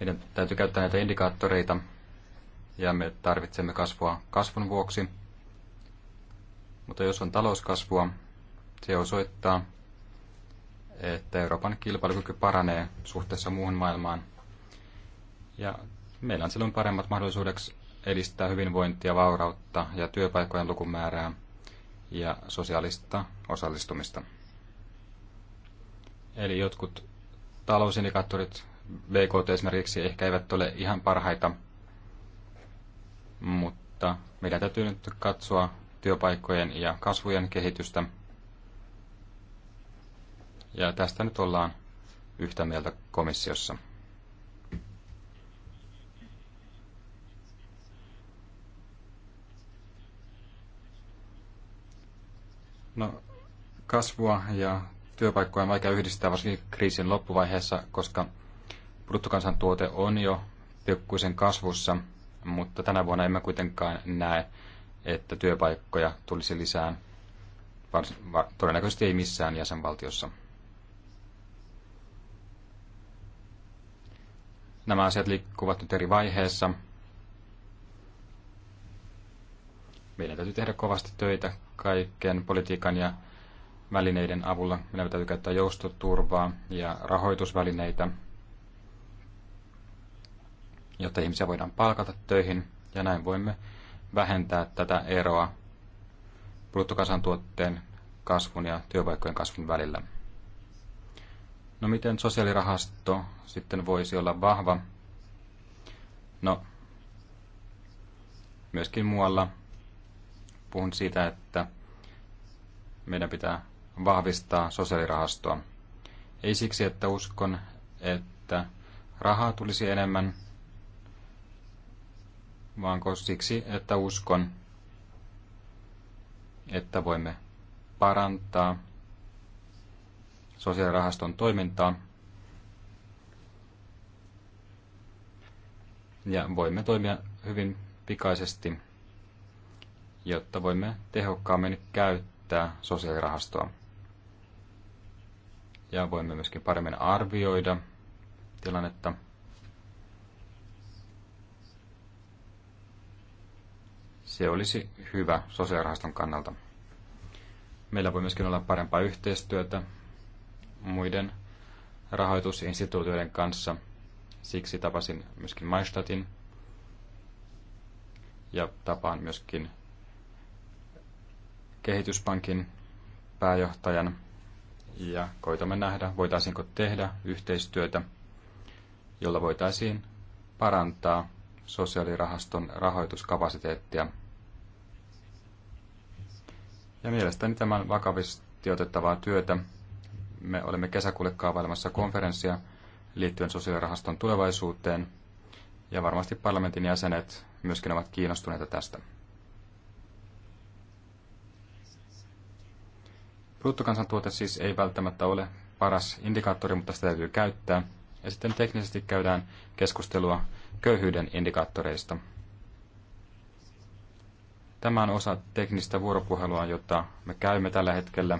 Meidän täytyy käyttää näitä indikaattoreita, ja me tarvitsemme kasvua kasvun vuoksi. Mutta jos on talouskasvua, se osoittaa, että Euroopan kilpailukyky paranee suhteessa muuhun maailmaan. Ja meillä on silloin paremmat mahdollisuudet edistää hyvinvointia, vaurautta ja työpaikkojen lukumäärää ja sosiaalista osallistumista. Eli jotkut talousindikaattorit, BKT esimerkiksi, ehkä eivät ole ihan parhaita – mutta meidän täytyy nyt katsoa työpaikkojen ja kasvujen kehitystä. Ja tästä nyt ollaan yhtä mieltä komissiossa. No, kasvua ja työpaikkoja on vaikea yhdistää varsinkin kriisin loppuvaiheessa, koska bruttokansantuote on jo pikkuisen kasvussa – mutta tänä vuonna emme kuitenkaan näe, että työpaikkoja tulisi lisää. Vars, todennäköisesti ei missään jäsenvaltiossa. Nämä asiat liikkuvat nyt eri vaiheessa. Meidän täytyy tehdä kovasti töitä kaiken politiikan ja välineiden avulla. Meidän täytyy käyttää joustoturvaa ja rahoitusvälineitä, jotta ihmisiä voidaan palkata töihin ja näin voimme vähentää tätä eroa bruttokansantuotteen kasvun ja työpaikkojen kasvun välillä. No miten sosiaalirahasto sitten voisi olla vahva? No, myöskin muualla puhun siitä, että meidän pitää vahvistaa sosiaalirahastoa. Ei siksi, että uskon, että rahaa tulisi enemmän, vaan siksi, että uskon, että voimme parantaa sosiaalirahaston toimintaa ja voimme toimia hyvin pikaisesti, jotta voimme tehokkaammin käyttää sosiaalirahastoa. Ja voimme myöskin paremmin arvioida tilannetta – Se olisi hyvä sosiaalirahaston kannalta. Meillä voi myöskin olla parempaa yhteistyötä muiden rahoitusinstituutioiden kanssa. Siksi tapasin myöskin Maistatin ja tapaan myöskin kehityspankin pääjohtajan ja koitamme nähdä, voitaisiinko tehdä yhteistyötä, jolla voitaisiin parantaa sosiaalirahaston rahoituskapasiteettia ja mielestäni tämä on vakavasti otettavaa työtä. Me olemme kesäkuulle kaavailemassa konferenssia liittyen sosiaalirahaston tulevaisuuteen, ja varmasti parlamentin jäsenet myöskin ovat kiinnostuneita tästä. Bruttokansantuote siis ei välttämättä ole paras indikaattori, mutta sitä täytyy käyttää. Ja sitten teknisesti käydään keskustelua köyhyyden indikaattoreista – Tämä on osa teknistä vuoropuhelua, jota me käymme tällä hetkellä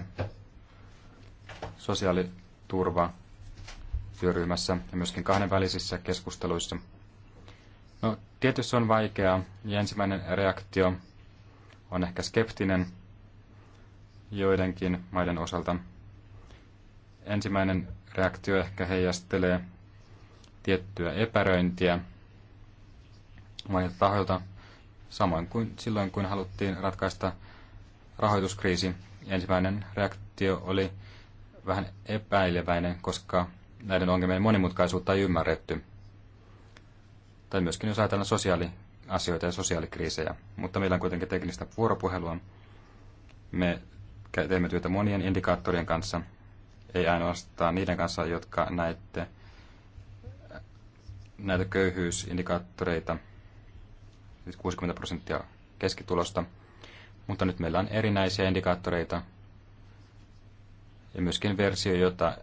sosiaaliturva työryhmässä ja myöskin kahdenvälisissä keskusteluissa. No, tietysti on vaikeaa ja ensimmäinen reaktio on ehkä skeptinen joidenkin maiden osalta. Ensimmäinen reaktio ehkä heijastelee tiettyä epäröintiä monilta tahoilta, samoin kuin silloin, kun haluttiin ratkaista rahoituskriisi. Ensimmäinen reaktio oli vähän epäileväinen, koska näiden ongelmien monimutkaisuutta ei ymmärretty. Tai myöskin jos ajatellaan sosiaaliasioita ja sosiaalikriisejä. Mutta meillä on kuitenkin teknistä vuoropuhelua. Me teemme työtä monien indikaattorien kanssa, ei ainoastaan niiden kanssa, jotka näette näitä köyhyysindikaattoreita – 60 siis prosenttia keskitulosta, mutta nyt meillä on erinäisiä indikaattoreita ja myöskin versio, jota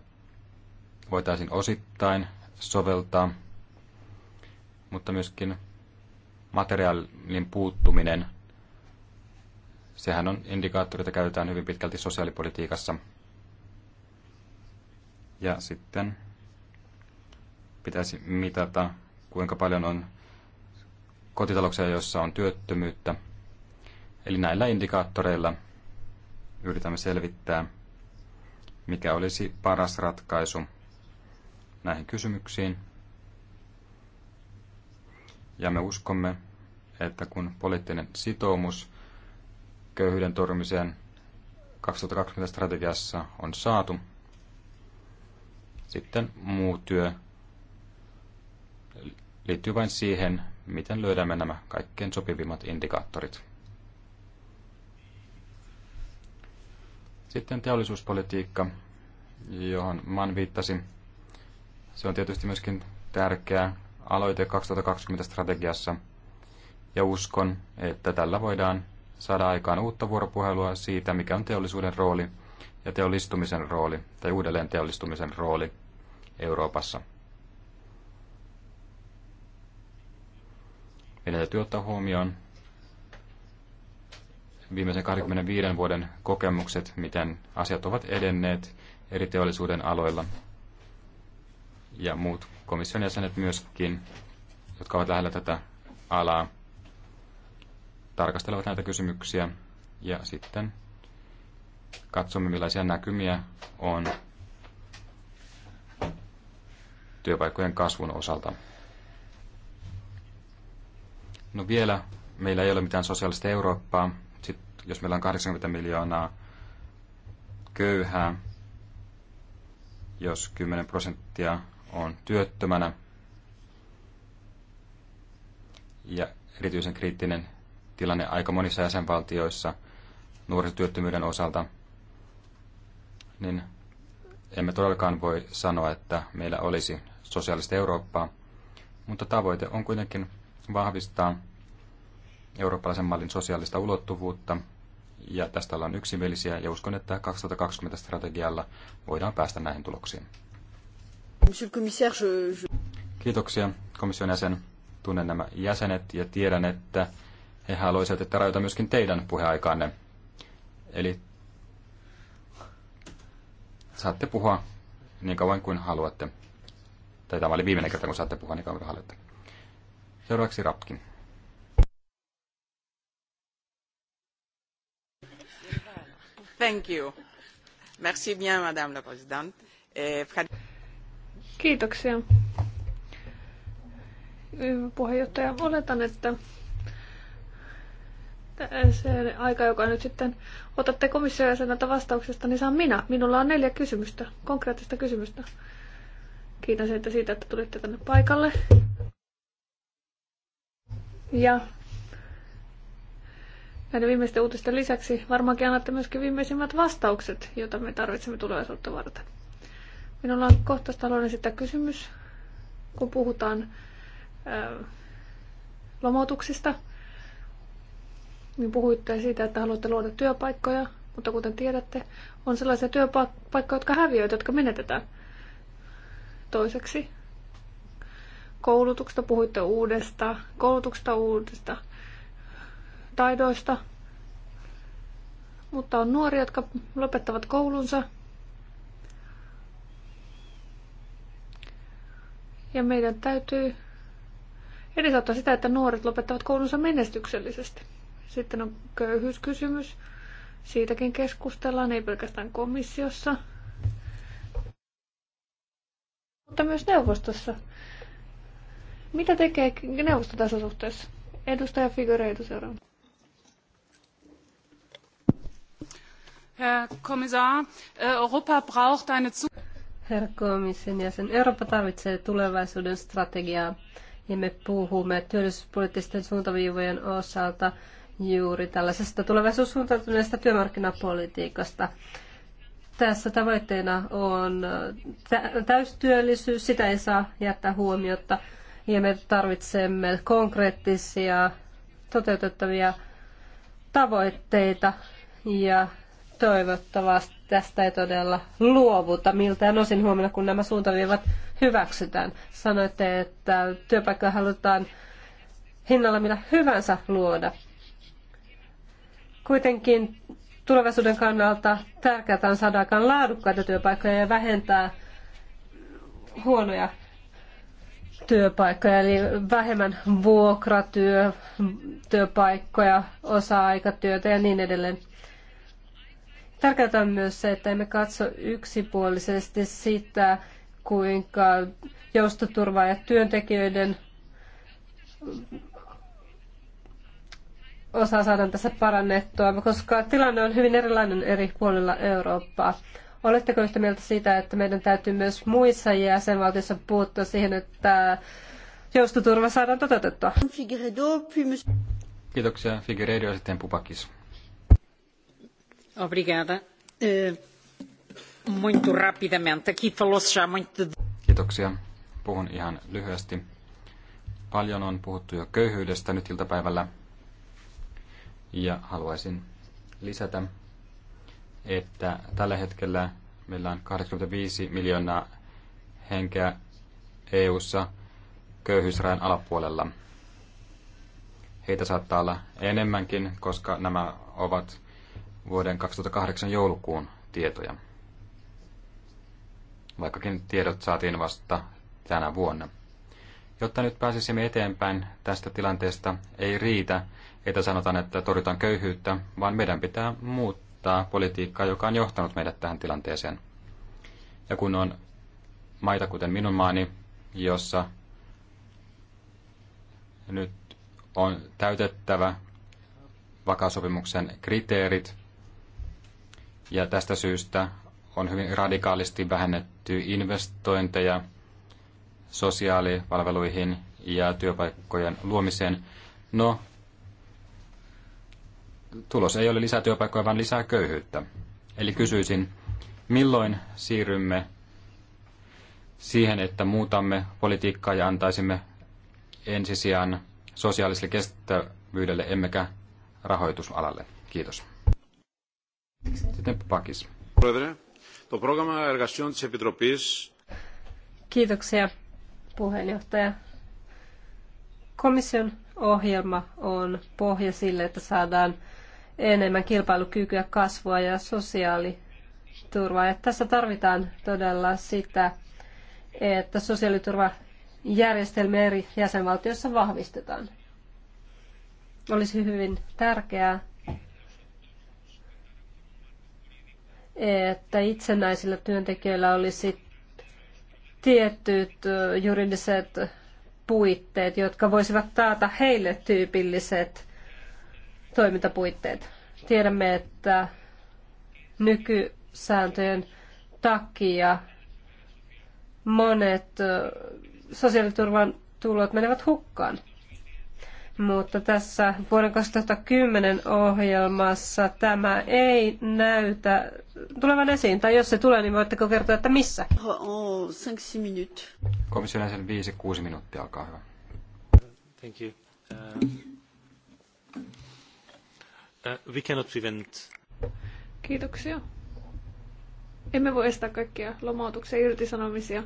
voitaisiin osittain soveltaa, mutta myöskin materiaalin puuttuminen, sehän on indikaattori, jota käytetään hyvin pitkälti sosiaalipolitiikassa. Ja sitten pitäisi mitata, kuinka paljon on kotitalouksia, joissa on työttömyyttä. Eli näillä indikaattoreilla yritämme selvittää, mikä olisi paras ratkaisu näihin kysymyksiin. Ja me uskomme, että kun poliittinen sitoumus köyhyyden torjumiseen 2020 strategiassa on saatu, sitten muu työ liittyy vain siihen, miten löydämme nämä kaikkein sopivimmat indikaattorit. Sitten teollisuuspolitiikka, johon Man viittasi. Se on tietysti myöskin tärkeä aloite 2020 strategiassa. Ja uskon, että tällä voidaan saada aikaan uutta vuoropuhelua siitä, mikä on teollisuuden rooli ja teollistumisen rooli tai uudelleen teollistumisen rooli Euroopassa. Meidän täytyy ottaa huomioon viimeisen 25 vuoden kokemukset, miten asiat ovat edenneet eri teollisuuden aloilla. Ja muut komission jäsenet myöskin, jotka ovat lähellä tätä alaa, tarkastelevat näitä kysymyksiä ja sitten katsomme, millaisia näkymiä on työpaikkojen kasvun osalta. No vielä meillä ei ole mitään sosiaalista Eurooppaa. Sitten, jos meillä on 80 miljoonaa köyhää, jos 10 prosenttia on työttömänä ja erityisen kriittinen tilanne aika monissa jäsenvaltioissa nuorisotyöttömyyden osalta, niin emme todellakaan voi sanoa, että meillä olisi sosiaalista Eurooppaa, mutta tavoite on kuitenkin vahvistaa eurooppalaisen mallin sosiaalista ulottuvuutta, ja tästä ollaan yksimielisiä, ja uskon, että 2020 strategialla voidaan päästä näihin tuloksiin. Kiitoksia komission jäsen. Tunnen nämä jäsenet ja tiedän, että he haluaisivat, että rajoita myöskin teidän puheaikaanne. Eli saatte puhua niin kauan kuin haluatte. Tai tämä oli viimeinen kerta, kun saatte puhua niin kauan kuin haluatte. Seuraavaksi Rapkin. Thank you. Merci bien, Madame la Présidente. Eh, Kiitoksia. puheenjohtaja, oletan, että se aika, joka nyt sitten otatte komission jäseneltä vastauksesta, niin saan minä. Minulla on neljä kysymystä, konkreettista kysymystä. Kiitän siitä, että tulitte tänne paikalle. Ja näiden viimeisten uutisten lisäksi varmaankin annatte myöskin viimeisimmät vastaukset, joita me tarvitsemme tulevaisuutta varten. Minulla on kohtaista haluan esittää kysymys, kun puhutaan ö, lomautuksista. Niin puhuitte siitä, että haluatte luoda työpaikkoja, mutta kuten tiedätte, on sellaisia työpaikkoja, jotka häviöitä, jotka menetetään. Toiseksi koulutuksesta, puhuitte uudesta, koulutuksesta uudesta taidoista, mutta on nuoria, jotka lopettavat koulunsa. Ja meidän täytyy edesauttaa sitä, että nuoret lopettavat koulunsa menestyksellisesti. Sitten on köyhyyskysymys. Siitäkin keskustellaan, ei pelkästään komissiossa, mutta myös neuvostossa. Mitä tekee neuvosto tässä suhteessa? Edustaja Figueiredo seuraava. Herr Kommissar, äh, Europa braucht eine Herra komission jäsen, Eurooppa tarvitsee tulevaisuuden strategiaa ja me puhumme työllisyyspoliittisten suuntaviivojen osalta juuri tällaisesta tulevaisuussuuntautuneesta työmarkkinapolitiikasta. Tässä tavoitteena on täystyöllisyys, sitä ei saa jättää huomiota, ja me tarvitsemme konkreettisia toteutettavia tavoitteita ja toivottavasti tästä ei todella luovuta miltään osin huomenna, kun nämä suuntaviivat hyväksytään. Sanoitte, että työpaikkoja halutaan hinnalla millä hyvänsä luoda. Kuitenkin tulevaisuuden kannalta tärkeää on saada aikaan laadukkaita työpaikkoja ja vähentää huonoja työpaikkoja, eli vähemmän vuokratyö, työpaikkoja, osa-aikatyötä ja niin edelleen. Tärkeää on myös se, että emme katso yksipuolisesti sitä, kuinka joustoturva ja työntekijöiden osaa saadaan tässä parannettua, koska tilanne on hyvin erilainen eri puolilla Eurooppaa. Oletteko yhtä mieltä siitä, että meidän täytyy myös muissa jäsenvaltioissa puuttua siihen, että joustoturva saadaan toteutettua? Kiitoksia. Figueiredo ja sitten Pupakis. Obrigada. Eh, muito rapidamente. Kiitoksia. Puhun ihan lyhyesti. Paljon on puhuttu jo köyhyydestä nyt iltapäivällä. Ja haluaisin lisätä että tällä hetkellä meillä on 85 miljoonaa henkeä EU-ssa köyhyysrajan alapuolella. Heitä saattaa olla enemmänkin, koska nämä ovat vuoden 2008 joulukuun tietoja. Vaikkakin tiedot saatiin vasta tänä vuonna. Jotta nyt pääsisimme eteenpäin tästä tilanteesta, ei riitä, että sanotaan, että torjutaan köyhyyttä, vaan meidän pitää muuttaa harjoittaa politiikkaa, joka on johtanut meidät tähän tilanteeseen. Ja kun on maita kuten minun maani, jossa nyt on täytettävä vakasopimuksen kriteerit, ja tästä syystä on hyvin radikaalisti vähennetty investointeja sosiaalipalveluihin ja työpaikkojen luomiseen. No, tulos ei ole lisää työpaikkoja, vaan lisää köyhyyttä. Eli kysyisin, milloin siirrymme siihen, että muutamme politiikkaa ja antaisimme ensisijaan sosiaaliselle kestävyydelle emmekä rahoitusalalle. Kiitos. Sitten Pakis. Kiitoksia puheenjohtaja. Komission ohjelma on pohja sille, että saadaan enemmän kilpailukykyä, kasvua ja sosiaaliturvaa. Ja tässä tarvitaan todella sitä, että sosiaaliturvajärjestelmiä eri jäsenvaltioissa vahvistetaan. Olisi hyvin tärkeää, että itsenäisillä työntekijöillä olisi tietyt juridiset puitteet, jotka voisivat taata heille tyypilliset toimintapuitteet. Tiedämme, että nykysääntöjen takia monet sosiaaliturvan tulot menevät hukkaan. Mutta tässä vuoden 2010 ohjelmassa tämä ei näytä tulevan esiin. Tai jos se tulee, niin voitteko kertoa, että missä? Komission jäsen 5-6 minuuttia, alkaa hyvä. Thank you. Uh... Uh, we cannot prevent. Kiitoksia. Emme voi estää kaikkia lomautuksia ja irtisanomisia.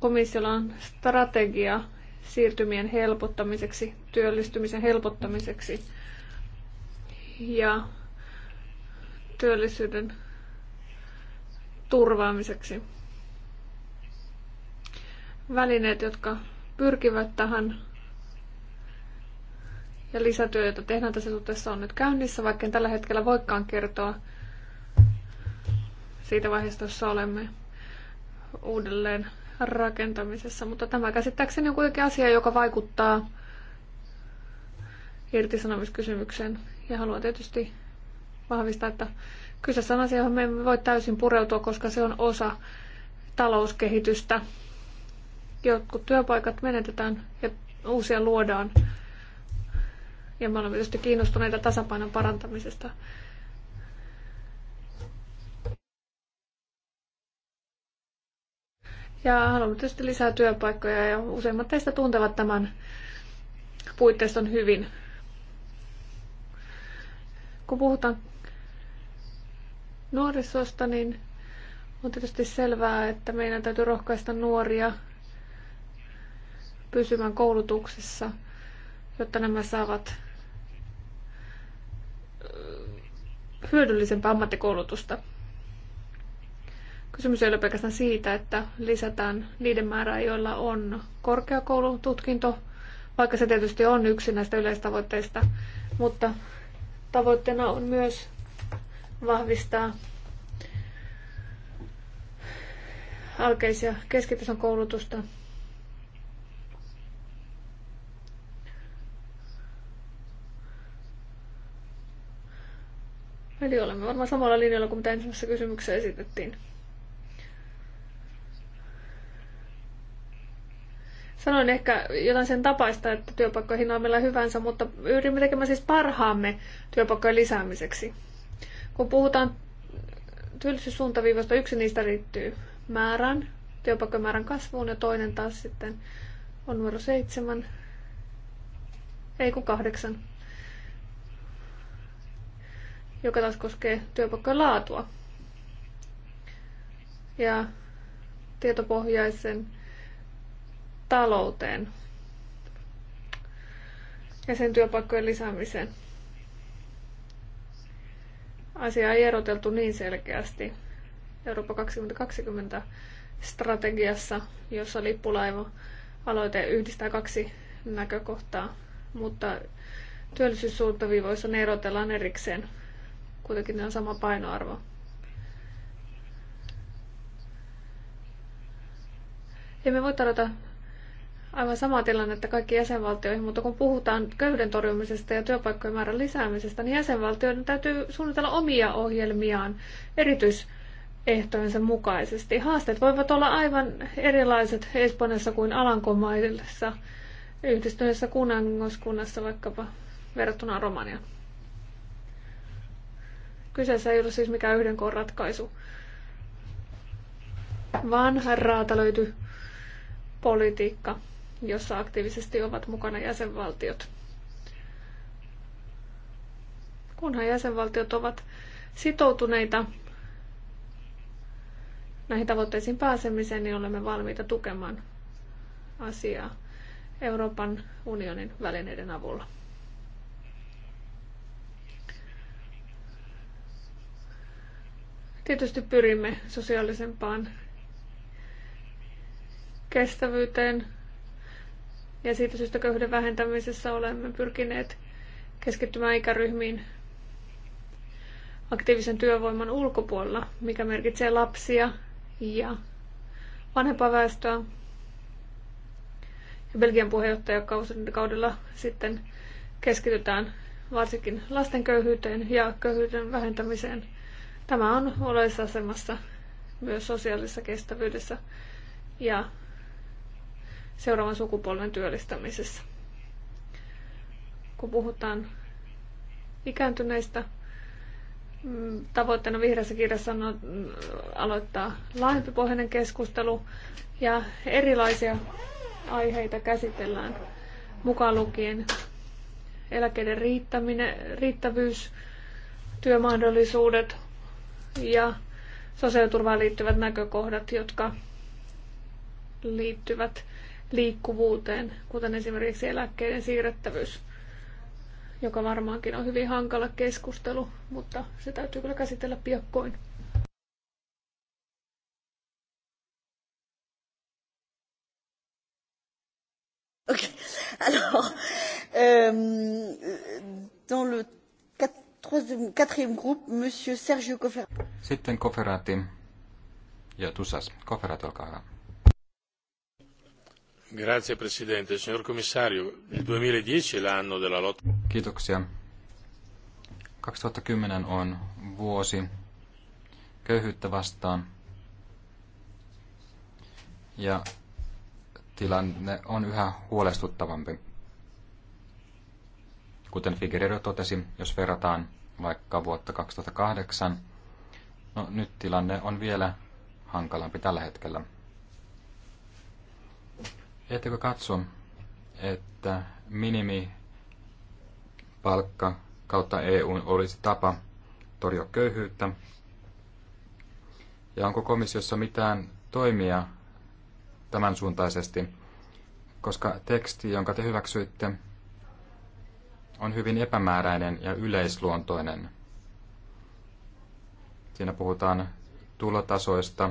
Komissiolla on strategia siirtymien helpottamiseksi, työllistymisen helpottamiseksi ja työllisyyden turvaamiseksi. Välineet, jotka pyrkivät tähän ja lisätyö, jota tehdään tässä suhteessa, on nyt käynnissä, vaikka en tällä hetkellä voikaan kertoa siitä vaiheesta, jossa olemme uudelleen rakentamisessa. Mutta tämä käsittääkseni on kuitenkin asia, joka vaikuttaa irtisanomiskysymykseen. Ja haluan tietysti vahvistaa, että kyseessä on asia, johon me emme voi täysin pureutua, koska se on osa talouskehitystä. Jotkut työpaikat menetetään ja uusia luodaan. Ja me olemme tietysti kiinnostuneita tasapainon parantamisesta. Ja haluamme tietysti lisää työpaikkoja ja useimmat teistä tuntevat tämän puitteiston hyvin. Kun puhutaan nuorisosta, niin on tietysti selvää, että meidän täytyy rohkaista nuoria pysymään koulutuksessa, jotta nämä saavat hyödyllisempää ammattikoulutusta. Kysymys ei ole pelkästään siitä, että lisätään niiden määrää, joilla on korkeakoulututkinto, vaikka se tietysti on yksi näistä yleistavoitteista, mutta tavoitteena on myös vahvistaa alkeisia keskitason koulutusta Eli olemme varmaan samalla linjalla kuin mitä ensimmäisessä kysymyksessä esitettiin. Sanoin ehkä jotain sen tapaista, että työpaikkoihin on meillä hyvänsä, mutta yritimme tekemään siis parhaamme työpaikkojen lisäämiseksi. Kun puhutaan työllisyyssuuntaviivasta, yksi niistä liittyy määrän, työpaikkojen määrän kasvuun ja toinen taas sitten on numero seitsemän, ei kun kahdeksan joka taas koskee työpaikan laatua. Ja tietopohjaisen talouteen ja sen työpaikkojen lisäämiseen. Asia ei eroteltu niin selkeästi Eurooppa 2020 strategiassa, jossa lippulaiva aloite yhdistää kaksi näkökohtaa, mutta työllisyyssuuntaviivoissa ne erotellaan erikseen. Kuitenkin ne on sama painoarvo. Emme voi tarjota aivan samaa tilannetta kaikki jäsenvaltioihin, mutta kun puhutaan köyhyyden torjumisesta ja työpaikkojen määrän lisäämisestä, niin jäsenvaltioiden täytyy suunnitella omia ohjelmiaan erityisehtojensa mukaisesti. Haasteet voivat olla aivan erilaiset Espanjassa kuin Alankomaissa, yhdistyneessä kuningaskunnassa vaikkapa verrattuna Romaniaan. Kyseessä ei ole siis mikään yhden koon ratkaisu, vaan räätälöity politiikka, jossa aktiivisesti ovat mukana jäsenvaltiot. Kunhan jäsenvaltiot ovat sitoutuneita näihin tavoitteisiin pääsemiseen, niin olemme valmiita tukemaan asiaa Euroopan unionin välineiden avulla. Tietysti pyrimme sosiaalisempaan kestävyyteen ja siitä syystä köyhyyden vähentämisessä olemme pyrkineet keskittymään ikäryhmiin aktiivisen työvoiman ulkopuolella, mikä merkitsee lapsia ja vanhempaa väestöä. Ja Belgian puheenjohtajakaudella sitten keskitytään varsinkin lasten köyhyyteen ja köyhyyden vähentämiseen – Tämä on oleisasemassa myös sosiaalisessa kestävyydessä ja seuraavan sukupolven työllistämisessä. Kun puhutaan ikääntyneistä, mm, tavoitteena vihreässä kirjassa on mm, aloittaa pohjainen keskustelu ja erilaisia aiheita käsitellään mukaan lukien eläkkeiden riittäminen, riittävyys, työmahdollisuudet, ja sosiaaliturvaan liittyvät näkökohdat, jotka liittyvät liikkuvuuteen, kuten esimerkiksi eläkkeiden siirrettävyys, joka varmaankin on hyvin hankala keskustelu, mutta se täytyy kyllä käsitellä piakkoin. Okay. Alors, euh, dans le sitten Koferaati ja Tusas. Koferaati, olkaa hyvä. Grazie Presidente. Signor Commissario, il 2010 è l'anno della lotta... Kiitoksia. 2010 on vuosi köyhyyttä vastaan. Ja tilanne on yhä huolestuttavampi. Kuten Figueredo totesi, jos verrataan vaikka vuotta 2008, no nyt tilanne on vielä hankalampi tällä hetkellä. Ettekö katso, että minimipalkka kautta EU olisi tapa torjua köyhyyttä? Ja onko komissiossa mitään toimia tämän suuntaisesti? Koska teksti, jonka te hyväksyitte, on hyvin epämääräinen ja yleisluontoinen. Siinä puhutaan tulotasoista,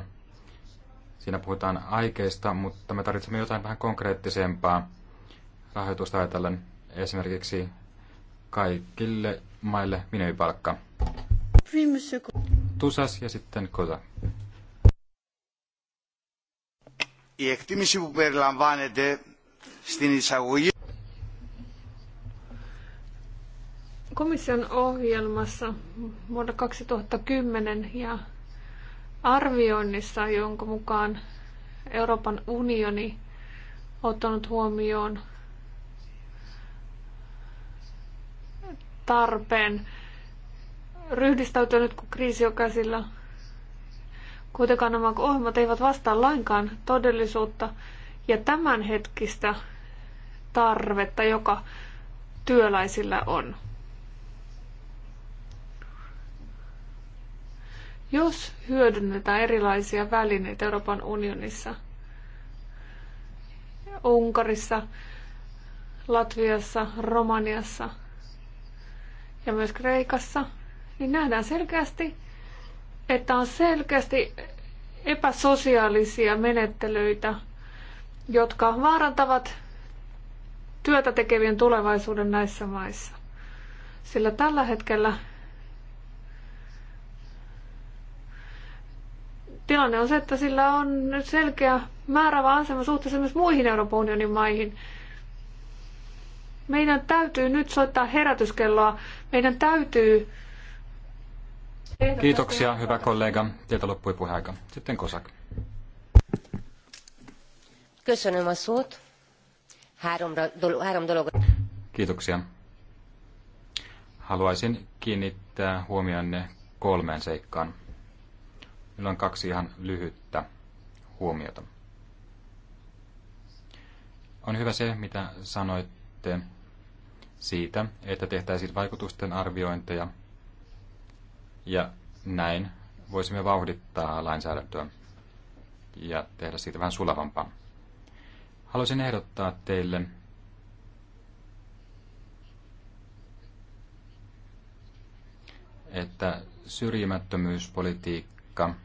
siinä puhutaan aikeista, mutta me tarvitsemme jotain vähän konkreettisempaa rahoitusta ajatellen esimerkiksi kaikille maille minimipalkka. Tusas ja sitten Kota. Η εκτίμηση που περιλαμβάνεται στην εισαγωγή komission ohjelmassa vuonna 2010 ja arvioinnissa, jonka mukaan Euroopan unioni ottanut huomioon tarpeen ryhdistäytyä nyt, kun kriisi on käsillä. Kuitenkaan nämä ohjelmat eivät vastaa lainkaan todellisuutta ja tämänhetkistä tarvetta, joka työläisillä on. Jos hyödynnetään erilaisia välineitä Euroopan unionissa, Unkarissa, Latviassa, Romaniassa ja myös Kreikassa, niin nähdään selkeästi, että on selkeästi epäsosiaalisia menettelyitä, jotka vaarantavat työtä tekevien tulevaisuuden näissä maissa. Sillä tällä hetkellä tilanne on se, että sillä on selkeä määrävä asema suhteessa myös muihin Euroopan unionin maihin. Meidän täytyy nyt soittaa herätyskelloa. Meidän täytyy... Kiitoksia, hyvä kollega. Tieto loppui puheaika. Sitten Kosak. Kiitoksia. Haluaisin kiinnittää huomionne kolmeen seikkaan. Meillä on kaksi ihan lyhyttä huomiota. On hyvä se, mitä sanoitte siitä, että tehtäisiin vaikutusten arviointeja ja näin voisimme vauhdittaa lainsäädäntöä ja tehdä siitä vähän sulavampaa. Haluaisin ehdottaa teille että syrjimättömyyspolitiikka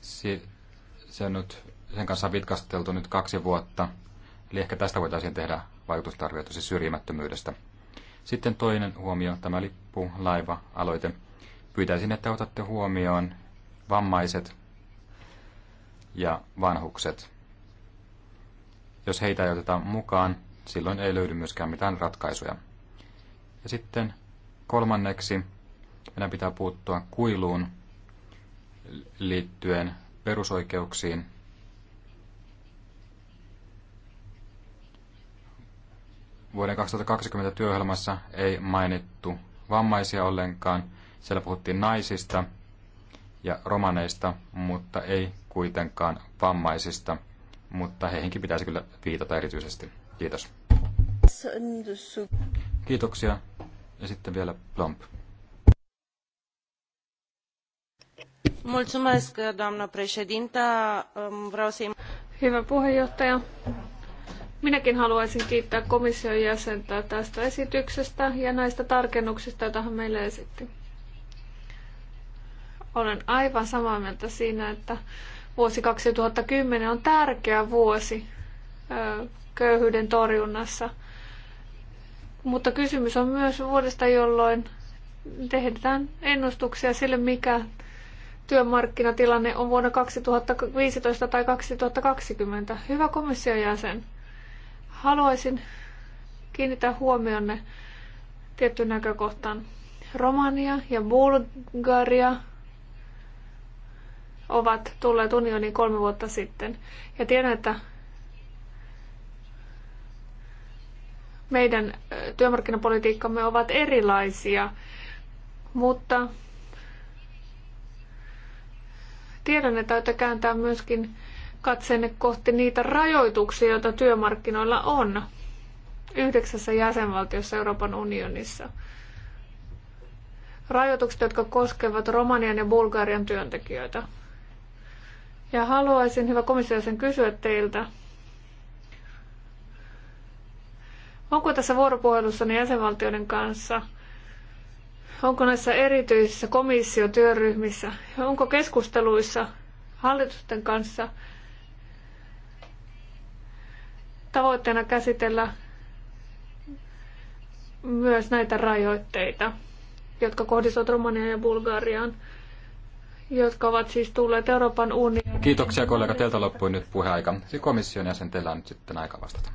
se, se nyt, sen kanssa on vitkasteltu nyt kaksi vuotta, eli ehkä tästä voitaisiin tehdä vaikutustarvioita siis syrjimättömyydestä. Sitten toinen huomio, tämä lippulaiva-aloite. Pyytäisin, että otatte huomioon vammaiset ja vanhukset. Jos heitä ei oteta mukaan, silloin ei löydy myöskään mitään ratkaisuja. Ja sitten kolmanneksi meidän pitää puuttua kuiluun liittyen perusoikeuksiin. Vuoden 2020 työohjelmassa ei mainittu vammaisia ollenkaan. Siellä puhuttiin naisista ja romaneista, mutta ei kuitenkaan vammaisista. Mutta heihinkin pitäisi kyllä viitata erityisesti. Kiitos. Kiitoksia. Ja sitten vielä Plump. doamnă președintă. Vreau să Hyvä puheenjohtaja. Minäkin haluaisin kiittää komission jäsentä tästä esityksestä ja näistä tarkennuksista, joita hän meille esitti. Olen aivan samaa mieltä siinä, että vuosi 2010 on tärkeä vuosi köyhyyden torjunnassa. Mutta kysymys on myös vuodesta, jolloin tehdään ennustuksia sille, mikä työmarkkinatilanne on vuonna 2015 tai 2020. Hyvä komission jäsen, haluaisin kiinnittää huomionne tiettyyn näkökohtaan. Romania ja Bulgaria ovat tulleet unioniin kolme vuotta sitten. Ja tiedän, että meidän työmarkkinapolitiikkamme ovat erilaisia, mutta Tiedän, että täytyy kääntää myöskin katseenne kohti niitä rajoituksia, joita työmarkkinoilla on yhdeksässä jäsenvaltiossa Euroopan unionissa. Rajoitukset, jotka koskevat Romanian ja Bulgarian työntekijöitä. Ja haluaisin, hyvä komissio, sen kysyä teiltä, onko tässä vuoropuhelussa jäsenvaltioiden kanssa – Onko näissä erityisissä komissiotyöryhmissä, onko keskusteluissa hallitusten kanssa tavoitteena käsitellä myös näitä rajoitteita, jotka kohdistuvat Romaniaan ja Bulgariaan, jotka ovat siis tulleet Euroopan unionin. Kiitoksia kollega, teiltä loppui nyt puheaika. Siis komission jäsen, teillä on nyt sitten aika vastata.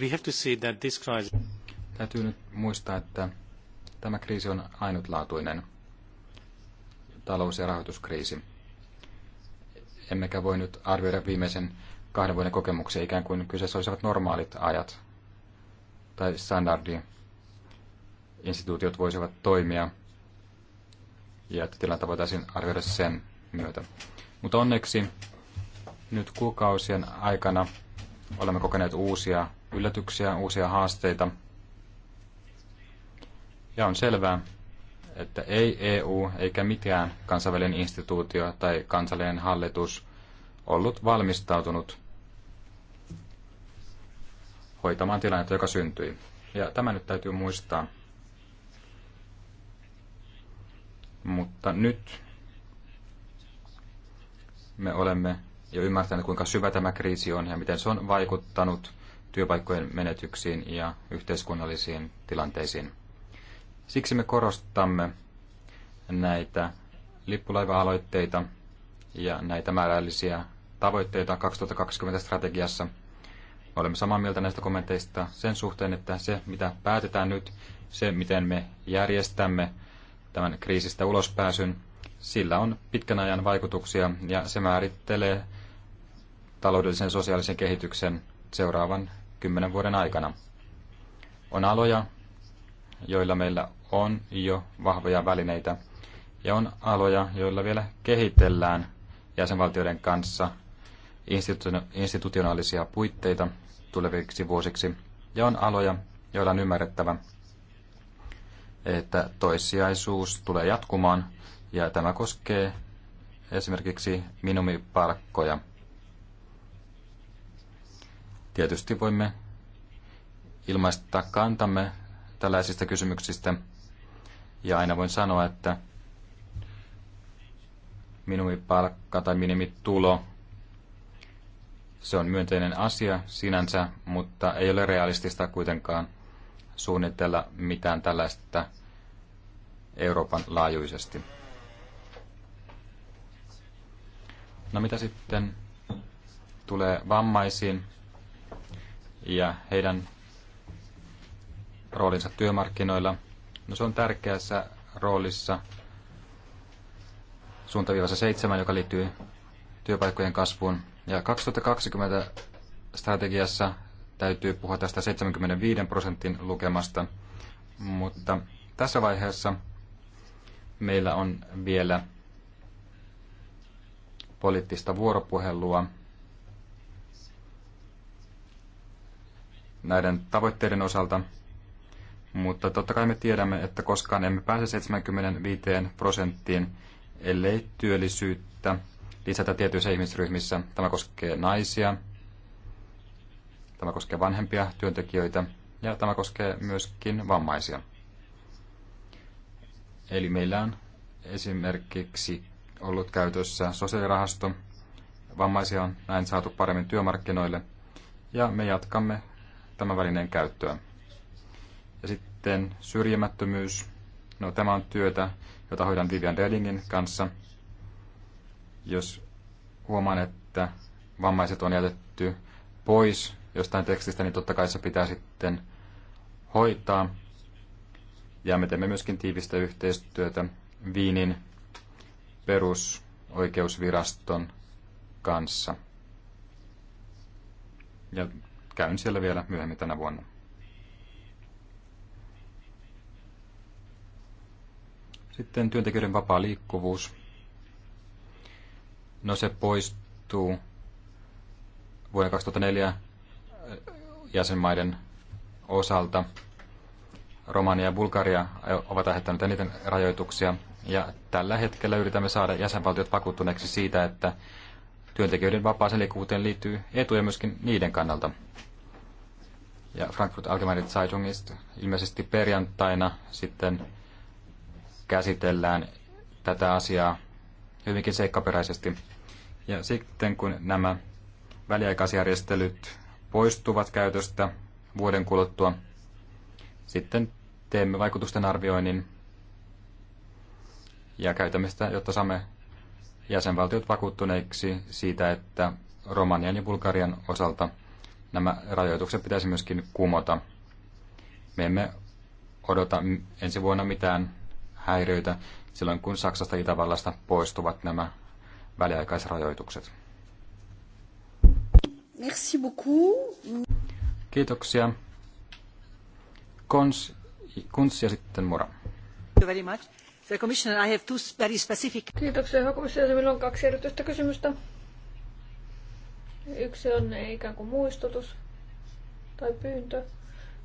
we have to see that this crisis... Täytyy nyt muistaa, että tämä kriisi on ainutlaatuinen talous- ja rahoituskriisi. Emmekä voi nyt arvioida viimeisen kahden vuoden kokemuksia ikään kuin kyseessä olisivat normaalit ajat tai standardi. Instituutiot voisivat toimia ja että tilannetta voitaisiin arvioida sen myötä. Mutta onneksi nyt kuukausien aikana olemme kokeneet uusia yllätyksiä, uusia haasteita. Ja on selvää, että ei EU eikä mikään kansainvälinen instituutio tai kansallinen hallitus ollut valmistautunut hoitamaan tilannetta, joka syntyi. Ja tämä nyt täytyy muistaa. Mutta nyt me olemme jo ymmärtäneet, kuinka syvä tämä kriisi on ja miten se on vaikuttanut työpaikkojen menetyksiin ja yhteiskunnallisiin tilanteisiin. Siksi me korostamme näitä lippulaiva-aloitteita ja näitä määrällisiä tavoitteita 2020-strategiassa. Me olemme samaa mieltä näistä kommenteista sen suhteen, että se mitä päätetään nyt, se miten me järjestämme tämän kriisistä ulospääsyn, sillä on pitkän ajan vaikutuksia ja se määrittelee taloudellisen ja sosiaalisen kehityksen seuraavan kymmenen vuoden aikana. On aloja, joilla meillä on jo vahvoja välineitä, ja on aloja, joilla vielä kehitellään jäsenvaltioiden kanssa institutionaalisia puitteita tuleviksi vuosiksi, ja on aloja, joilla on ymmärrettävä, että toissijaisuus tulee jatkumaan, ja tämä koskee esimerkiksi minimipalkkoja. Tietysti voimme ilmaista kantamme tällaisista kysymyksistä. Ja aina voin sanoa, että minimipalkka tai minimitulo, se on myönteinen asia sinänsä, mutta ei ole realistista kuitenkaan suunnitella mitään tällaista Euroopan laajuisesti. No mitä sitten tulee vammaisiin ja heidän roolinsa työmarkkinoilla. No se on tärkeässä roolissa suuntaviivassa seitsemän, joka liittyy työpaikkojen kasvuun. Ja 2020 strategiassa täytyy puhua tästä 75 prosentin lukemasta, mutta tässä vaiheessa meillä on vielä poliittista vuoropuhelua – näiden tavoitteiden osalta, mutta totta kai me tiedämme, että koskaan emme pääse 75 prosenttiin, ellei työllisyyttä lisätä tietyissä ihmisryhmissä. Tämä koskee naisia, tämä koskee vanhempia työntekijöitä ja tämä koskee myöskin vammaisia. Eli meillä on esimerkiksi ollut käytössä sosiaalirahasto, vammaisia on näin saatu paremmin työmarkkinoille ja me jatkamme tämän välineen käyttöä. Ja sitten syrjimättömyys. No, tämä on työtä, jota hoidan Vivian Dellingin kanssa. Jos huomaan, että vammaiset on jätetty pois jostain tekstistä, niin totta kai se pitää sitten hoitaa. Ja me teemme myöskin tiivistä yhteistyötä Viinin perusoikeusviraston kanssa. Ja käyn siellä vielä myöhemmin tänä vuonna. Sitten työntekijöiden vapaa liikkuvuus. No se poistuu vuoden 2004 äh, jäsenmaiden osalta. Romania ja Bulgaria äh, ovat aiheuttaneet eniten rajoituksia, ja tällä hetkellä yritämme saada jäsenvaltiot vakuuttuneeksi siitä, että työntekijöiden vapaaseen liikkuvuuteen liittyy etuja myöskin niiden kannalta. Ja Frankfurt Allgemeine Zeitungist ilmeisesti perjantaina sitten käsitellään tätä asiaa hyvinkin seikkaperäisesti. Ja sitten kun nämä väliaikaisjärjestelyt poistuvat käytöstä vuoden kuluttua, sitten teemme vaikutusten arvioinnin ja käytämme sitä, jotta saamme jäsenvaltiot vakuuttuneiksi siitä, että Romanian ja Bulgarian osalta nämä rajoitukset pitäisi myöskin kumota. Me emme odota ensi vuonna mitään häiriöitä silloin, kun Saksasta ja Itävallasta poistuvat nämä väliaikaisrajoitukset. Merci beaucoup. Kiitoksia. Kons, Kuns ja sitten mora. Thank you very much. The Commissioner, I have two very specific... Kiitoksia, hyvä Minulla on kaksi erityistä kysymystä. Yksi on ikään kuin muistutus tai pyyntö.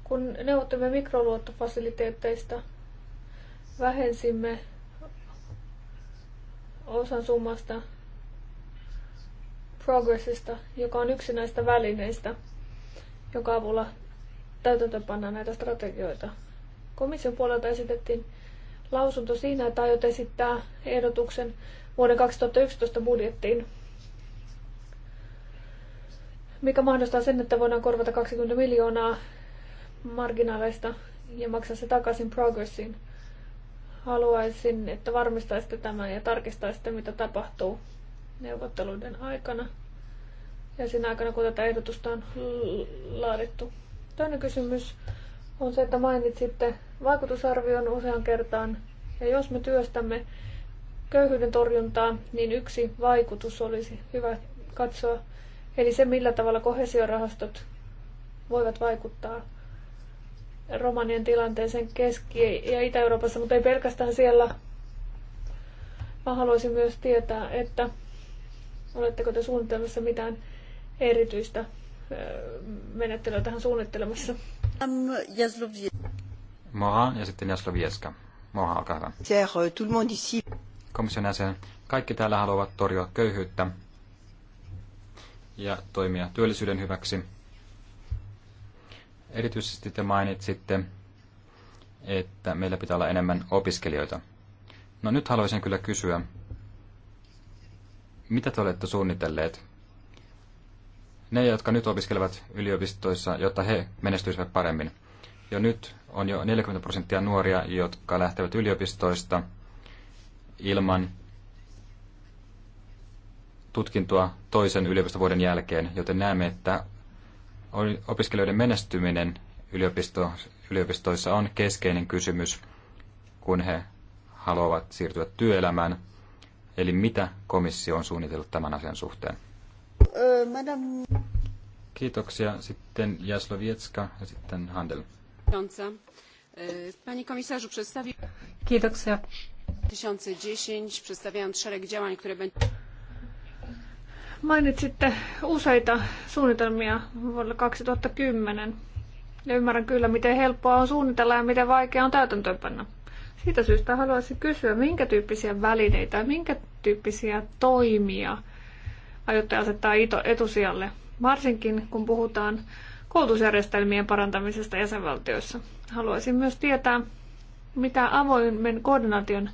Kun neuvottelimme mikroluottofasiliteetteista, vähensimme osan summasta Progressista, joka on yksi näistä välineistä, jonka avulla täytäntöönpannaan näitä strategioita. Komission puolelta esitettiin lausunto siinä, että aiot esittää ehdotuksen vuoden 2011 budjettiin, mikä mahdollistaa sen, että voidaan korvata 20 miljoonaa marginaaleista ja maksaa se takaisin progressiin. Haluaisin, että varmistaisitte tämän ja tarkistaisitte, mitä tapahtuu neuvotteluiden aikana ja siinä aikana, kun tätä ehdotusta on laadittu. Toinen kysymys on se, että mainitsitte vaikutusarvion usean kertaan. Ja jos me työstämme köyhyyden torjuntaa, niin yksi vaikutus olisi hyvä katsoa. Eli se, millä tavalla kohesiorahastot voivat vaikuttaa romanien tilanteeseen Keski- ja Itä-Euroopassa, mutta ei pelkästään siellä. Mä haluaisin myös tietää, että oletteko te suunnittelemassa mitään erityistä menettelyä tähän suunnittelemassa? Moha ja sitten Jaslovieska. Moha, olkaa hyvä. Euh, Komission jäsen, kaikki täällä haluavat torjua köyhyyttä ja toimia työllisyyden hyväksi. Erityisesti te mainitsitte, että meillä pitää olla enemmän opiskelijoita. No nyt haluaisin kyllä kysyä, mitä te olette suunnitelleet? Ne, jotka nyt opiskelevat yliopistoissa, jotta he menestyisivät paremmin. Jo nyt on jo 40 prosenttia nuoria, jotka lähtevät yliopistoista ilman tutkintoa toisen yliopistovuoden jälkeen, joten näemme, että opiskelijoiden menestyminen yliopisto, yliopistoissa on keskeinen kysymys, kun he haluavat siirtyä työelämään. Eli mitä komissio on suunnitellut tämän asian suhteen? Madame. Kiitoksia. Sitten Vietska ja sitten Handel. E, Pani komisarzu, przedstawi... Kiitoksia. 2010 przedstawiając szereg działań, które będą... Mainitsitte useita suunnitelmia vuodelle 2010 ja ymmärrän kyllä, miten helppoa on suunnitella ja miten vaikeaa on täytäntöönpanna. Siitä syystä haluaisin kysyä, minkä tyyppisiä välineitä ja minkä tyyppisiä toimia aiotte asettaa etusijalle, varsinkin kun puhutaan koulutusjärjestelmien parantamisesta jäsenvaltioissa. Haluaisin myös tietää, mitä avoimen koordinaation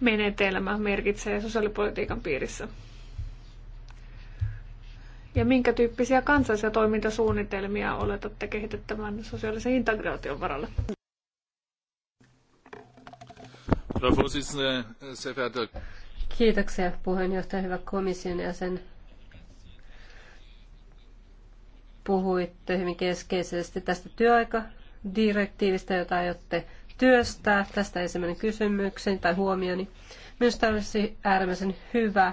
menetelmä merkitsee sosiaalipolitiikan piirissä. Ja minkä tyyppisiä kansallisia toimintasuunnitelmia oletatte kehitettävän sosiaalisen integraation varalle? Kiitoksia puheenjohtaja, hyvä komission jäsen puhuitte hyvin keskeisesti tästä työaikadirektiivistä, jota aiotte työstää. Tästä ensimmäinen kysymykseni tai huomioni. Minusta olisi äärimmäisen hyvä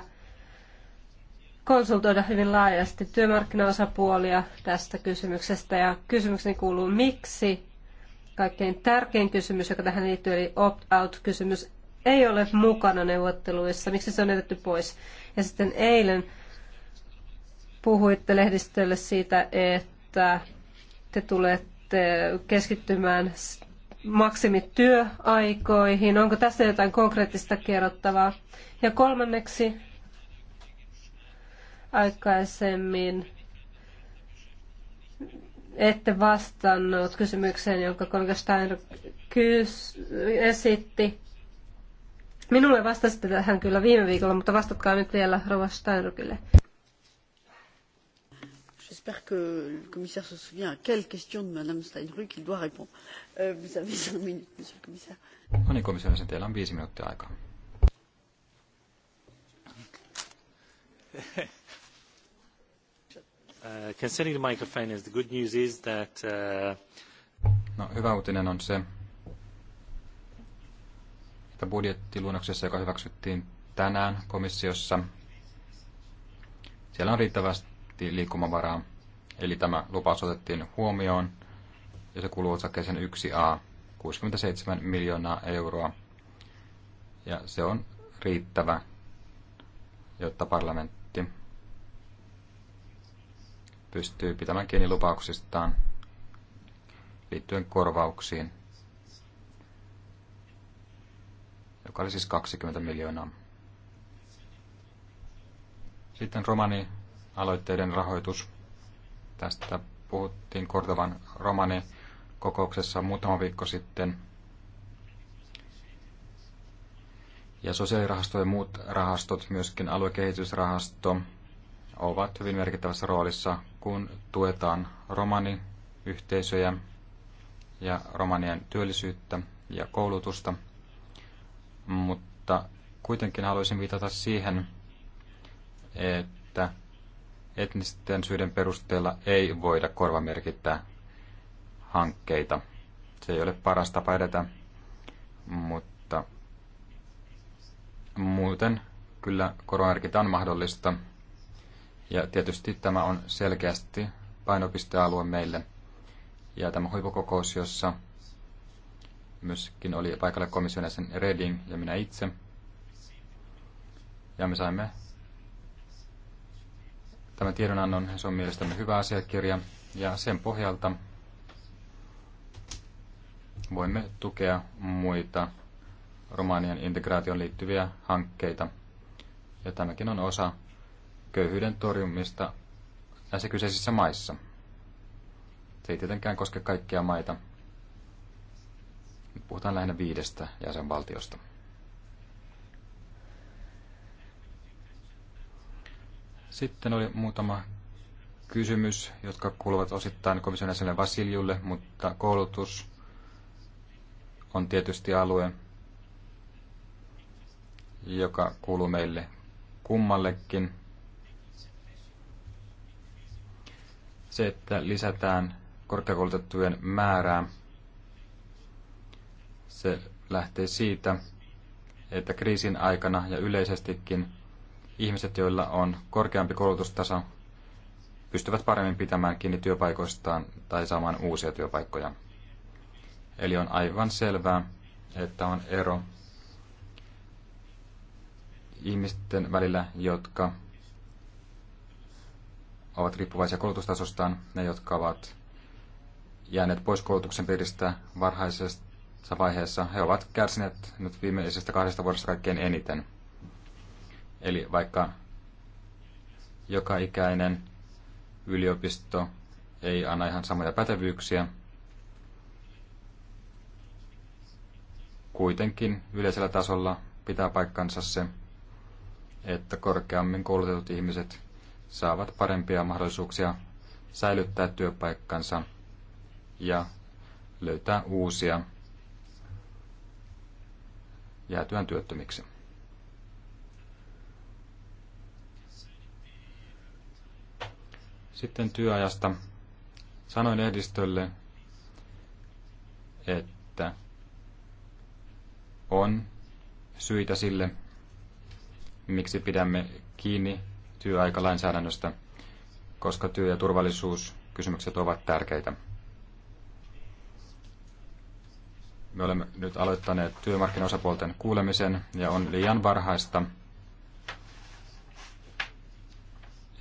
konsultoida hyvin laajasti työmarkkinaosapuolia tästä kysymyksestä. Ja kysymykseni kuuluu, miksi kaikkein tärkein kysymys, joka tähän liittyy, eli opt-out-kysymys, ei ole mukana neuvotteluissa. Miksi se on jätetty pois? Ja sitten eilen puhuitte lehdistölle siitä, että te tulette keskittymään maksimityöaikoihin. Onko tässä jotain konkreettista kerrottavaa? Ja kolmanneksi aikaisemmin ette vastannut kysymykseen, jonka kollega Steiner esitti. Minulle vastasitte tähän kyllä viime viikolla, mutta vastatkaa nyt vielä Rova Steinrukille j'espère que le commissaire se souvient à quelle question de Mme Steinruck il doit répondre. Euh, vous avez cinq minutes, Monsieur le commissaire. No niin, komission teillä on viisi minuuttia aikaa. Uh, concerning the microfinance, the good news is that... Uh, no, hyvä uutinen on se, että budjettiluonnoksessa, joka hyväksyttiin tänään komissiossa, siellä on riittävästi liikkumavaraa Eli tämä lupaus otettiin huomioon ja se kuuluu osakkeeseen 1a, 67 miljoonaa euroa. Ja se on riittävä, jotta parlamentti pystyy pitämään kiinni lupauksistaan liittyen korvauksiin, joka oli siis 20 miljoonaa. Sitten romani aloitteiden rahoitus. Tästä puhuttiin Kordovan romani kokouksessa muutama viikko sitten. Ja sosiaalirahasto ja muut rahastot, myöskin aluekehitysrahasto, ovat hyvin merkittävässä roolissa, kun tuetaan romaniyhteisöjä ja romanien työllisyyttä ja koulutusta. Mutta kuitenkin haluaisin viitata siihen, että etnisten syiden perusteella ei voida korvamerkittää hankkeita. Se ei ole paras tapa edetä, mutta muuten kyllä korvamerkintä on mahdollista. Ja tietysti tämä on selkeästi painopistealue meille. Ja tämä huippukokous, jossa myöskin oli paikalle komission jäsen Reding ja minä itse. Ja me saimme Tämä tiedonannon. Se on mielestämme hyvä asiakirja ja sen pohjalta voimme tukea muita Romanian integraation liittyviä hankkeita. Ja tämäkin on osa köyhyyden torjumista näissä kyseisissä maissa. Se ei tietenkään koske kaikkia maita. Nyt puhutaan lähinnä viidestä jäsenvaltiosta. Sitten oli muutama kysymys, jotka kuuluvat osittain komission jäsenelle Vasiljulle, mutta koulutus on tietysti alue, joka kuuluu meille kummallekin. Se, että lisätään korkeakoulutettujen määrää, se lähtee siitä, että kriisin aikana ja yleisestikin ihmiset, joilla on korkeampi koulutustaso, pystyvät paremmin pitämään kiinni työpaikoistaan tai saamaan uusia työpaikkoja. Eli on aivan selvää, että on ero ihmisten välillä, jotka ovat riippuvaisia koulutustasostaan, ne, jotka ovat jääneet pois koulutuksen piiristä varhaisessa vaiheessa, he ovat kärsineet nyt viimeisestä kahdesta vuodesta kaikkein eniten – Eli vaikka joka ikäinen yliopisto ei anna ihan samoja pätevyyksiä, kuitenkin yleisellä tasolla pitää paikkansa se, että korkeammin koulutetut ihmiset saavat parempia mahdollisuuksia säilyttää työpaikkansa ja löytää uusia jäätyään työttömiksi. Sitten työajasta. Sanoin lehdistölle, että on syitä sille, miksi pidämme kiinni työaikalainsäädännöstä, koska työ- ja turvallisuuskysymykset ovat tärkeitä. Me olemme nyt aloittaneet työmarkkinaosapuolten kuulemisen ja on liian varhaista –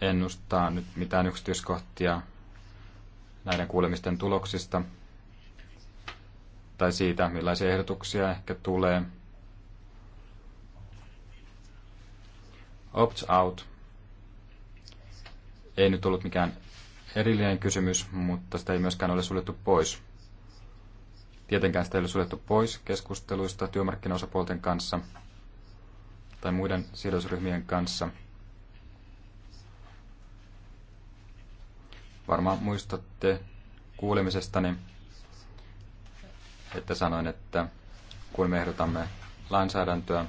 ennustaa nyt mitään yksityiskohtia näiden kuulemisten tuloksista tai siitä, millaisia ehdotuksia ehkä tulee. Opt-out ei nyt ollut mikään erillinen kysymys, mutta sitä ei myöskään ole suljettu pois. Tietenkään sitä ei ole suljettu pois keskusteluista työmarkkinaosapuolten kanssa tai muiden sidosryhmien kanssa – Varmaan muistatte kuulemisestani, että sanoin, että kun me ehdotamme lainsäädäntöä,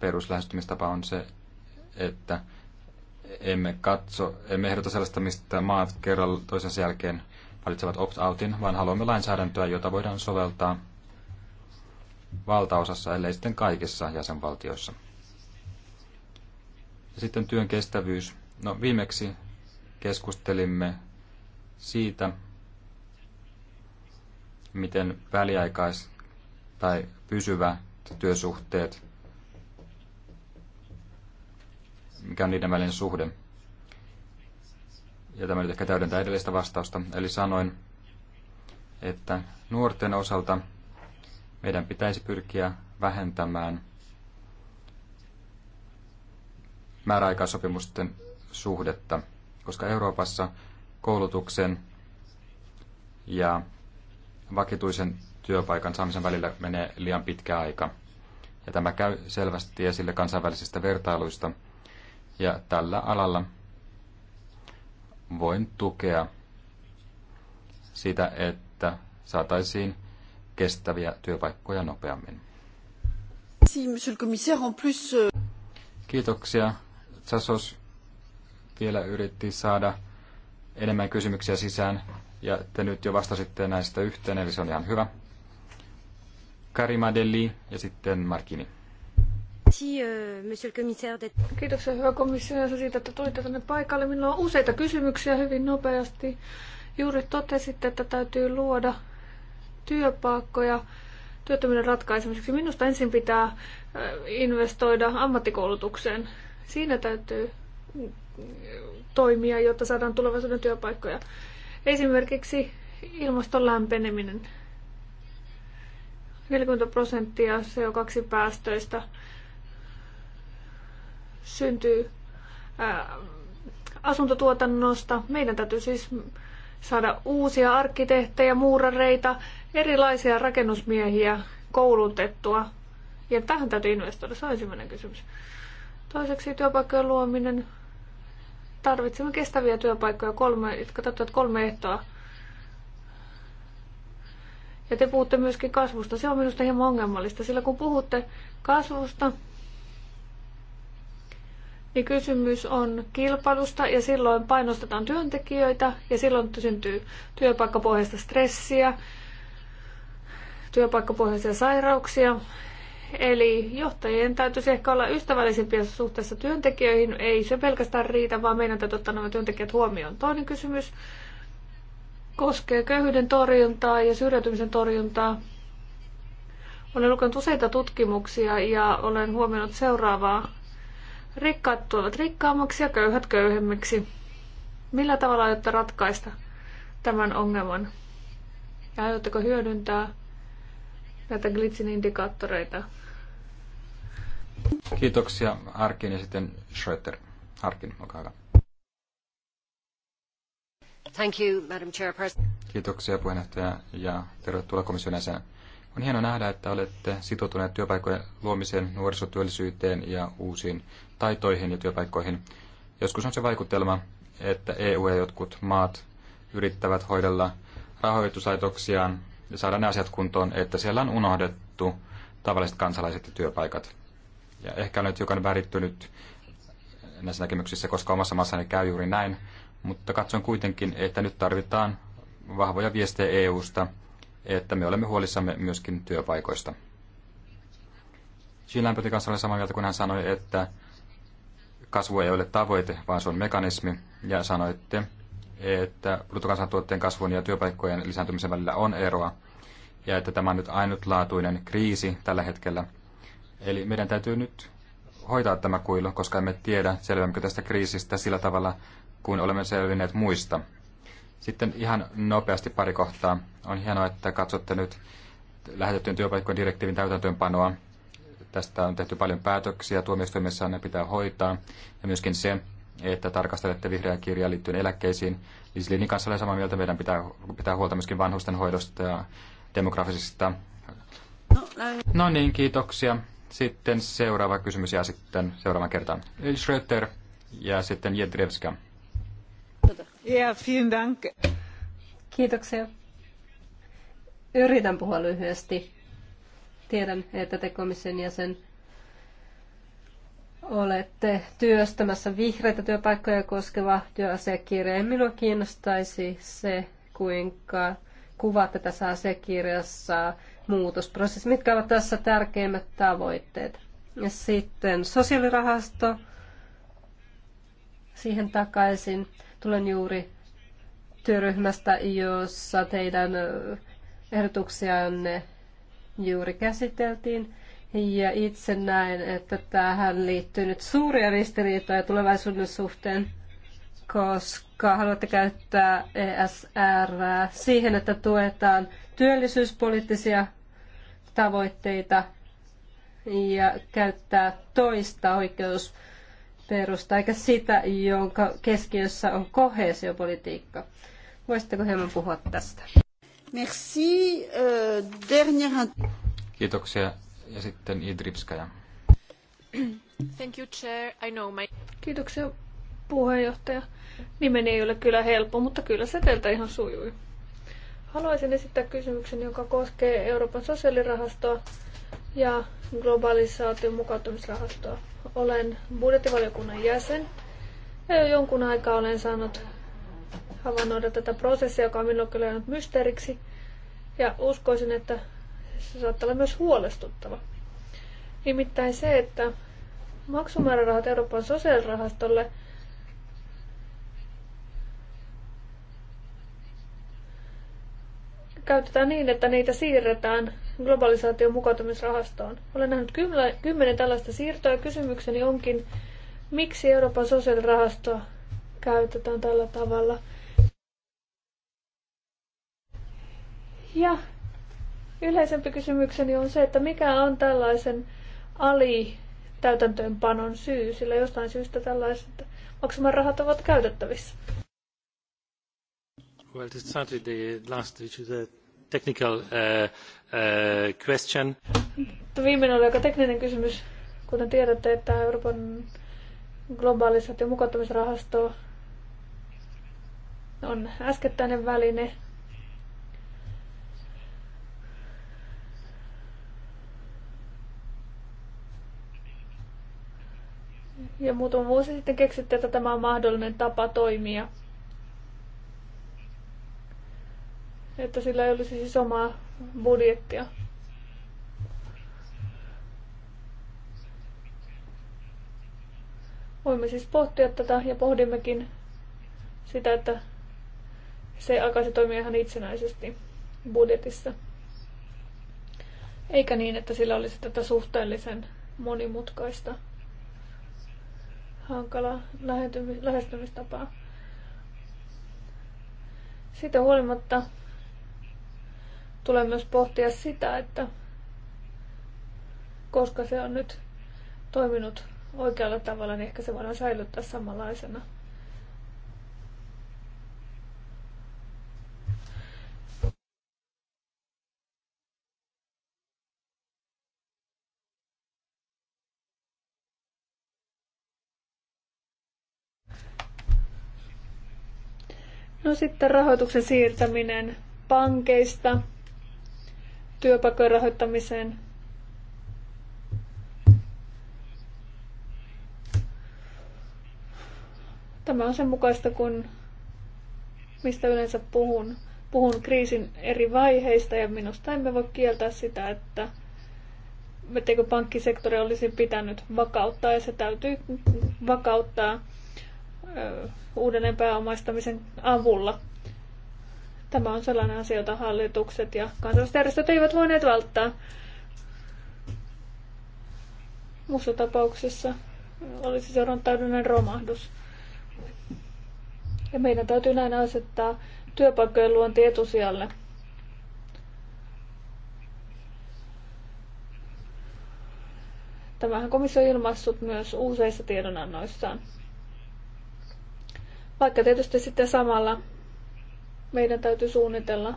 peruslähestymistapa on se, että emme katso, emme ehdota sellaista, mistä maat kerran toisensa jälkeen valitsevat opt-outin, vaan haluamme lainsäädäntöä, jota voidaan soveltaa valtaosassa, ellei sitten kaikissa jäsenvaltioissa. Ja sitten työn kestävyys. No viimeksi keskustelimme siitä, miten väliaikais- tai pysyvä työsuhteet, mikä on niiden välinen suhde. Ja tämä nyt ehkä täydentää edellistä vastausta. Eli sanoin, että nuorten osalta meidän pitäisi pyrkiä vähentämään määräaikaisopimusten suhdetta – koska Euroopassa koulutuksen ja vakituisen työpaikan saamisen välillä menee liian pitkä aika. Ja tämä käy selvästi esille kansainvälisistä vertailuista. Ja tällä alalla voin tukea sitä, että saataisiin kestäviä työpaikkoja nopeammin. Euh, Kiitoksia, Tsasos vielä yritti saada enemmän kysymyksiä sisään, ja te nyt jo vastasitte näistä yhteen, eli se on ihan hyvä. Karima Delli ja sitten Markini. Euh, Kiitos, hyvä komissio siitä, että tulitte tänne paikalle. Minulla on useita kysymyksiä hyvin nopeasti. Juuri totesitte, että täytyy luoda työpaikkoja työttömyyden ratkaisemiseksi. Minusta ensin pitää äh, investoida ammattikoulutukseen. Siinä täytyy toimia, jotta saadaan tulevaisuuden työpaikkoja. Esimerkiksi ilmaston lämpeneminen. 40 prosenttia CO2-päästöistä syntyy ää, asuntotuotannosta. Meidän täytyy siis saada uusia arkkitehtejä, muurareita, erilaisia rakennusmiehiä koulutettua. Ja tähän täytyy investoida. Se on ensimmäinen kysymys. Toiseksi työpaikkojen luominen tarvitsemme kestäviä työpaikkoja, kolme, jotka täyttävät kolme ehtoa. Ja te puhutte myöskin kasvusta. Se on minusta hieman ongelmallista, sillä kun puhutte kasvusta, niin kysymys on kilpailusta ja silloin painostetaan työntekijöitä ja silloin syntyy työpaikkapohjaista stressiä, työpaikkapohjaisia sairauksia Eli johtajien täytyisi ehkä olla ystävällisempiä suhteessa työntekijöihin. Ei se pelkästään riitä, vaan meidän täytyy ottaa nämä työntekijät huomioon. Toinen kysymys koskee köyhyyden torjuntaa ja syrjäytymisen torjuntaa. Olen lukenut useita tutkimuksia ja olen huomioinut seuraavaa. Rikkaat tuovat rikkaammaksi ja köyhät köyhemmiksi. Millä tavalla aiotte ratkaista tämän ongelman? Ja aiotteko hyödyntää näitä Glitsin indikaattoreita Kiitoksia Harkin ja sitten Schröter. Harkin, olkaa hyvä. Thank you, Madam Chairperson. Kiitoksia puheenjohtaja ja tervetuloa komission jäsen. On hienoa nähdä, että olette sitoutuneet työpaikkojen luomiseen, nuorisotyöllisyyteen ja uusiin taitoihin ja työpaikkoihin. Joskus on se vaikutelma, että EU ja jotkut maat yrittävät hoidella rahoituslaitoksiaan ja saada ne asiat kuntoon, että siellä on unohdettu tavalliset kansalaiset ja työpaikat. Ja ehkä olen nyt hiukan värittynyt näissä näkemyksissä, koska omassa maassani käy juuri näin. Mutta katson kuitenkin, että nyt tarvitaan vahvoja viestejä EUsta, että me olemme huolissamme myöskin työpaikoista. Jean Lambertin kanssa olen samaa mieltä, kun hän sanoi, että kasvu ei ole tavoite, vaan se on mekanismi. Ja sanoitte, että bruttokansantuotteen kasvun ja työpaikkojen lisääntymisen välillä on eroa. Ja että tämä on nyt ainutlaatuinen kriisi tällä hetkellä. Eli meidän täytyy nyt hoitaa tämä kuilu, koska emme tiedä, selviämmekö tästä kriisistä sillä tavalla, kuin olemme selvinneet muista. Sitten ihan nopeasti pari kohtaa. On hienoa, että katsotte nyt lähetettyjen työpaikkojen direktiivin täytäntöönpanoa. Tästä on tehty paljon päätöksiä, tuomioistuimessa ne pitää hoitaa. Ja myöskin se, että tarkastelette vihreää kirjaa liittyen eläkkeisiin. Lislinin kanssa olen samaa mieltä, meidän pitää, pitää huolta myöskin vanhusten hoidosta ja demografisista. No, no niin, kiitoksia. Sitten seuraava kysymys ja sitten seuraavan kertaan. Eli Schröter ja sitten Jedrevska. Ja, vielen dank. Kiitoksia. Yritän puhua lyhyesti. Tiedän, että te komission jäsen olette työstämässä vihreitä työpaikkoja koskeva työasiakirja. Minua kiinnostaisi se, kuinka kuvaatte tässä asiakirjassa muutosprosessi. Mitkä ovat tässä tärkeimmät tavoitteet? Ja sitten sosiaalirahasto, siihen takaisin. Tulen juuri työryhmästä, jossa teidän ehdotuksianne juuri käsiteltiin. Ja itse näen, että tähän liittyy nyt suuria ristiriitoja tulevaisuuden suhteen, koska haluatte käyttää ESR siihen, että tuetaan työllisyyspoliittisia tavoitteita ja käyttää toista oikeusperusta, eikä sitä, jonka keskiössä on koheesiopolitiikka. Voisitteko hieman puhua tästä? Merci. Euh, dernière. Kiitoksia. Ja sitten Idripskaja. Thank you, Chair. I know my... Kiitoksia, puheenjohtaja. Nimeni ei ole kyllä helppo, mutta kyllä se teiltä ihan sujui. Haluaisin esittää kysymyksen, joka koskee Euroopan sosiaalirahastoa ja globalisaation mukautumisrahastoa. Olen budjettivaliokunnan jäsen ja jo jonkun aikaa olen saanut havainnoida tätä prosessia, joka on minulle kyllä mysteeriksi. Ja uskoisin, että se saattaa olla myös huolestuttava. Nimittäin se, että maksumäärärahat Euroopan sosiaalirahastolle – käytetään niin, että niitä siirretään globalisaation mukautumisrahastoon. Olen nähnyt kymmenen tällaista siirtoa ja kysymykseni onkin, miksi Euroopan sosiaalirahastoa käytetään tällä tavalla. Ja yleisempi kysymykseni on se, että mikä on tällaisen ali täytäntöönpanon syy, sillä jostain syystä tällaiset maksamarahat ovat käytettävissä to start with the last, which is a technical uh, uh, question. Viimeinen oli aika tekninen kysymys. Kuten tiedätte, että Euroopan globalisaation mukauttamisrahasto on äskettäinen väline, Ja muutama vuosi sitten keksittiin, että tämä on mahdollinen tapa toimia että sillä ei olisi siis omaa budjettia. Voimme siis pohtia tätä ja pohdimmekin sitä, että se alkaisi toimia ihan itsenäisesti budjetissa. Eikä niin, että sillä olisi tätä suhteellisen monimutkaista, hankalaa lähestymistapaa. Sitä huolimatta tulee myös pohtia sitä, että koska se on nyt toiminut oikealla tavalla, niin ehkä se voidaan säilyttää samanlaisena. No sitten rahoituksen siirtäminen pankeista työpaikojen rahoittamiseen. Tämä on sen mukaista, kun mistä yleensä puhun. Puhun kriisin eri vaiheista ja minusta emme voi kieltää sitä, että etteikö pankkisektori olisi pitänyt vakauttaa ja se täytyy vakauttaa uudelleen pääomaistamisen avulla. Tämä on sellainen asia, jota hallitukset ja kansalaisjärjestöt eivät voineet välttää. Muussa tapauksessa olisi seurannut täydellinen romahdus. Ja meidän täytyy näin asettaa työpaikkojen luonti etusijalle. Tämähän komissio on ilmaissut myös useissa tiedonannoissaan. Vaikka tietysti sitten samalla meidän täytyy suunnitella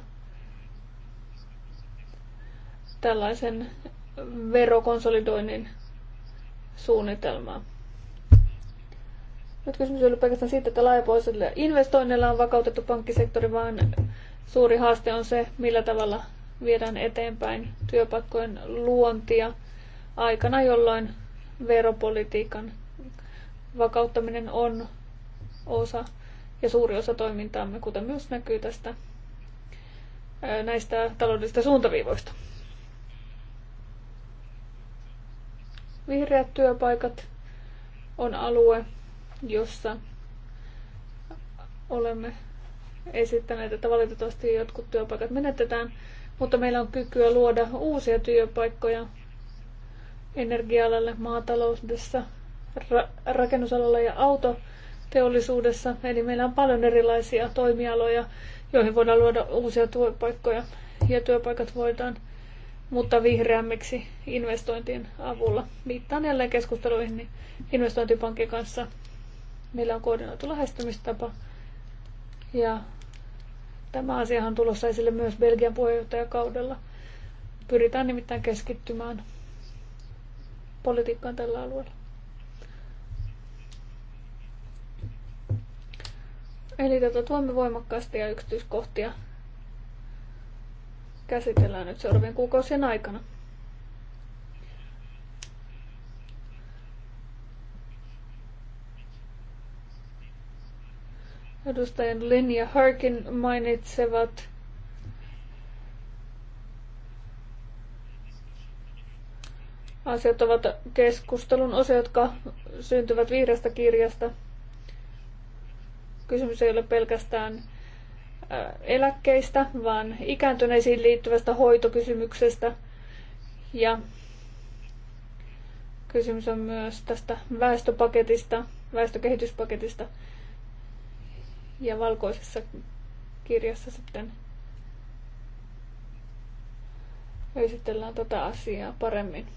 tällaisen verokonsolidoinnin suunnitelmaa. Nyt kysymys on ollut pelkästään siitä, että laajapoisilla investoinneilla on vakautettu pankkisektori, vaan suuri haaste on se, millä tavalla viedään eteenpäin työpaikkojen luontia aikana, jolloin veropolitiikan vakauttaminen on osa ja suuri osa toimintaamme, kuten myös näkyy tästä näistä taloudellisista suuntaviivoista. Vihreät työpaikat on alue, jossa olemme esittäneet, että valitettavasti jotkut työpaikat menetetään, mutta meillä on kykyä luoda uusia työpaikkoja energia-alalle, maataloudessa, ra- rakennusalalla ja auto- teollisuudessa. Eli meillä on paljon erilaisia toimialoja, joihin voidaan luoda uusia työpaikkoja ja työpaikat voidaan mutta vihreämmiksi investointien avulla. Viittaan jälleen keskusteluihin niin investointipankin kanssa. Meillä on koordinoitu lähestymistapa ja tämä asia on tulossa esille myös Belgian puheenjohtajakaudella. Pyritään nimittäin keskittymään politiikkaan tällä alueella. Eli tätä tota, tuomme voimakkaasti ja yksityiskohtia käsitellään nyt seuraavien kuukausien aikana. Edustajan Lynn ja Harkin mainitsevat asiat ovat keskustelun osa, jotka syntyvät vihreästä kirjasta – Kysymys ei ole pelkästään äh, eläkkeistä, vaan ikääntyneisiin liittyvästä hoitokysymyksestä. Ja kysymys on myös tästä väestöpaketista, väestökehityspaketista. Ja valkoisessa kirjassa sitten esitellään tätä asiaa paremmin.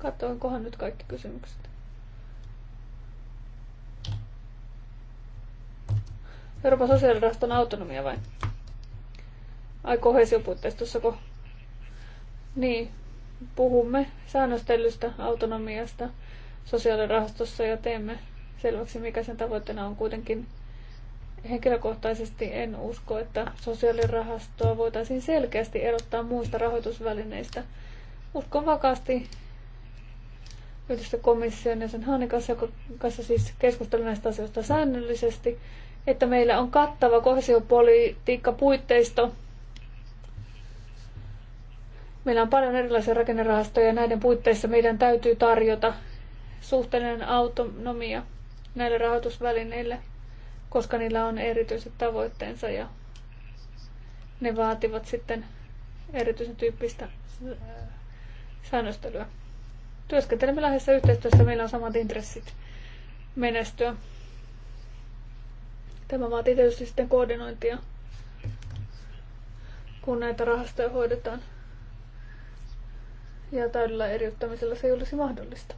Katoinkohan nyt kaikki kysymykset? Euroopan sosiaalirahaston autonomia vai? Ai kohesiopuitteistossako? Niin, puhumme säännöstellystä autonomiasta sosiaalirahastossa ja teemme selväksi, mikä sen tavoitteena on kuitenkin. Henkilökohtaisesti en usko, että sosiaalirahastoa voitaisiin selkeästi erottaa muista rahoitusvälineistä. Uskon vakaasti yhdessä komission ja sen Hanne kanssa, joka kanssa siis keskustelin näistä asioista säännöllisesti, että meillä on kattava kohesiopolitiikka puitteisto. Meillä on paljon erilaisia rakennerahastoja ja näiden puitteissa meidän täytyy tarjota suhteellinen autonomia näille rahoitusvälineille, koska niillä on erityiset tavoitteensa ja ne vaativat sitten erityisen tyyppistä säännöstelyä. Työskentelemme läheisessä yhteistyössä, meillä on samat intressit menestyä. Tämä vaatii tietysti sitten koordinointia, kun näitä rahastoja hoidetaan. Ja täydellä eriyttämisellä se ei olisi mahdollista.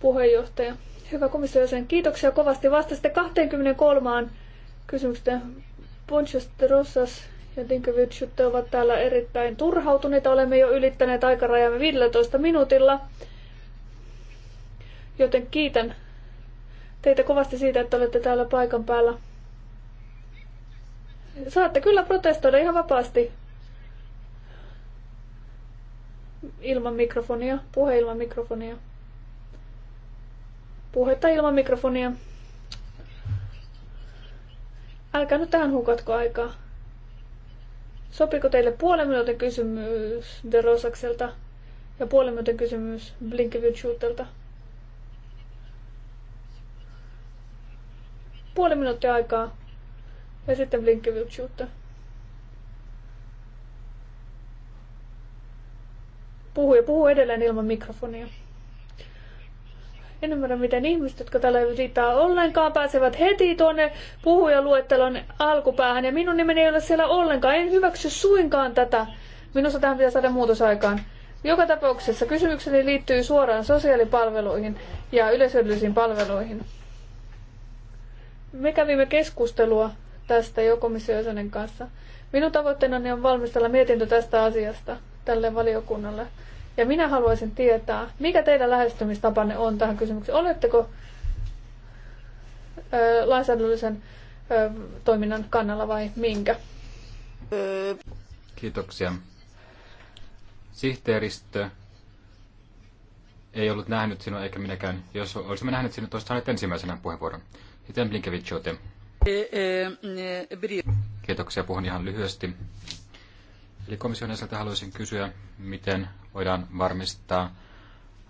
Puheenjohtaja. Hyvä komissio sen kiitoksia kovasti. Vastasitte 23 kysymykseen. Ponchos Rosas ja Tinkyvitsytte ovat täällä erittäin turhautuneita. Olemme jo ylittäneet aikarajamme 15 minuutilla. Joten kiitän teitä kovasti siitä, että olette täällä paikan päällä. Saatte kyllä protestoida ihan vapaasti. Ilman mikrofonia, puhe ilman mikrofonia. Puhetta ilman mikrofonia. Älkää nyt tähän hukatko aikaa. Sopiko teille puolen minuutin kysymys Derosakselta ja puolen minuutin kysymys Blinkevichutelta? Puoli minuuttia aikaa ja sitten Blinkevichutta. Puhuja ja puhuu edelleen ilman mikrofonia. En ymmärrä, miten ihmiset, jotka täällä yrittää ollenkaan, pääsevät heti tuonne puhujaluettelon alkupäähän. Ja minun nimeni ei ole siellä ollenkaan. En hyväksy suinkaan tätä. Minusta tähän pitää saada muutos aikaan. Joka tapauksessa kysymykseni liittyy suoraan sosiaalipalveluihin ja yleisöllisiin palveluihin. Me kävimme keskustelua tästä jo komissiojäsenen kanssa. Minun tavoitteenani on valmistella mietintö tästä asiasta tälle valiokunnalle. Ja minä haluaisin tietää, mikä teidän lähestymistapanne on tähän kysymykseen. Oletteko ö, lainsäädännöllisen ö, toiminnan kannalla vai minkä? Kiitoksia. Sihteeristö ei ollut nähnyt sinua eikä minäkään. Jos olisimme nähneet sinut, olisit saanut ensimmäisenä puheenvuoron. Sitten Blinkevich, eh, eh, mm, eh, Kiitoksia, puhun ihan lyhyesti. Eli komission jäseltä haluaisin kysyä, miten voidaan varmistaa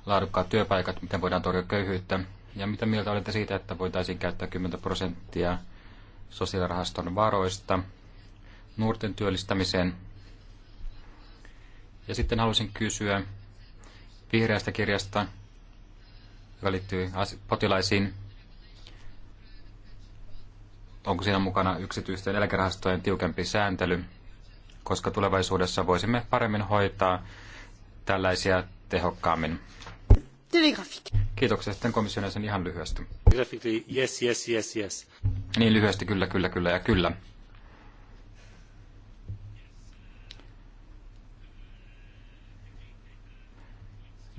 laadukkaat työpaikat, miten voidaan torjua köyhyyttä ja mitä mieltä olette siitä, että voitaisiin käyttää 10 prosenttia sosiaalirahaston varoista nuorten työllistämiseen. Ja sitten haluaisin kysyä vihreästä kirjasta, joka liittyy potilaisiin. Onko siinä mukana yksityisten eläkerahastojen tiukempi sääntely? koska tulevaisuudessa voisimme paremmin hoitaa tällaisia tehokkaammin. Kiitoksia sitten komission jäsen ihan lyhyesti. Yes, yes, yes, yes. Niin lyhyesti kyllä, kyllä, kyllä ja kyllä.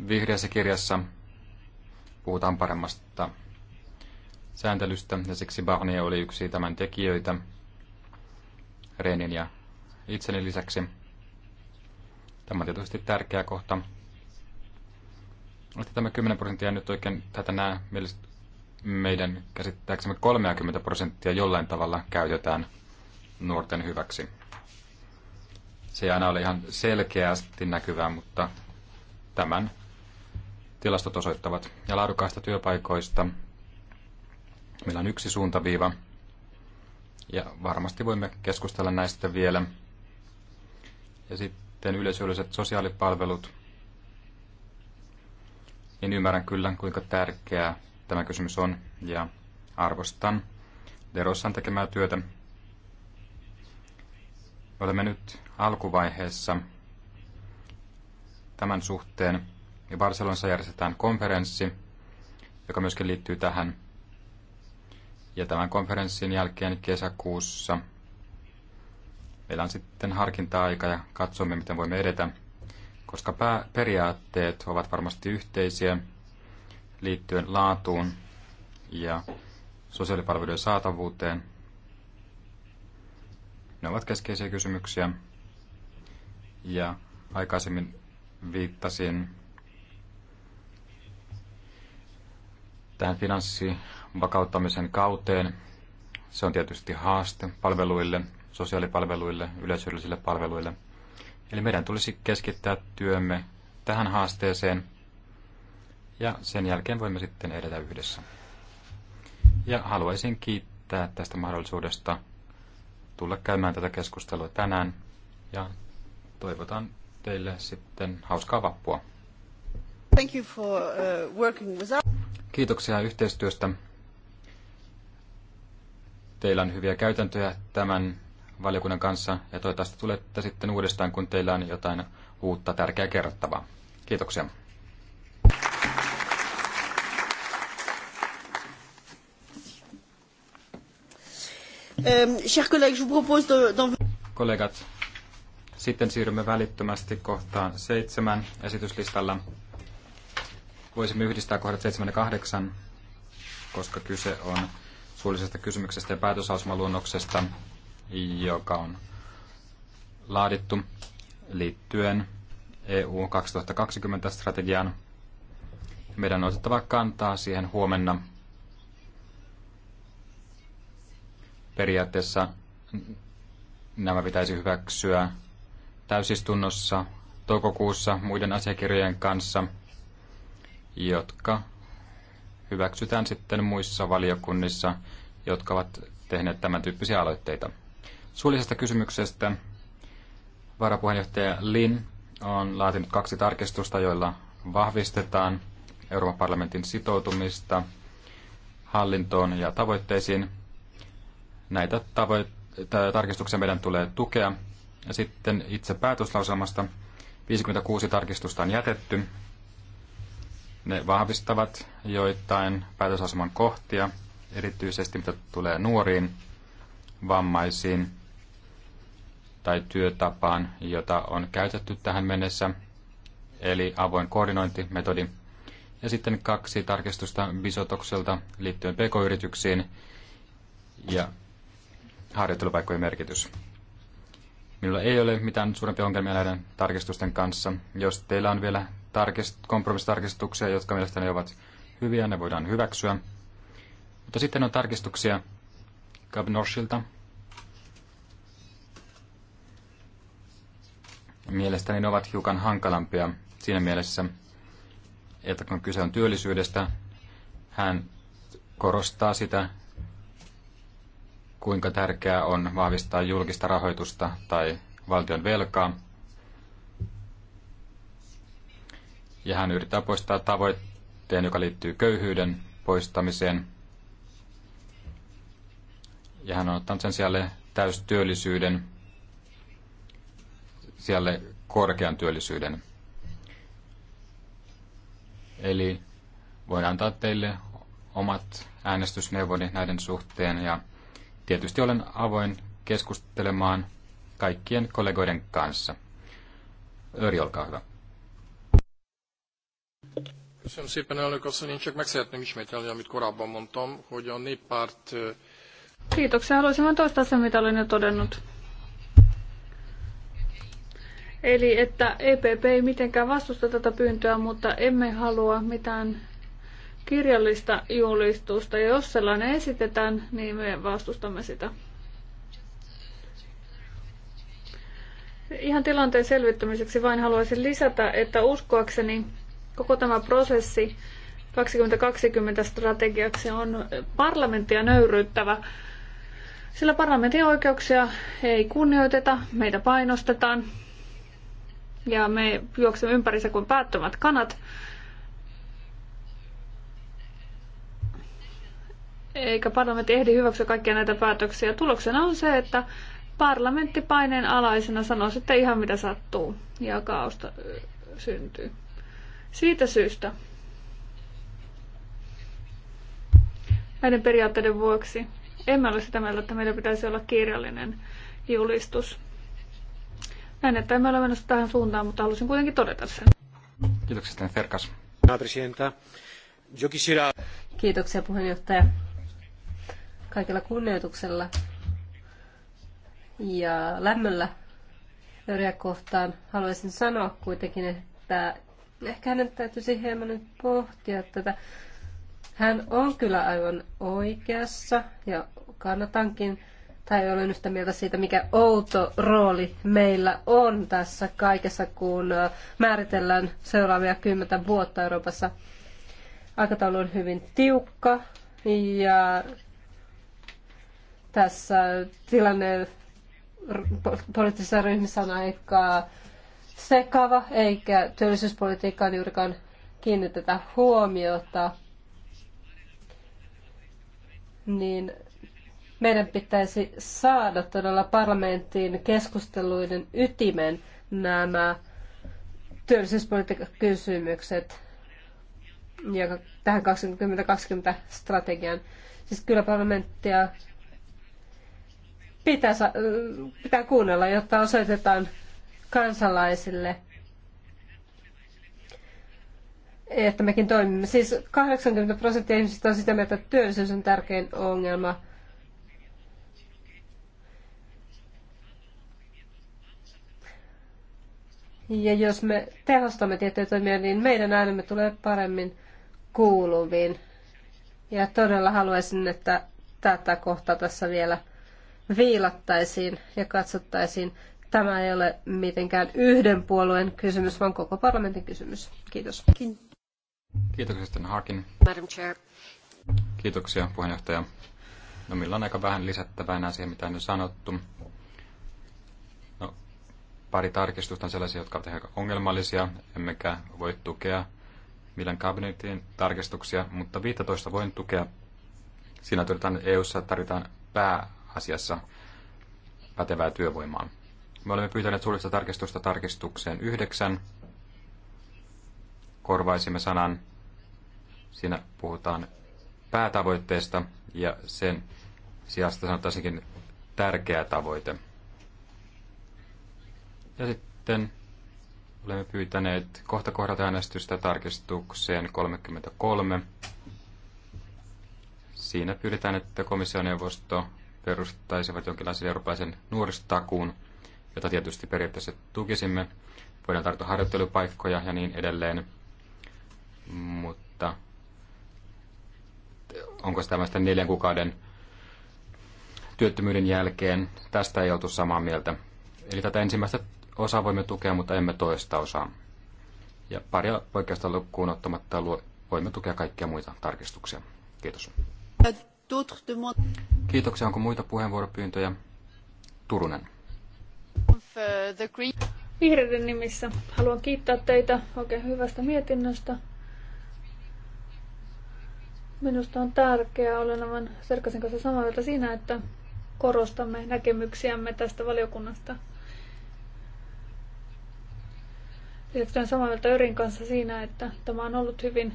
Vihreässä kirjassa puhutaan paremmasta sääntelystä ja siksi Barnier oli yksi tämän tekijöitä Renin ja itseni lisäksi. Tämä on tietysti tärkeä kohta. Että tämä 10 prosenttia nyt oikein tätä nämä meidän käsittääksemme 30 prosenttia jollain tavalla käytetään nuorten hyväksi. Se ei aina ole ihan selkeästi näkyvää, mutta tämän tilastot osoittavat. Ja laadukkaista työpaikoista meillä on yksi suuntaviiva, ja varmasti voimme keskustella näistä vielä ja sitten yleisölliset sosiaalipalvelut, niin ymmärrän kyllä, kuinka tärkeää tämä kysymys on ja arvostan Derossan tekemää työtä. Olemme nyt alkuvaiheessa tämän suhteen ja Barcelonassa järjestetään konferenssi, joka myöskin liittyy tähän. Ja tämän konferenssin jälkeen kesäkuussa Meillä on sitten harkinta-aika ja katsomme, miten voimme edetä, koska pääperiaatteet ovat varmasti yhteisiä liittyen laatuun ja sosiaalipalveluiden saatavuuteen. Ne ovat keskeisiä kysymyksiä. Ja aikaisemmin viittasin tähän finanssivakauttamisen kauteen. Se on tietysti haaste palveluille, sosiaalipalveluille, yleisöllisille palveluille. Eli meidän tulisi keskittää työmme tähän haasteeseen ja sen jälkeen voimme sitten edetä yhdessä. Ja haluaisin kiittää tästä mahdollisuudesta tulla käymään tätä keskustelua tänään ja toivotan teille sitten hauskaa vappua. Thank you for, uh, working with us. Kiitoksia yhteistyöstä. Teillä on hyviä käytäntöjä tämän valiokunnan kanssa ja toivottavasti tulette sitten uudestaan, kun teillä on jotain uutta tärkeää kerrottavaa. Kiitoksia. Ähm, Kollegat, sitten siirrymme välittömästi kohtaan seitsemän esityslistalla. Voisimme yhdistää kohdat seitsemän ja kahdeksan, koska kyse on suullisesta kysymyksestä ja päätösausumaluonnoksesta joka on laadittu liittyen EU 2020-strategiaan. Meidän on otettava kantaa siihen huomenna. Periaatteessa nämä pitäisi hyväksyä täysistunnossa toukokuussa muiden asiakirjojen kanssa, jotka hyväksytään sitten muissa valiokunnissa, jotka ovat tehneet tämän tyyppisiä aloitteita suullisesta kysymyksestä. Varapuheenjohtaja Lin on laatinut kaksi tarkistusta, joilla vahvistetaan Euroopan parlamentin sitoutumista hallintoon ja tavoitteisiin. Näitä tavoit- tarkistuksia meidän tulee tukea. Ja sitten itse päätöslauselmasta 56 tarkistusta on jätetty. Ne vahvistavat joitain päätösaseman kohtia, erityisesti mitä tulee nuoriin, vammaisiin tai työtapaan, jota on käytetty tähän mennessä, eli avoin koordinointimetodi. Ja sitten kaksi tarkistusta Bisotokselta liittyen pk-yrityksiin ja harjoittelupaikkojen merkitys. Minulla ei ole mitään suurempia ongelmia näiden tarkistusten kanssa. Jos teillä on vielä tarkist- kompromissitarkistuksia, jotka mielestäni ovat hyviä, ne voidaan hyväksyä. Mutta sitten on tarkistuksia Gabnorshilta, mielestäni ne ovat hiukan hankalampia siinä mielessä, että kun kyse on työllisyydestä, hän korostaa sitä, kuinka tärkeää on vahvistaa julkista rahoitusta tai valtion velkaa. Ja hän yrittää poistaa tavoitteen, joka liittyy köyhyyden poistamiseen. Ja hän on ottanut sen sijalle täystyöllisyyden siellä korkean työllisyyden. Eli voin antaa teille omat äänestysneuvoni näiden suhteen ja tietysti olen avoin keskustelemaan kaikkien kollegoiden kanssa. Öri, olkaa hyvä. Köszönöm szépen, elnök asszony. Én csak meg szeretném ismételni, amit korábban mondtam, hogy a néppárt... Kiitoksia. Haluaisin vain toistaa sen, mitä olen jo todennut. Eli että EPP ei mitenkään vastusta tätä pyyntöä, mutta emme halua mitään kirjallista julistusta. Ja jos sellainen esitetään, niin me vastustamme sitä. Ihan tilanteen selvittämiseksi vain haluaisin lisätä, että uskoakseni koko tämä prosessi 2020-strategiaksi on parlamenttia nöyryyttävä, sillä parlamentin oikeuksia ei kunnioiteta, meitä painostetaan, ja me juoksemme ympärissä kuin päättömät kanat. Eikä parlamentti ehdi hyväksyä kaikkia näitä päätöksiä. Tuloksena on se, että parlamentti paineen alaisena sanoo sitten ihan mitä sattuu ja kaaosta syntyy. Siitä syystä näiden periaatteiden vuoksi emme ole sitä mieltä, että meillä pitäisi olla kirjallinen julistus näin, että emme ole menossa tähän suuntaan, mutta halusin kuitenkin todeta sen. Kiitoksia, Sten Ferkas. Kiitoksia, puheenjohtaja. Kaikella kunnioituksella ja lämmöllä Jyriä kohtaan haluaisin sanoa kuitenkin, että ehkä hänen täytyisi hieman nyt pohtia tätä. Hän on kyllä aivan oikeassa ja kannatankin tai olen yhtä mieltä siitä, mikä outo rooli meillä on tässä kaikessa, kun määritellään seuraavia kymmentä vuotta Euroopassa. Aikataulu on hyvin tiukka ja tässä tilanne poliittisessa ryhmissä on aika sekava, eikä työllisyyspolitiikkaan juurikaan kiinnitetä huomiota. Niin meidän pitäisi saada todella parlamenttiin keskusteluiden ytimen nämä työllisyyspolitiikan kysymykset ja tähän 2020 strategiaan. Siis kyllä parlamenttia pitää, pitää kuunnella, jotta osoitetaan kansalaisille, että mekin toimimme. Siis 80 prosenttia ihmisistä on sitä mieltä, että työllisyys on tärkein ongelma. Ja jos me tehostamme tiettyjä toimia, niin meidän äänemme tulee paremmin kuuluviin. Ja todella haluaisin, että tätä kohtaa tässä vielä viilattaisiin ja katsottaisiin. Tämä ei ole mitenkään yhden puolueen kysymys, vaan koko parlamentin kysymys. Kiitos. Kiitoksia sitten Hakin. Madam Chair. Kiitoksia puheenjohtaja. No meillä on aika vähän lisättävää enää siihen, mitä on jo sanottu. Pari tarkistusta on sellaisia, jotka ovat ehkä ongelmallisia, emmekä voi tukea millään kabinetin tarkistuksia, mutta 15 voin tukea. Siinä todetaan, EU-ssa e tarvitaan pääasiassa pätevää työvoimaa. Me olemme pyytäneet suullista tarkistusta tarkistukseen yhdeksän. Korvaisimme sanan. Siinä puhutaan päätavoitteesta ja sen sijasta sanotaan tärkeä tavoite – ja sitten olemme pyytäneet kohta kohdata äänestystä tarkistukseen 33. Siinä pyydetään, että komissioneuvosto perustaisivat jonkinlaisen eurooppalaisen nuorisotakuun, jota tietysti periaatteessa tukisimme. Voidaan tarttua harjoittelupaikkoja ja niin edelleen, mutta onko se tämmöistä neljän kuukauden työttömyyden jälkeen, tästä ei oltu samaa mieltä. Eli tätä ensimmäistä osa voimme tukea, mutta emme toista osaa. Ja paria poikkeusta lukuun ottamatta voimme tukea kaikkia muita tarkistuksia. Kiitos. Kiitoksia. Onko muita puheenvuoropyyntöjä? Turunen. Vihreiden nimissä haluan kiittää teitä oikein hyvästä mietinnöstä. Minusta on tärkeää, olen aivan Serkasen kanssa samaa mieltä siinä, että korostamme näkemyksiämme tästä valiokunnasta – Tietysti olen samaa mieltä Örin kanssa siinä, että tämä on ollut hyvin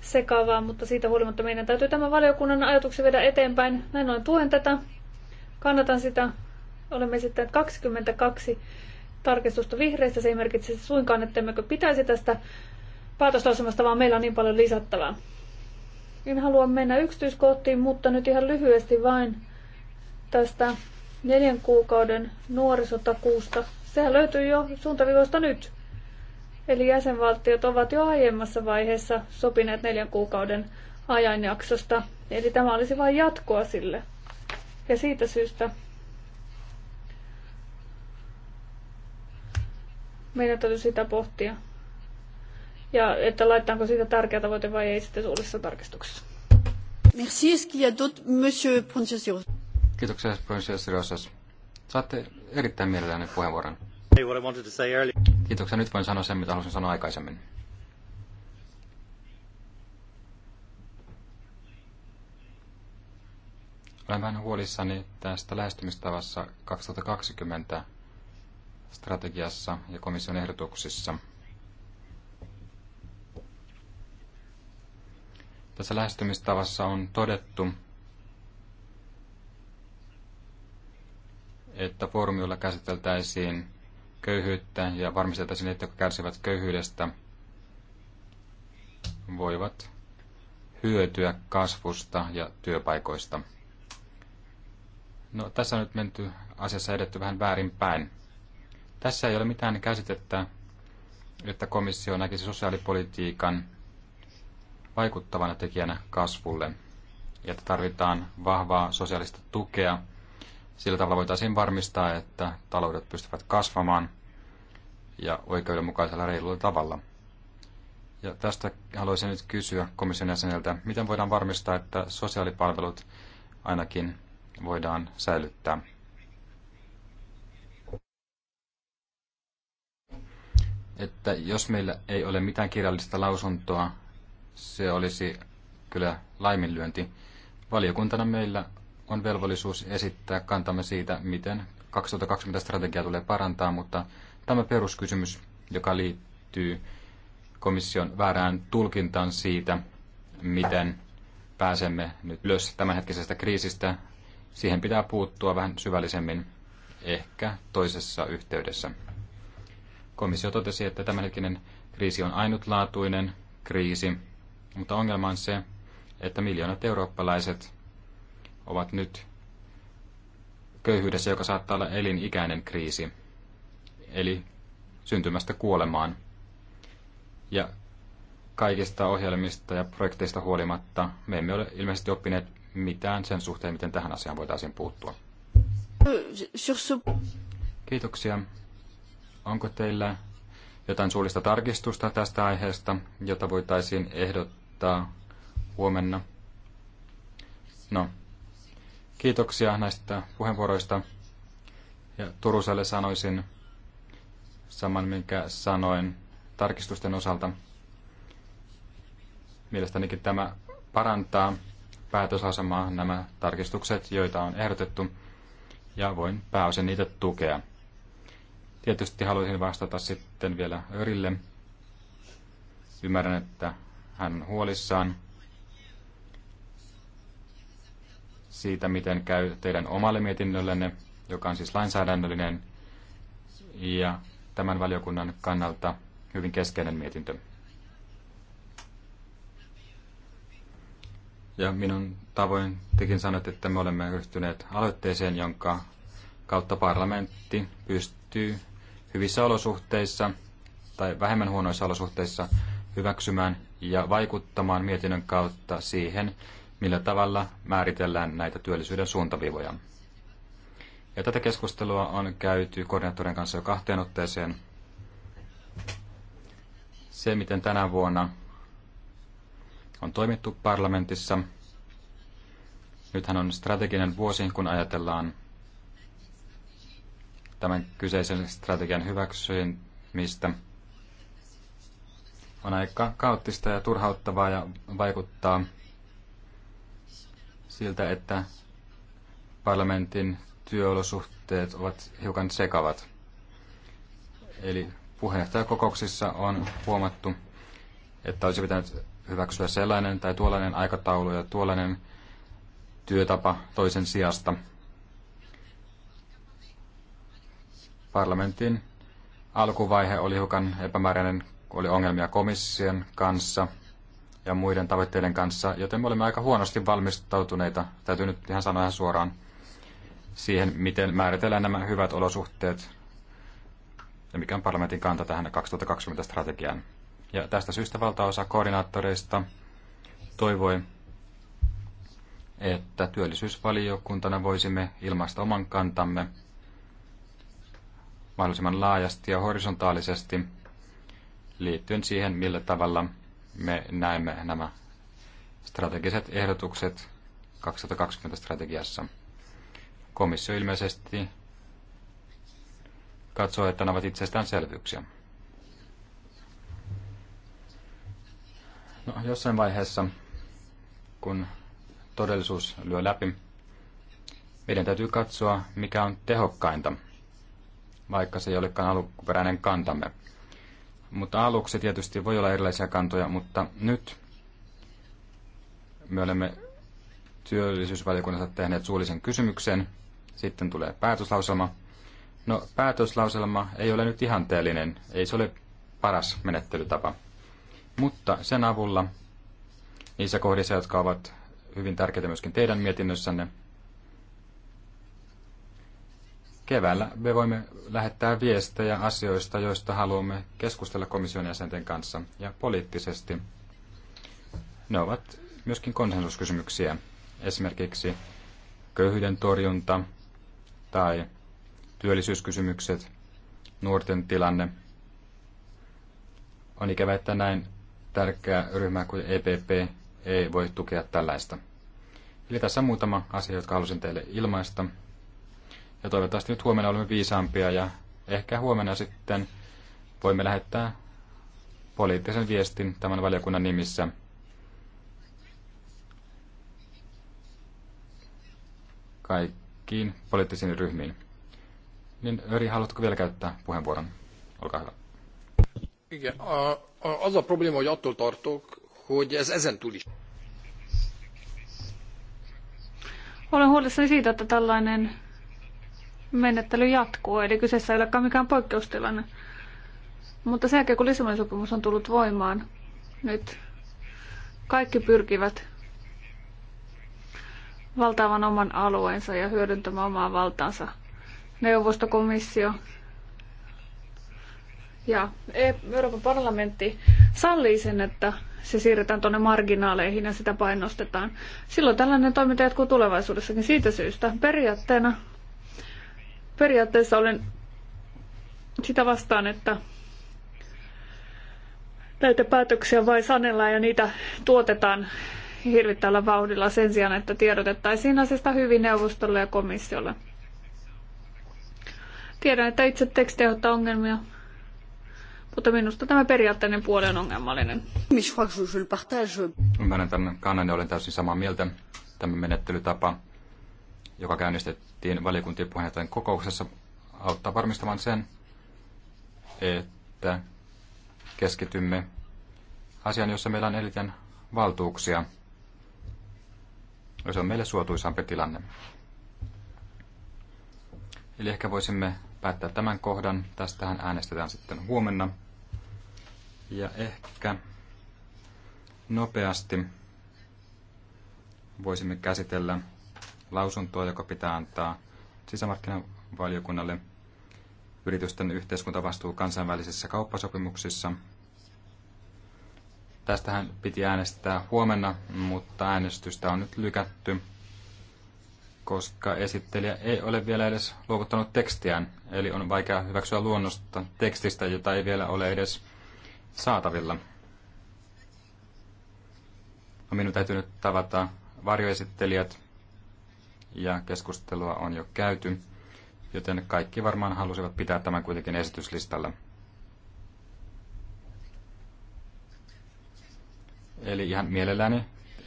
sekavaa, mutta siitä huolimatta meidän täytyy tämän valiokunnan ajatuksen viedä eteenpäin. Näin ollen tuen tätä, kannatan sitä. Olemme esittäneet 22 tarkistusta vihreistä. Se ei merkitse suinkaan, että emmekö pitäisi tästä päätöslausemasta, vaan meillä on niin paljon lisättävää. En halua mennä yksityiskohtiin, mutta nyt ihan lyhyesti vain tästä neljän kuukauden nuorisotakuusta Sehän löytyy jo suuntaviivoista nyt. Eli jäsenvaltiot ovat jo aiemmassa vaiheessa sopineet neljän kuukauden ajanjaksosta. Eli tämä olisi vain jatkoa sille. Ja siitä syystä meidän täytyy sitä pohtia. Ja että laitetaanko siitä tärkeä tavoite vai ei sitten suullisessa tarkistuksessa. Merci. Est-ce qu'il y a d'autres, Monsieur Proncesios? Kiitoksia, Saatte erittäin mielelläni puheenvuoron. Kiitoksia. Nyt voin sanoa sen, mitä halusin sanoa aikaisemmin. Olen vähän huolissani tästä lähestymistavassa 2020 strategiassa ja komission ehdotuksissa. Tässä lähestymistavassa on todettu, että foorumilla käsiteltäisiin köyhyyttä ja varmistettaisiin, että jotka kärsivät köyhyydestä, voivat hyötyä kasvusta ja työpaikoista. No, tässä on nyt menty asiassa edetty vähän väärinpäin. Tässä ei ole mitään käsitettä, että komissio näkisi sosiaalipolitiikan vaikuttavana tekijänä kasvulle ja että tarvitaan vahvaa sosiaalista tukea – sillä tavalla voitaisiin varmistaa, että taloudet pystyvät kasvamaan ja oikeudenmukaisella reilulla tavalla. Ja tästä haluaisin nyt kysyä komission jäseneltä, miten voidaan varmistaa, että sosiaalipalvelut ainakin voidaan säilyttää. Että jos meillä ei ole mitään kirjallista lausuntoa, se olisi kyllä laiminlyönti. Valiokuntana meillä on velvollisuus esittää kantamme siitä, miten 2020 strategiaa tulee parantaa, mutta tämä peruskysymys, joka liittyy komission väärään tulkintaan siitä, miten pääsemme nyt ylös tämänhetkisestä kriisistä, siihen pitää puuttua vähän syvällisemmin, ehkä toisessa yhteydessä. Komissio totesi, että tämänhetkinen kriisi on ainutlaatuinen kriisi, mutta ongelma on se, että miljoonat eurooppalaiset ovat nyt köyhyydessä, joka saattaa olla elinikäinen kriisi, eli syntymästä kuolemaan. Ja kaikista ohjelmista ja projekteista huolimatta me emme ole ilmeisesti oppineet mitään sen suhteen, miten tähän asiaan voitaisiin puuttua. Kiitoksia. Onko teillä jotain suullista tarkistusta tästä aiheesta, jota voitaisiin ehdottaa huomenna? No, Kiitoksia näistä puheenvuoroista. Ja Turuselle sanoisin saman, minkä sanoin tarkistusten osalta. Mielestäni tämä parantaa päätösasemaa nämä tarkistukset, joita on ehdotettu, ja voin pääosin niitä tukea. Tietysti haluaisin vastata sitten vielä Örille. Ymmärrän, että hän on huolissaan siitä, miten käy teidän omalle mietinnöllenne, joka on siis lainsäädännöllinen ja tämän valiokunnan kannalta hyvin keskeinen mietintö. Ja minun tavoin tekin sanot, että me olemme ryhtyneet aloitteeseen, jonka kautta parlamentti pystyy hyvissä olosuhteissa tai vähemmän huonoissa olosuhteissa hyväksymään ja vaikuttamaan mietinnön kautta siihen, millä tavalla määritellään näitä työllisyyden suuntaviivoja. Ja tätä keskustelua on käyty koordinaattorin kanssa jo kahteen otteeseen. Se, miten tänä vuonna on toimittu parlamentissa. Nythän on strateginen vuosi, kun ajatellaan tämän kyseisen strategian hyväksymistä. On aika kaoottista ja turhauttavaa ja vaikuttaa siltä, että parlamentin työolosuhteet ovat hiukan sekavat. Eli puheenjohtajakokouksissa on huomattu, että olisi pitänyt hyväksyä sellainen tai tuollainen aikataulu ja tuollainen työtapa toisen sijasta. Parlamentin alkuvaihe oli hiukan epämääräinen, oli ongelmia komission kanssa – ja muiden tavoitteiden kanssa, joten me olemme aika huonosti valmistautuneita, täytyy nyt ihan sanoa ihan suoraan, siihen, miten määritellään nämä hyvät olosuhteet ja mikä on parlamentin kanta tähän 2020 strategiaan. Ja tästä syystä valtaosa koordinaattoreista toivoi, että työllisyysvaliokuntana voisimme ilmaista oman kantamme mahdollisimman laajasti ja horisontaalisesti liittyen siihen, millä tavalla – me näemme nämä strategiset ehdotukset 2020 strategiassa. Komissio ilmeisesti katsoo, että nämä ovat itsestäänselvyyksiä. No, jossain vaiheessa, kun todellisuus lyö läpi, meidän täytyy katsoa, mikä on tehokkainta, vaikka se ei olekaan alkuperäinen kantamme. Mutta aluksi tietysti voi olla erilaisia kantoja, mutta nyt me olemme työllisyysvaliokunnassa tehneet suullisen kysymyksen. Sitten tulee päätöslauselma. No päätöslauselma ei ole nyt ihanteellinen, ei se ole paras menettelytapa. Mutta sen avulla niissä kohdissa, jotka ovat hyvin tärkeitä myöskin teidän mietinnössänne, keväällä me voimme lähettää viestejä asioista, joista haluamme keskustella komission jäsenten kanssa ja poliittisesti. Ne ovat myöskin konsensuskysymyksiä, esimerkiksi köyhyyden torjunta tai työllisyyskysymykset, nuorten tilanne. On ikävä, että näin tärkeä ryhmä kuin EPP ei voi tukea tällaista. Eli tässä muutama asia, jotka halusin teille ilmaista ja toivottavasti nyt huomenna olemme viisaampia ja ehkä huomenna sitten voimme lähettää poliittisen viestin tämän valiokunnan nimissä. kaikkiin poliittisiin ryhmiin. Niin Öri, haluatko vielä käyttää puheenvuoron? Olkaa hyvä. Igen, az a probléma, hogy attól tartok, hogy ez ezen túl is. Olen huolissani siitä, että tällainen menettely jatkuu, eli kyseessä ei olekaan mikään poikkeustilanne. Mutta sen jälkeen, kun Lissabonin sopimus on tullut voimaan, nyt kaikki pyrkivät valtaavan oman alueensa ja hyödyntämään omaa valtaansa. Neuvostokomissio ja e- Euroopan parlamentti sallii sen, että se siirretään tuonne marginaaleihin ja sitä painostetaan. Silloin tällainen toiminta jatkuu tulevaisuudessakin siitä syystä. Periaatteena periaatteessa olen sitä vastaan, että näitä päätöksiä vai sanellaan ja niitä tuotetaan hirvittävällä vauhdilla sen sijaan, että tiedotettaisiin asiasta hyvin neuvostolle ja komissiolle. Tiedän, että itse teksti aiheuttaa ongelmia, mutta minusta tämä periaatteinen puoli on ongelmallinen. Ymmärrän tämän kannan ja olen täysin samaa mieltä. Tämä menettelytapa joka käynnistettiin valiokuntien puheenjohtajan kokouksessa, auttaa varmistamaan sen, että keskitymme asiaan, jossa meillä on eniten valtuuksia. jos on meille suotuisampi tilanne. Eli ehkä voisimme päättää tämän kohdan. Tästähän äänestetään sitten huomenna. Ja ehkä nopeasti voisimme käsitellä lausuntoa, joka pitää antaa sisämarkkinavaliokunnalle yritysten yhteiskuntavastuu kansainvälisissä kauppasopimuksissa. Tästähän piti äänestää huomenna, mutta äänestystä on nyt lykätty, koska esittelijä ei ole vielä edes luovuttanut tekstiään, eli on vaikea hyväksyä luonnosta tekstistä, jota ei vielä ole edes saatavilla. No, minun täytyy nyt tavata varjoesittelijät ja keskustelua on jo käyty, joten kaikki varmaan halusivat pitää tämän kuitenkin esityslistalla. Eli ihan mielelläni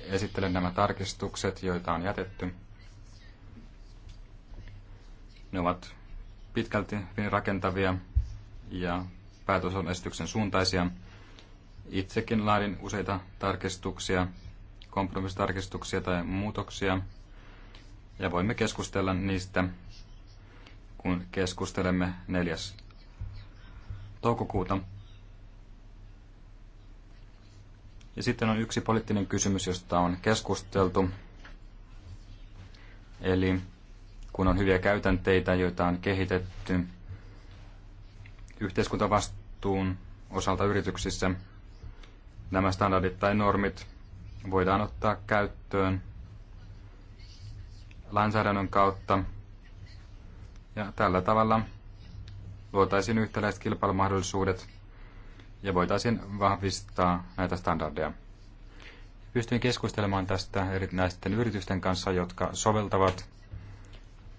esittelen nämä tarkistukset, joita on jätetty. Ne ovat pitkälti hyvin rakentavia ja päätös on esityksen suuntaisia. Itsekin laadin useita tarkistuksia, kompromissitarkistuksia tai muutoksia ja voimme keskustella niistä, kun keskustelemme 4. toukokuuta. Ja sitten on yksi poliittinen kysymys, josta on keskusteltu. Eli kun on hyviä käytänteitä, joita on kehitetty yhteiskuntavastuun osalta yrityksissä, nämä standardit tai normit voidaan ottaa käyttöön lainsäädännön kautta. Ja tällä tavalla luotaisiin yhtäläiset kilpailumahdollisuudet ja voitaisiin vahvistaa näitä standardeja. Pystyin keskustelemaan tästä erinäisten yritysten kanssa, jotka soveltavat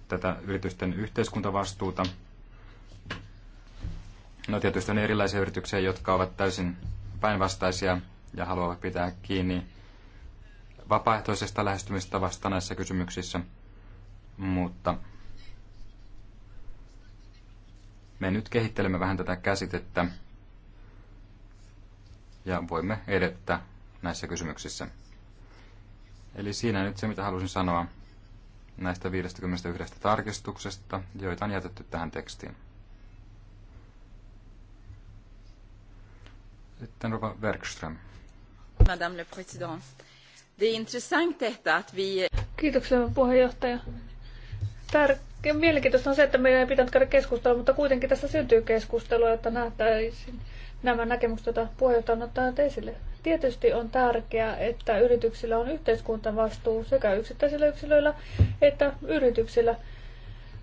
tätä yritysten yhteiskuntavastuuta. No tietysti on erilaisia yrityksiä, jotka ovat täysin päinvastaisia ja haluavat pitää kiinni vapaaehtoisesta lähestymistavasta näissä kysymyksissä, mutta me nyt kehittelemme vähän tätä käsitettä ja voimme edetä näissä kysymyksissä. Eli siinä nyt se, mitä halusin sanoa näistä 51 tarkistuksesta, joita on jätetty tähän tekstiin. Sitten Rova Bergström. Madame le Président. Det är intressant detta att vi... Kiitoksia puheenjohtaja. Tär- mielenkiintoista on se, että meidän ei pitänyt käydä keskustelua, mutta kuitenkin tässä syntyy keskustelua, jotta nähtäisiin nämä näkemykset, joita puheenjohtaja on ottanut esille. Tietysti on tärkeää, että yrityksillä on yhteiskuntavastuu sekä yksittäisillä yksilöillä että yrityksillä.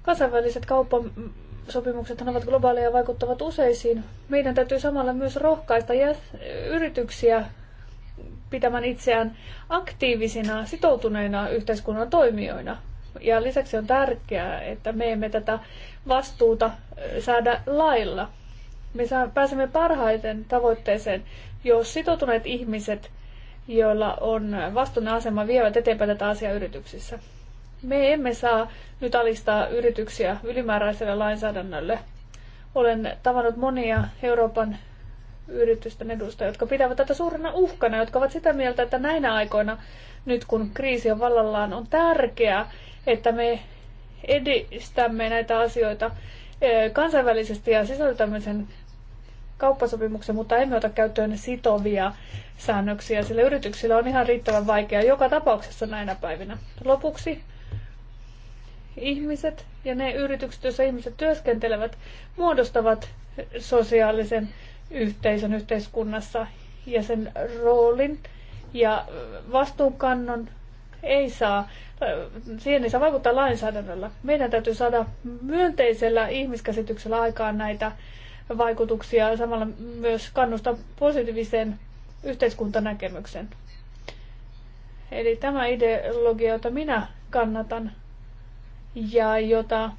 Kansainväliset kauppasopimukset ovat globaaleja ja vaikuttavat useisiin. Meidän täytyy samalla myös rohkaista yrityksiä pitämään itseään aktiivisina, sitoutuneina yhteiskunnan toimijoina. Ja lisäksi on tärkeää, että me emme tätä vastuuta saada lailla. Me pääsemme parhaiten tavoitteeseen, jos sitoutuneet ihmiset, joilla on vastuullinen asema, vievät eteenpäin tätä asiaa yrityksissä. Me emme saa nyt alistaa yrityksiä ylimääräiselle lainsäädännölle. Olen tavannut monia Euroopan yritysten edustajia, jotka pitävät tätä suurena uhkana, jotka ovat sitä mieltä, että näinä aikoina, nyt kun kriisi on vallallaan, on tärkeää, että me edistämme näitä asioita e, kansainvälisesti ja sisältämme sen kauppasopimuksen, mutta emme ota käyttöön sitovia säännöksiä, sillä yrityksillä on ihan riittävän vaikea joka tapauksessa näinä päivinä. Lopuksi ihmiset ja ne yritykset, joissa ihmiset työskentelevät, muodostavat sosiaalisen yhteisön yhteiskunnassa ja sen roolin ja vastuunkannon ei saa, siihen ei saa vaikuttaa lainsäädännöllä. Meidän täytyy saada myönteisellä ihmiskäsityksellä aikaan näitä vaikutuksia ja samalla myös kannustaa positiiviseen yhteiskuntanäkemykseen. Eli tämä ideologia, jota minä kannatan ja jota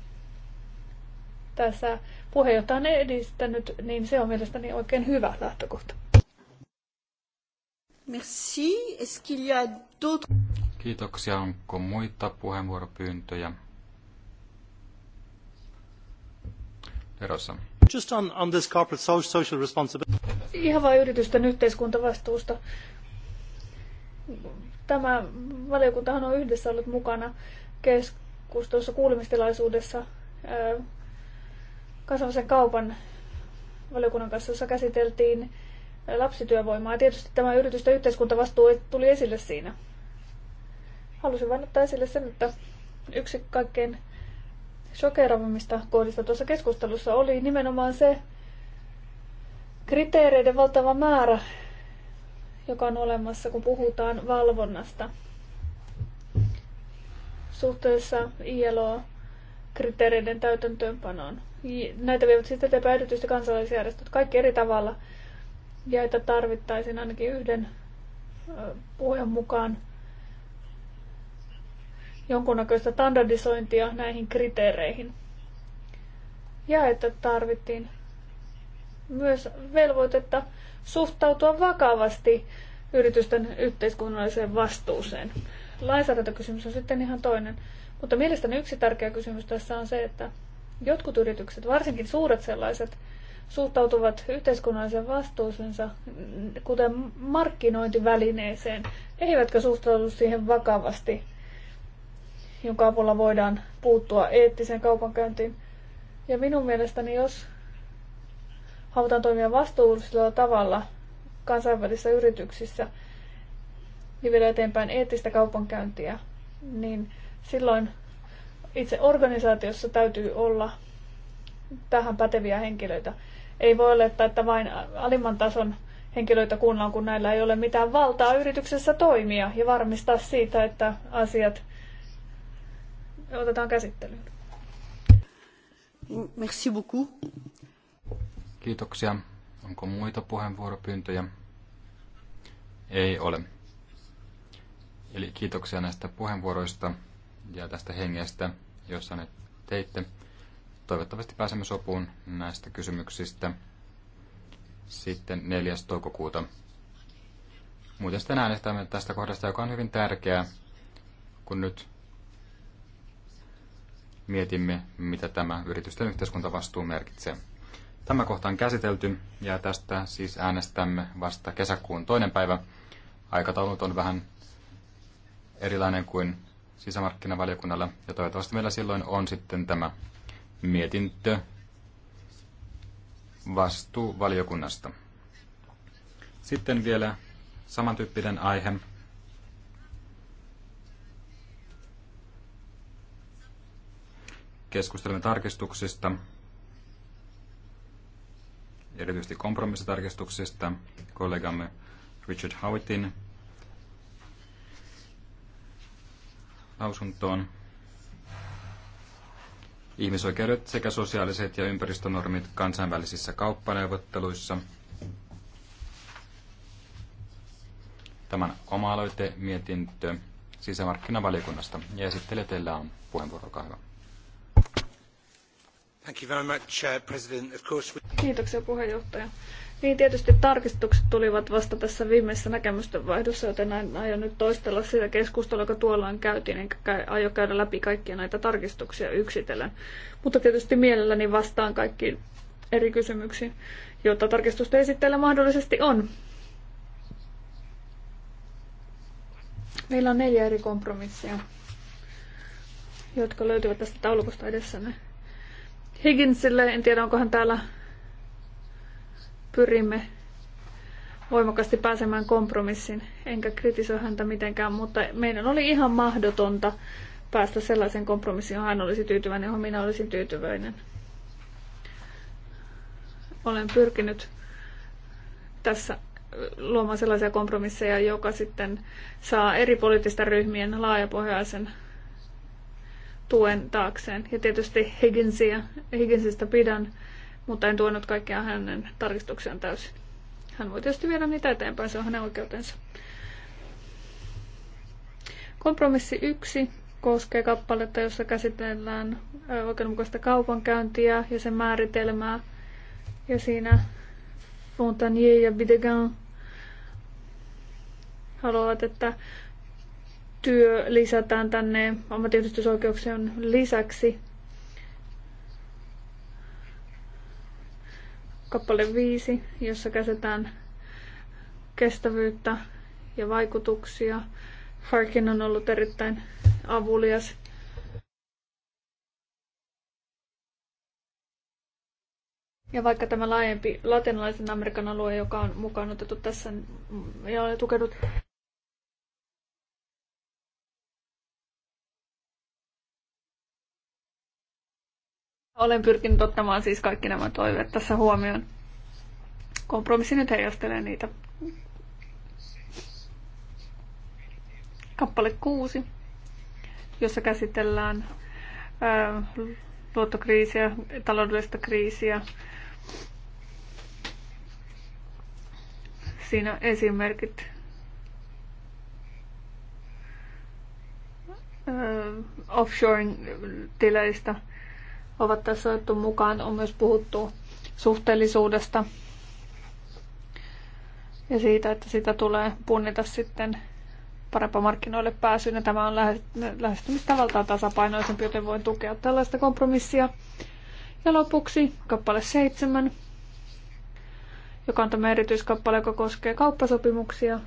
tässä puheenjohtajan edistänyt, niin se on mielestäni oikein hyvä lähtökohta. Merci. Est-ce qu'il Kiitoksia. Onko muita puheenvuoropyyntöjä? Erossa. Just on, on this corporate social responsibility. Ihan vain yritysten yhteiskuntavastuusta. Tämä valiokuntahan on yhdessä ollut mukana keskustelussa kuulemistilaisuudessa kasvamisen kaupan valiokunnan kanssa, jossa käsiteltiin lapsityövoimaa. Tietysti tämä yritysten yhteiskuntavastuu tuli esille siinä. Halusin vain ottaa esille sen, että yksi kaikkein shokeravimmista kohdista tuossa keskustelussa oli nimenomaan se kriteereiden valtava määrä, joka on olemassa, kun puhutaan valvonnasta suhteessa ILO-kriteereiden täytäntöönpanoon näitä vievät sitten eteenpäin erityisesti kansalaisjärjestöt kaikki eri tavalla. Ja että tarvittaisiin ainakin yhden puheen mukaan jonkunnäköistä standardisointia näihin kriteereihin. Ja että tarvittiin myös velvoitetta suhtautua vakavasti yritysten yhteiskunnalliseen vastuuseen. Lainsäädäntökysymys on sitten ihan toinen. Mutta mielestäni yksi tärkeä kysymys tässä on se, että Jotkut yritykset, varsinkin suuret sellaiset, suhtautuvat yhteiskunnalliseen vastuusensa kuten markkinointivälineeseen, eivätkä suhtaudu siihen vakavasti, jonka avulla voidaan puuttua eettiseen kaupankäyntiin. Ja minun mielestäni, jos halutaan toimia vastuullisella tavalla kansainvälisissä yrityksissä ja niin viedä eteenpäin eettistä kaupankäyntiä, niin silloin itse organisaatiossa täytyy olla tähän päteviä henkilöitä. Ei voi olettaa, että vain alimman tason henkilöitä kuunnellaan, kun näillä ei ole mitään valtaa yrityksessä toimia ja varmistaa siitä, että asiat otetaan käsittelyyn. Merci beaucoup. Kiitoksia. Onko muita puheenvuoropyyntöjä? Ei ole. Eli kiitoksia näistä puheenvuoroista ja tästä hengestä, joissa ne teitte. Toivottavasti pääsemme sopuun näistä kysymyksistä sitten 4. toukokuuta. Muuten sitten äänestämme tästä kohdasta, joka on hyvin tärkeää, kun nyt mietimme, mitä tämä yritysten yhteiskuntavastuu merkitsee. Tämä kohta on käsitelty ja tästä siis äänestämme vasta kesäkuun toinen päivä. Aikataulut on vähän erilainen kuin sisämarkkinavaliokunnalle ja toivottavasti meillä silloin on sitten tämä mietintö vastuuvaliokunnasta. Sitten vielä samantyyppinen aihe. Keskustelemme tarkistuksista, erityisesti kompromissitarkistuksista, kollegamme Richard Howittin lausuntoon. Ihmisoikeudet sekä sosiaaliset ja ympäristönormit kansainvälisissä kauppaneuvotteluissa. Tämän oma mietintö sisämarkkinavaliokunnasta. Ja esittelijä teillä on puheenvuoro, kahva. Thank you very much, uh, President. Of course we... Kiitoksia puheenjohtaja. Niin tietysti tarkistukset tulivat vasta tässä viimeisessä näkemysten vaihdossa, joten en aio nyt toistella sitä keskustelua, joka tuolloin käytiin, enkä aio käydä läpi kaikkia näitä tarkistuksia yksitellen. Mutta tietysti mielelläni vastaan kaikkiin eri kysymyksiin, joita tarkistusta esitteillä mahdollisesti on. Meillä on neljä eri kompromissia, jotka löytyvät tästä taulukosta edessäne. Higginsille, en tiedä onko hän täällä pyrimme voimakkaasti pääsemään kompromissin, enkä kritisoi häntä mitenkään, mutta meidän oli ihan mahdotonta päästä sellaisen kompromissiin, johon hän olisi tyytyväinen, johon minä olisin tyytyväinen. Olen pyrkinyt tässä luomaan sellaisia kompromisseja, joka sitten saa eri poliittisten ryhmien laajapohjaisen tuen taakseen. Ja tietysti Higginsia, Higginsista pidän, mutta en tuonut kaikkia hänen tarkistuksiaan täysin. Hän voi tietysti viedä niitä eteenpäin, se on hänen oikeutensa. Kompromissi yksi koskee kappaletta, jossa käsitellään oikeudenmukaista kaupankäyntiä ja sen määritelmää. Ja siinä Fontanier ja Bidegan haluavat, että työ lisätään tänne ammattiyhdistysoikeuksien lisäksi kappale 5, jossa käsitään kestävyyttä ja vaikutuksia. Harkin on ollut erittäin avulias Ja vaikka tämä laajempi latinalaisen Amerikan alue, joka on mukaan otettu tässä ja on tukenut Olen pyrkinyt ottamaan siis kaikki nämä toiveet tässä huomioon. Kompromissi nyt heijastelee niitä. Kappale 6, jossa käsitellään ää, luottokriisiä, taloudellista kriisiä. Siinä esimerkit offshoring-tileistä – ovat tässä otettu mukaan. On myös puhuttu suhteellisuudesta ja siitä, että sitä tulee punnita sitten parempa markkinoille pääsyyn. Ja tämä on lähestymistavaltaan tasapainoisempi, joten voin tukea tällaista kompromissia. Ja lopuksi kappale 7, joka on tämä erityiskappale, joka koskee kauppasopimuksia,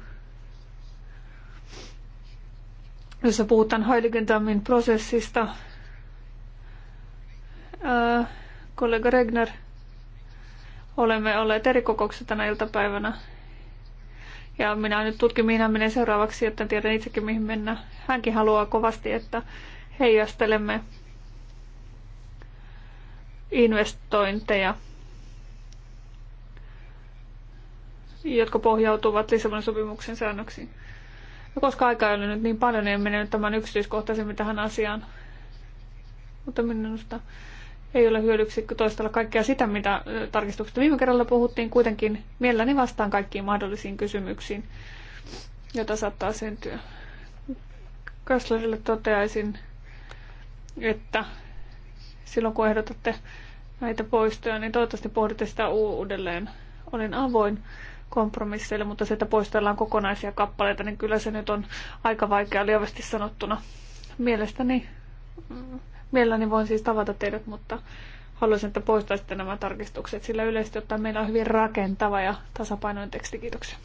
jossa puhutaan Heiligentammin prosessista Äh, kollega Regner. Olemme olleet eri kokouksessa tänä iltapäivänä. Ja minä nyt tutkin, mihin menee seuraavaksi, jotta tiedän itsekin, mihin mennä. Hänkin haluaa kovasti, että heijastelemme investointeja, jotka pohjautuvat Lissabonin sopimuksen säännöksiin. Ja koska aika ei ole nyt niin paljon, niin en mene nyt tämän yksityiskohtaisemmin tähän asiaan. Mutta minusta ei ole hyödyksi toistella kaikkea sitä, mitä tarkistuksesta viime kerralla puhuttiin. Kuitenkin mielelläni vastaan kaikkiin mahdollisiin kysymyksiin, joita saattaa syntyä. Kasslerille toteaisin, että silloin kun ehdotatte näitä poistoja, niin toivottavasti pohditte sitä uudelleen. Olin avoin kompromisseille, mutta se, että poistellaan kokonaisia kappaleita, niin kyllä se nyt on aika vaikea lievästi sanottuna. Mielestäni mm, Mielelläni voin siis tavata teidät, mutta haluaisin, että poistaisitte nämä tarkistukset, sillä yleisesti ottaen meillä on hyvin rakentava ja tasapainoinen teksti. Kiitoksia.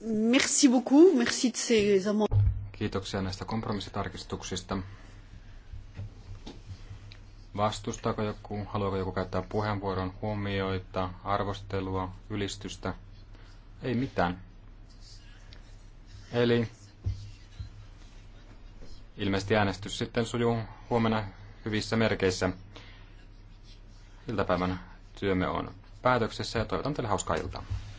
Merci beaucoup. Merci de ces Kiitoksia näistä kompromissitarkistuksista. Vastustaako joku, haluaako joku käyttää puheenvuoron huomioita, arvostelua, ylistystä? Ei mitään. Eli Ilmeisesti äänestys sitten sujuu huomenna hyvissä merkeissä. Iltapäivän työmme on päätöksessä ja toivotan teille hauskaa iltaa.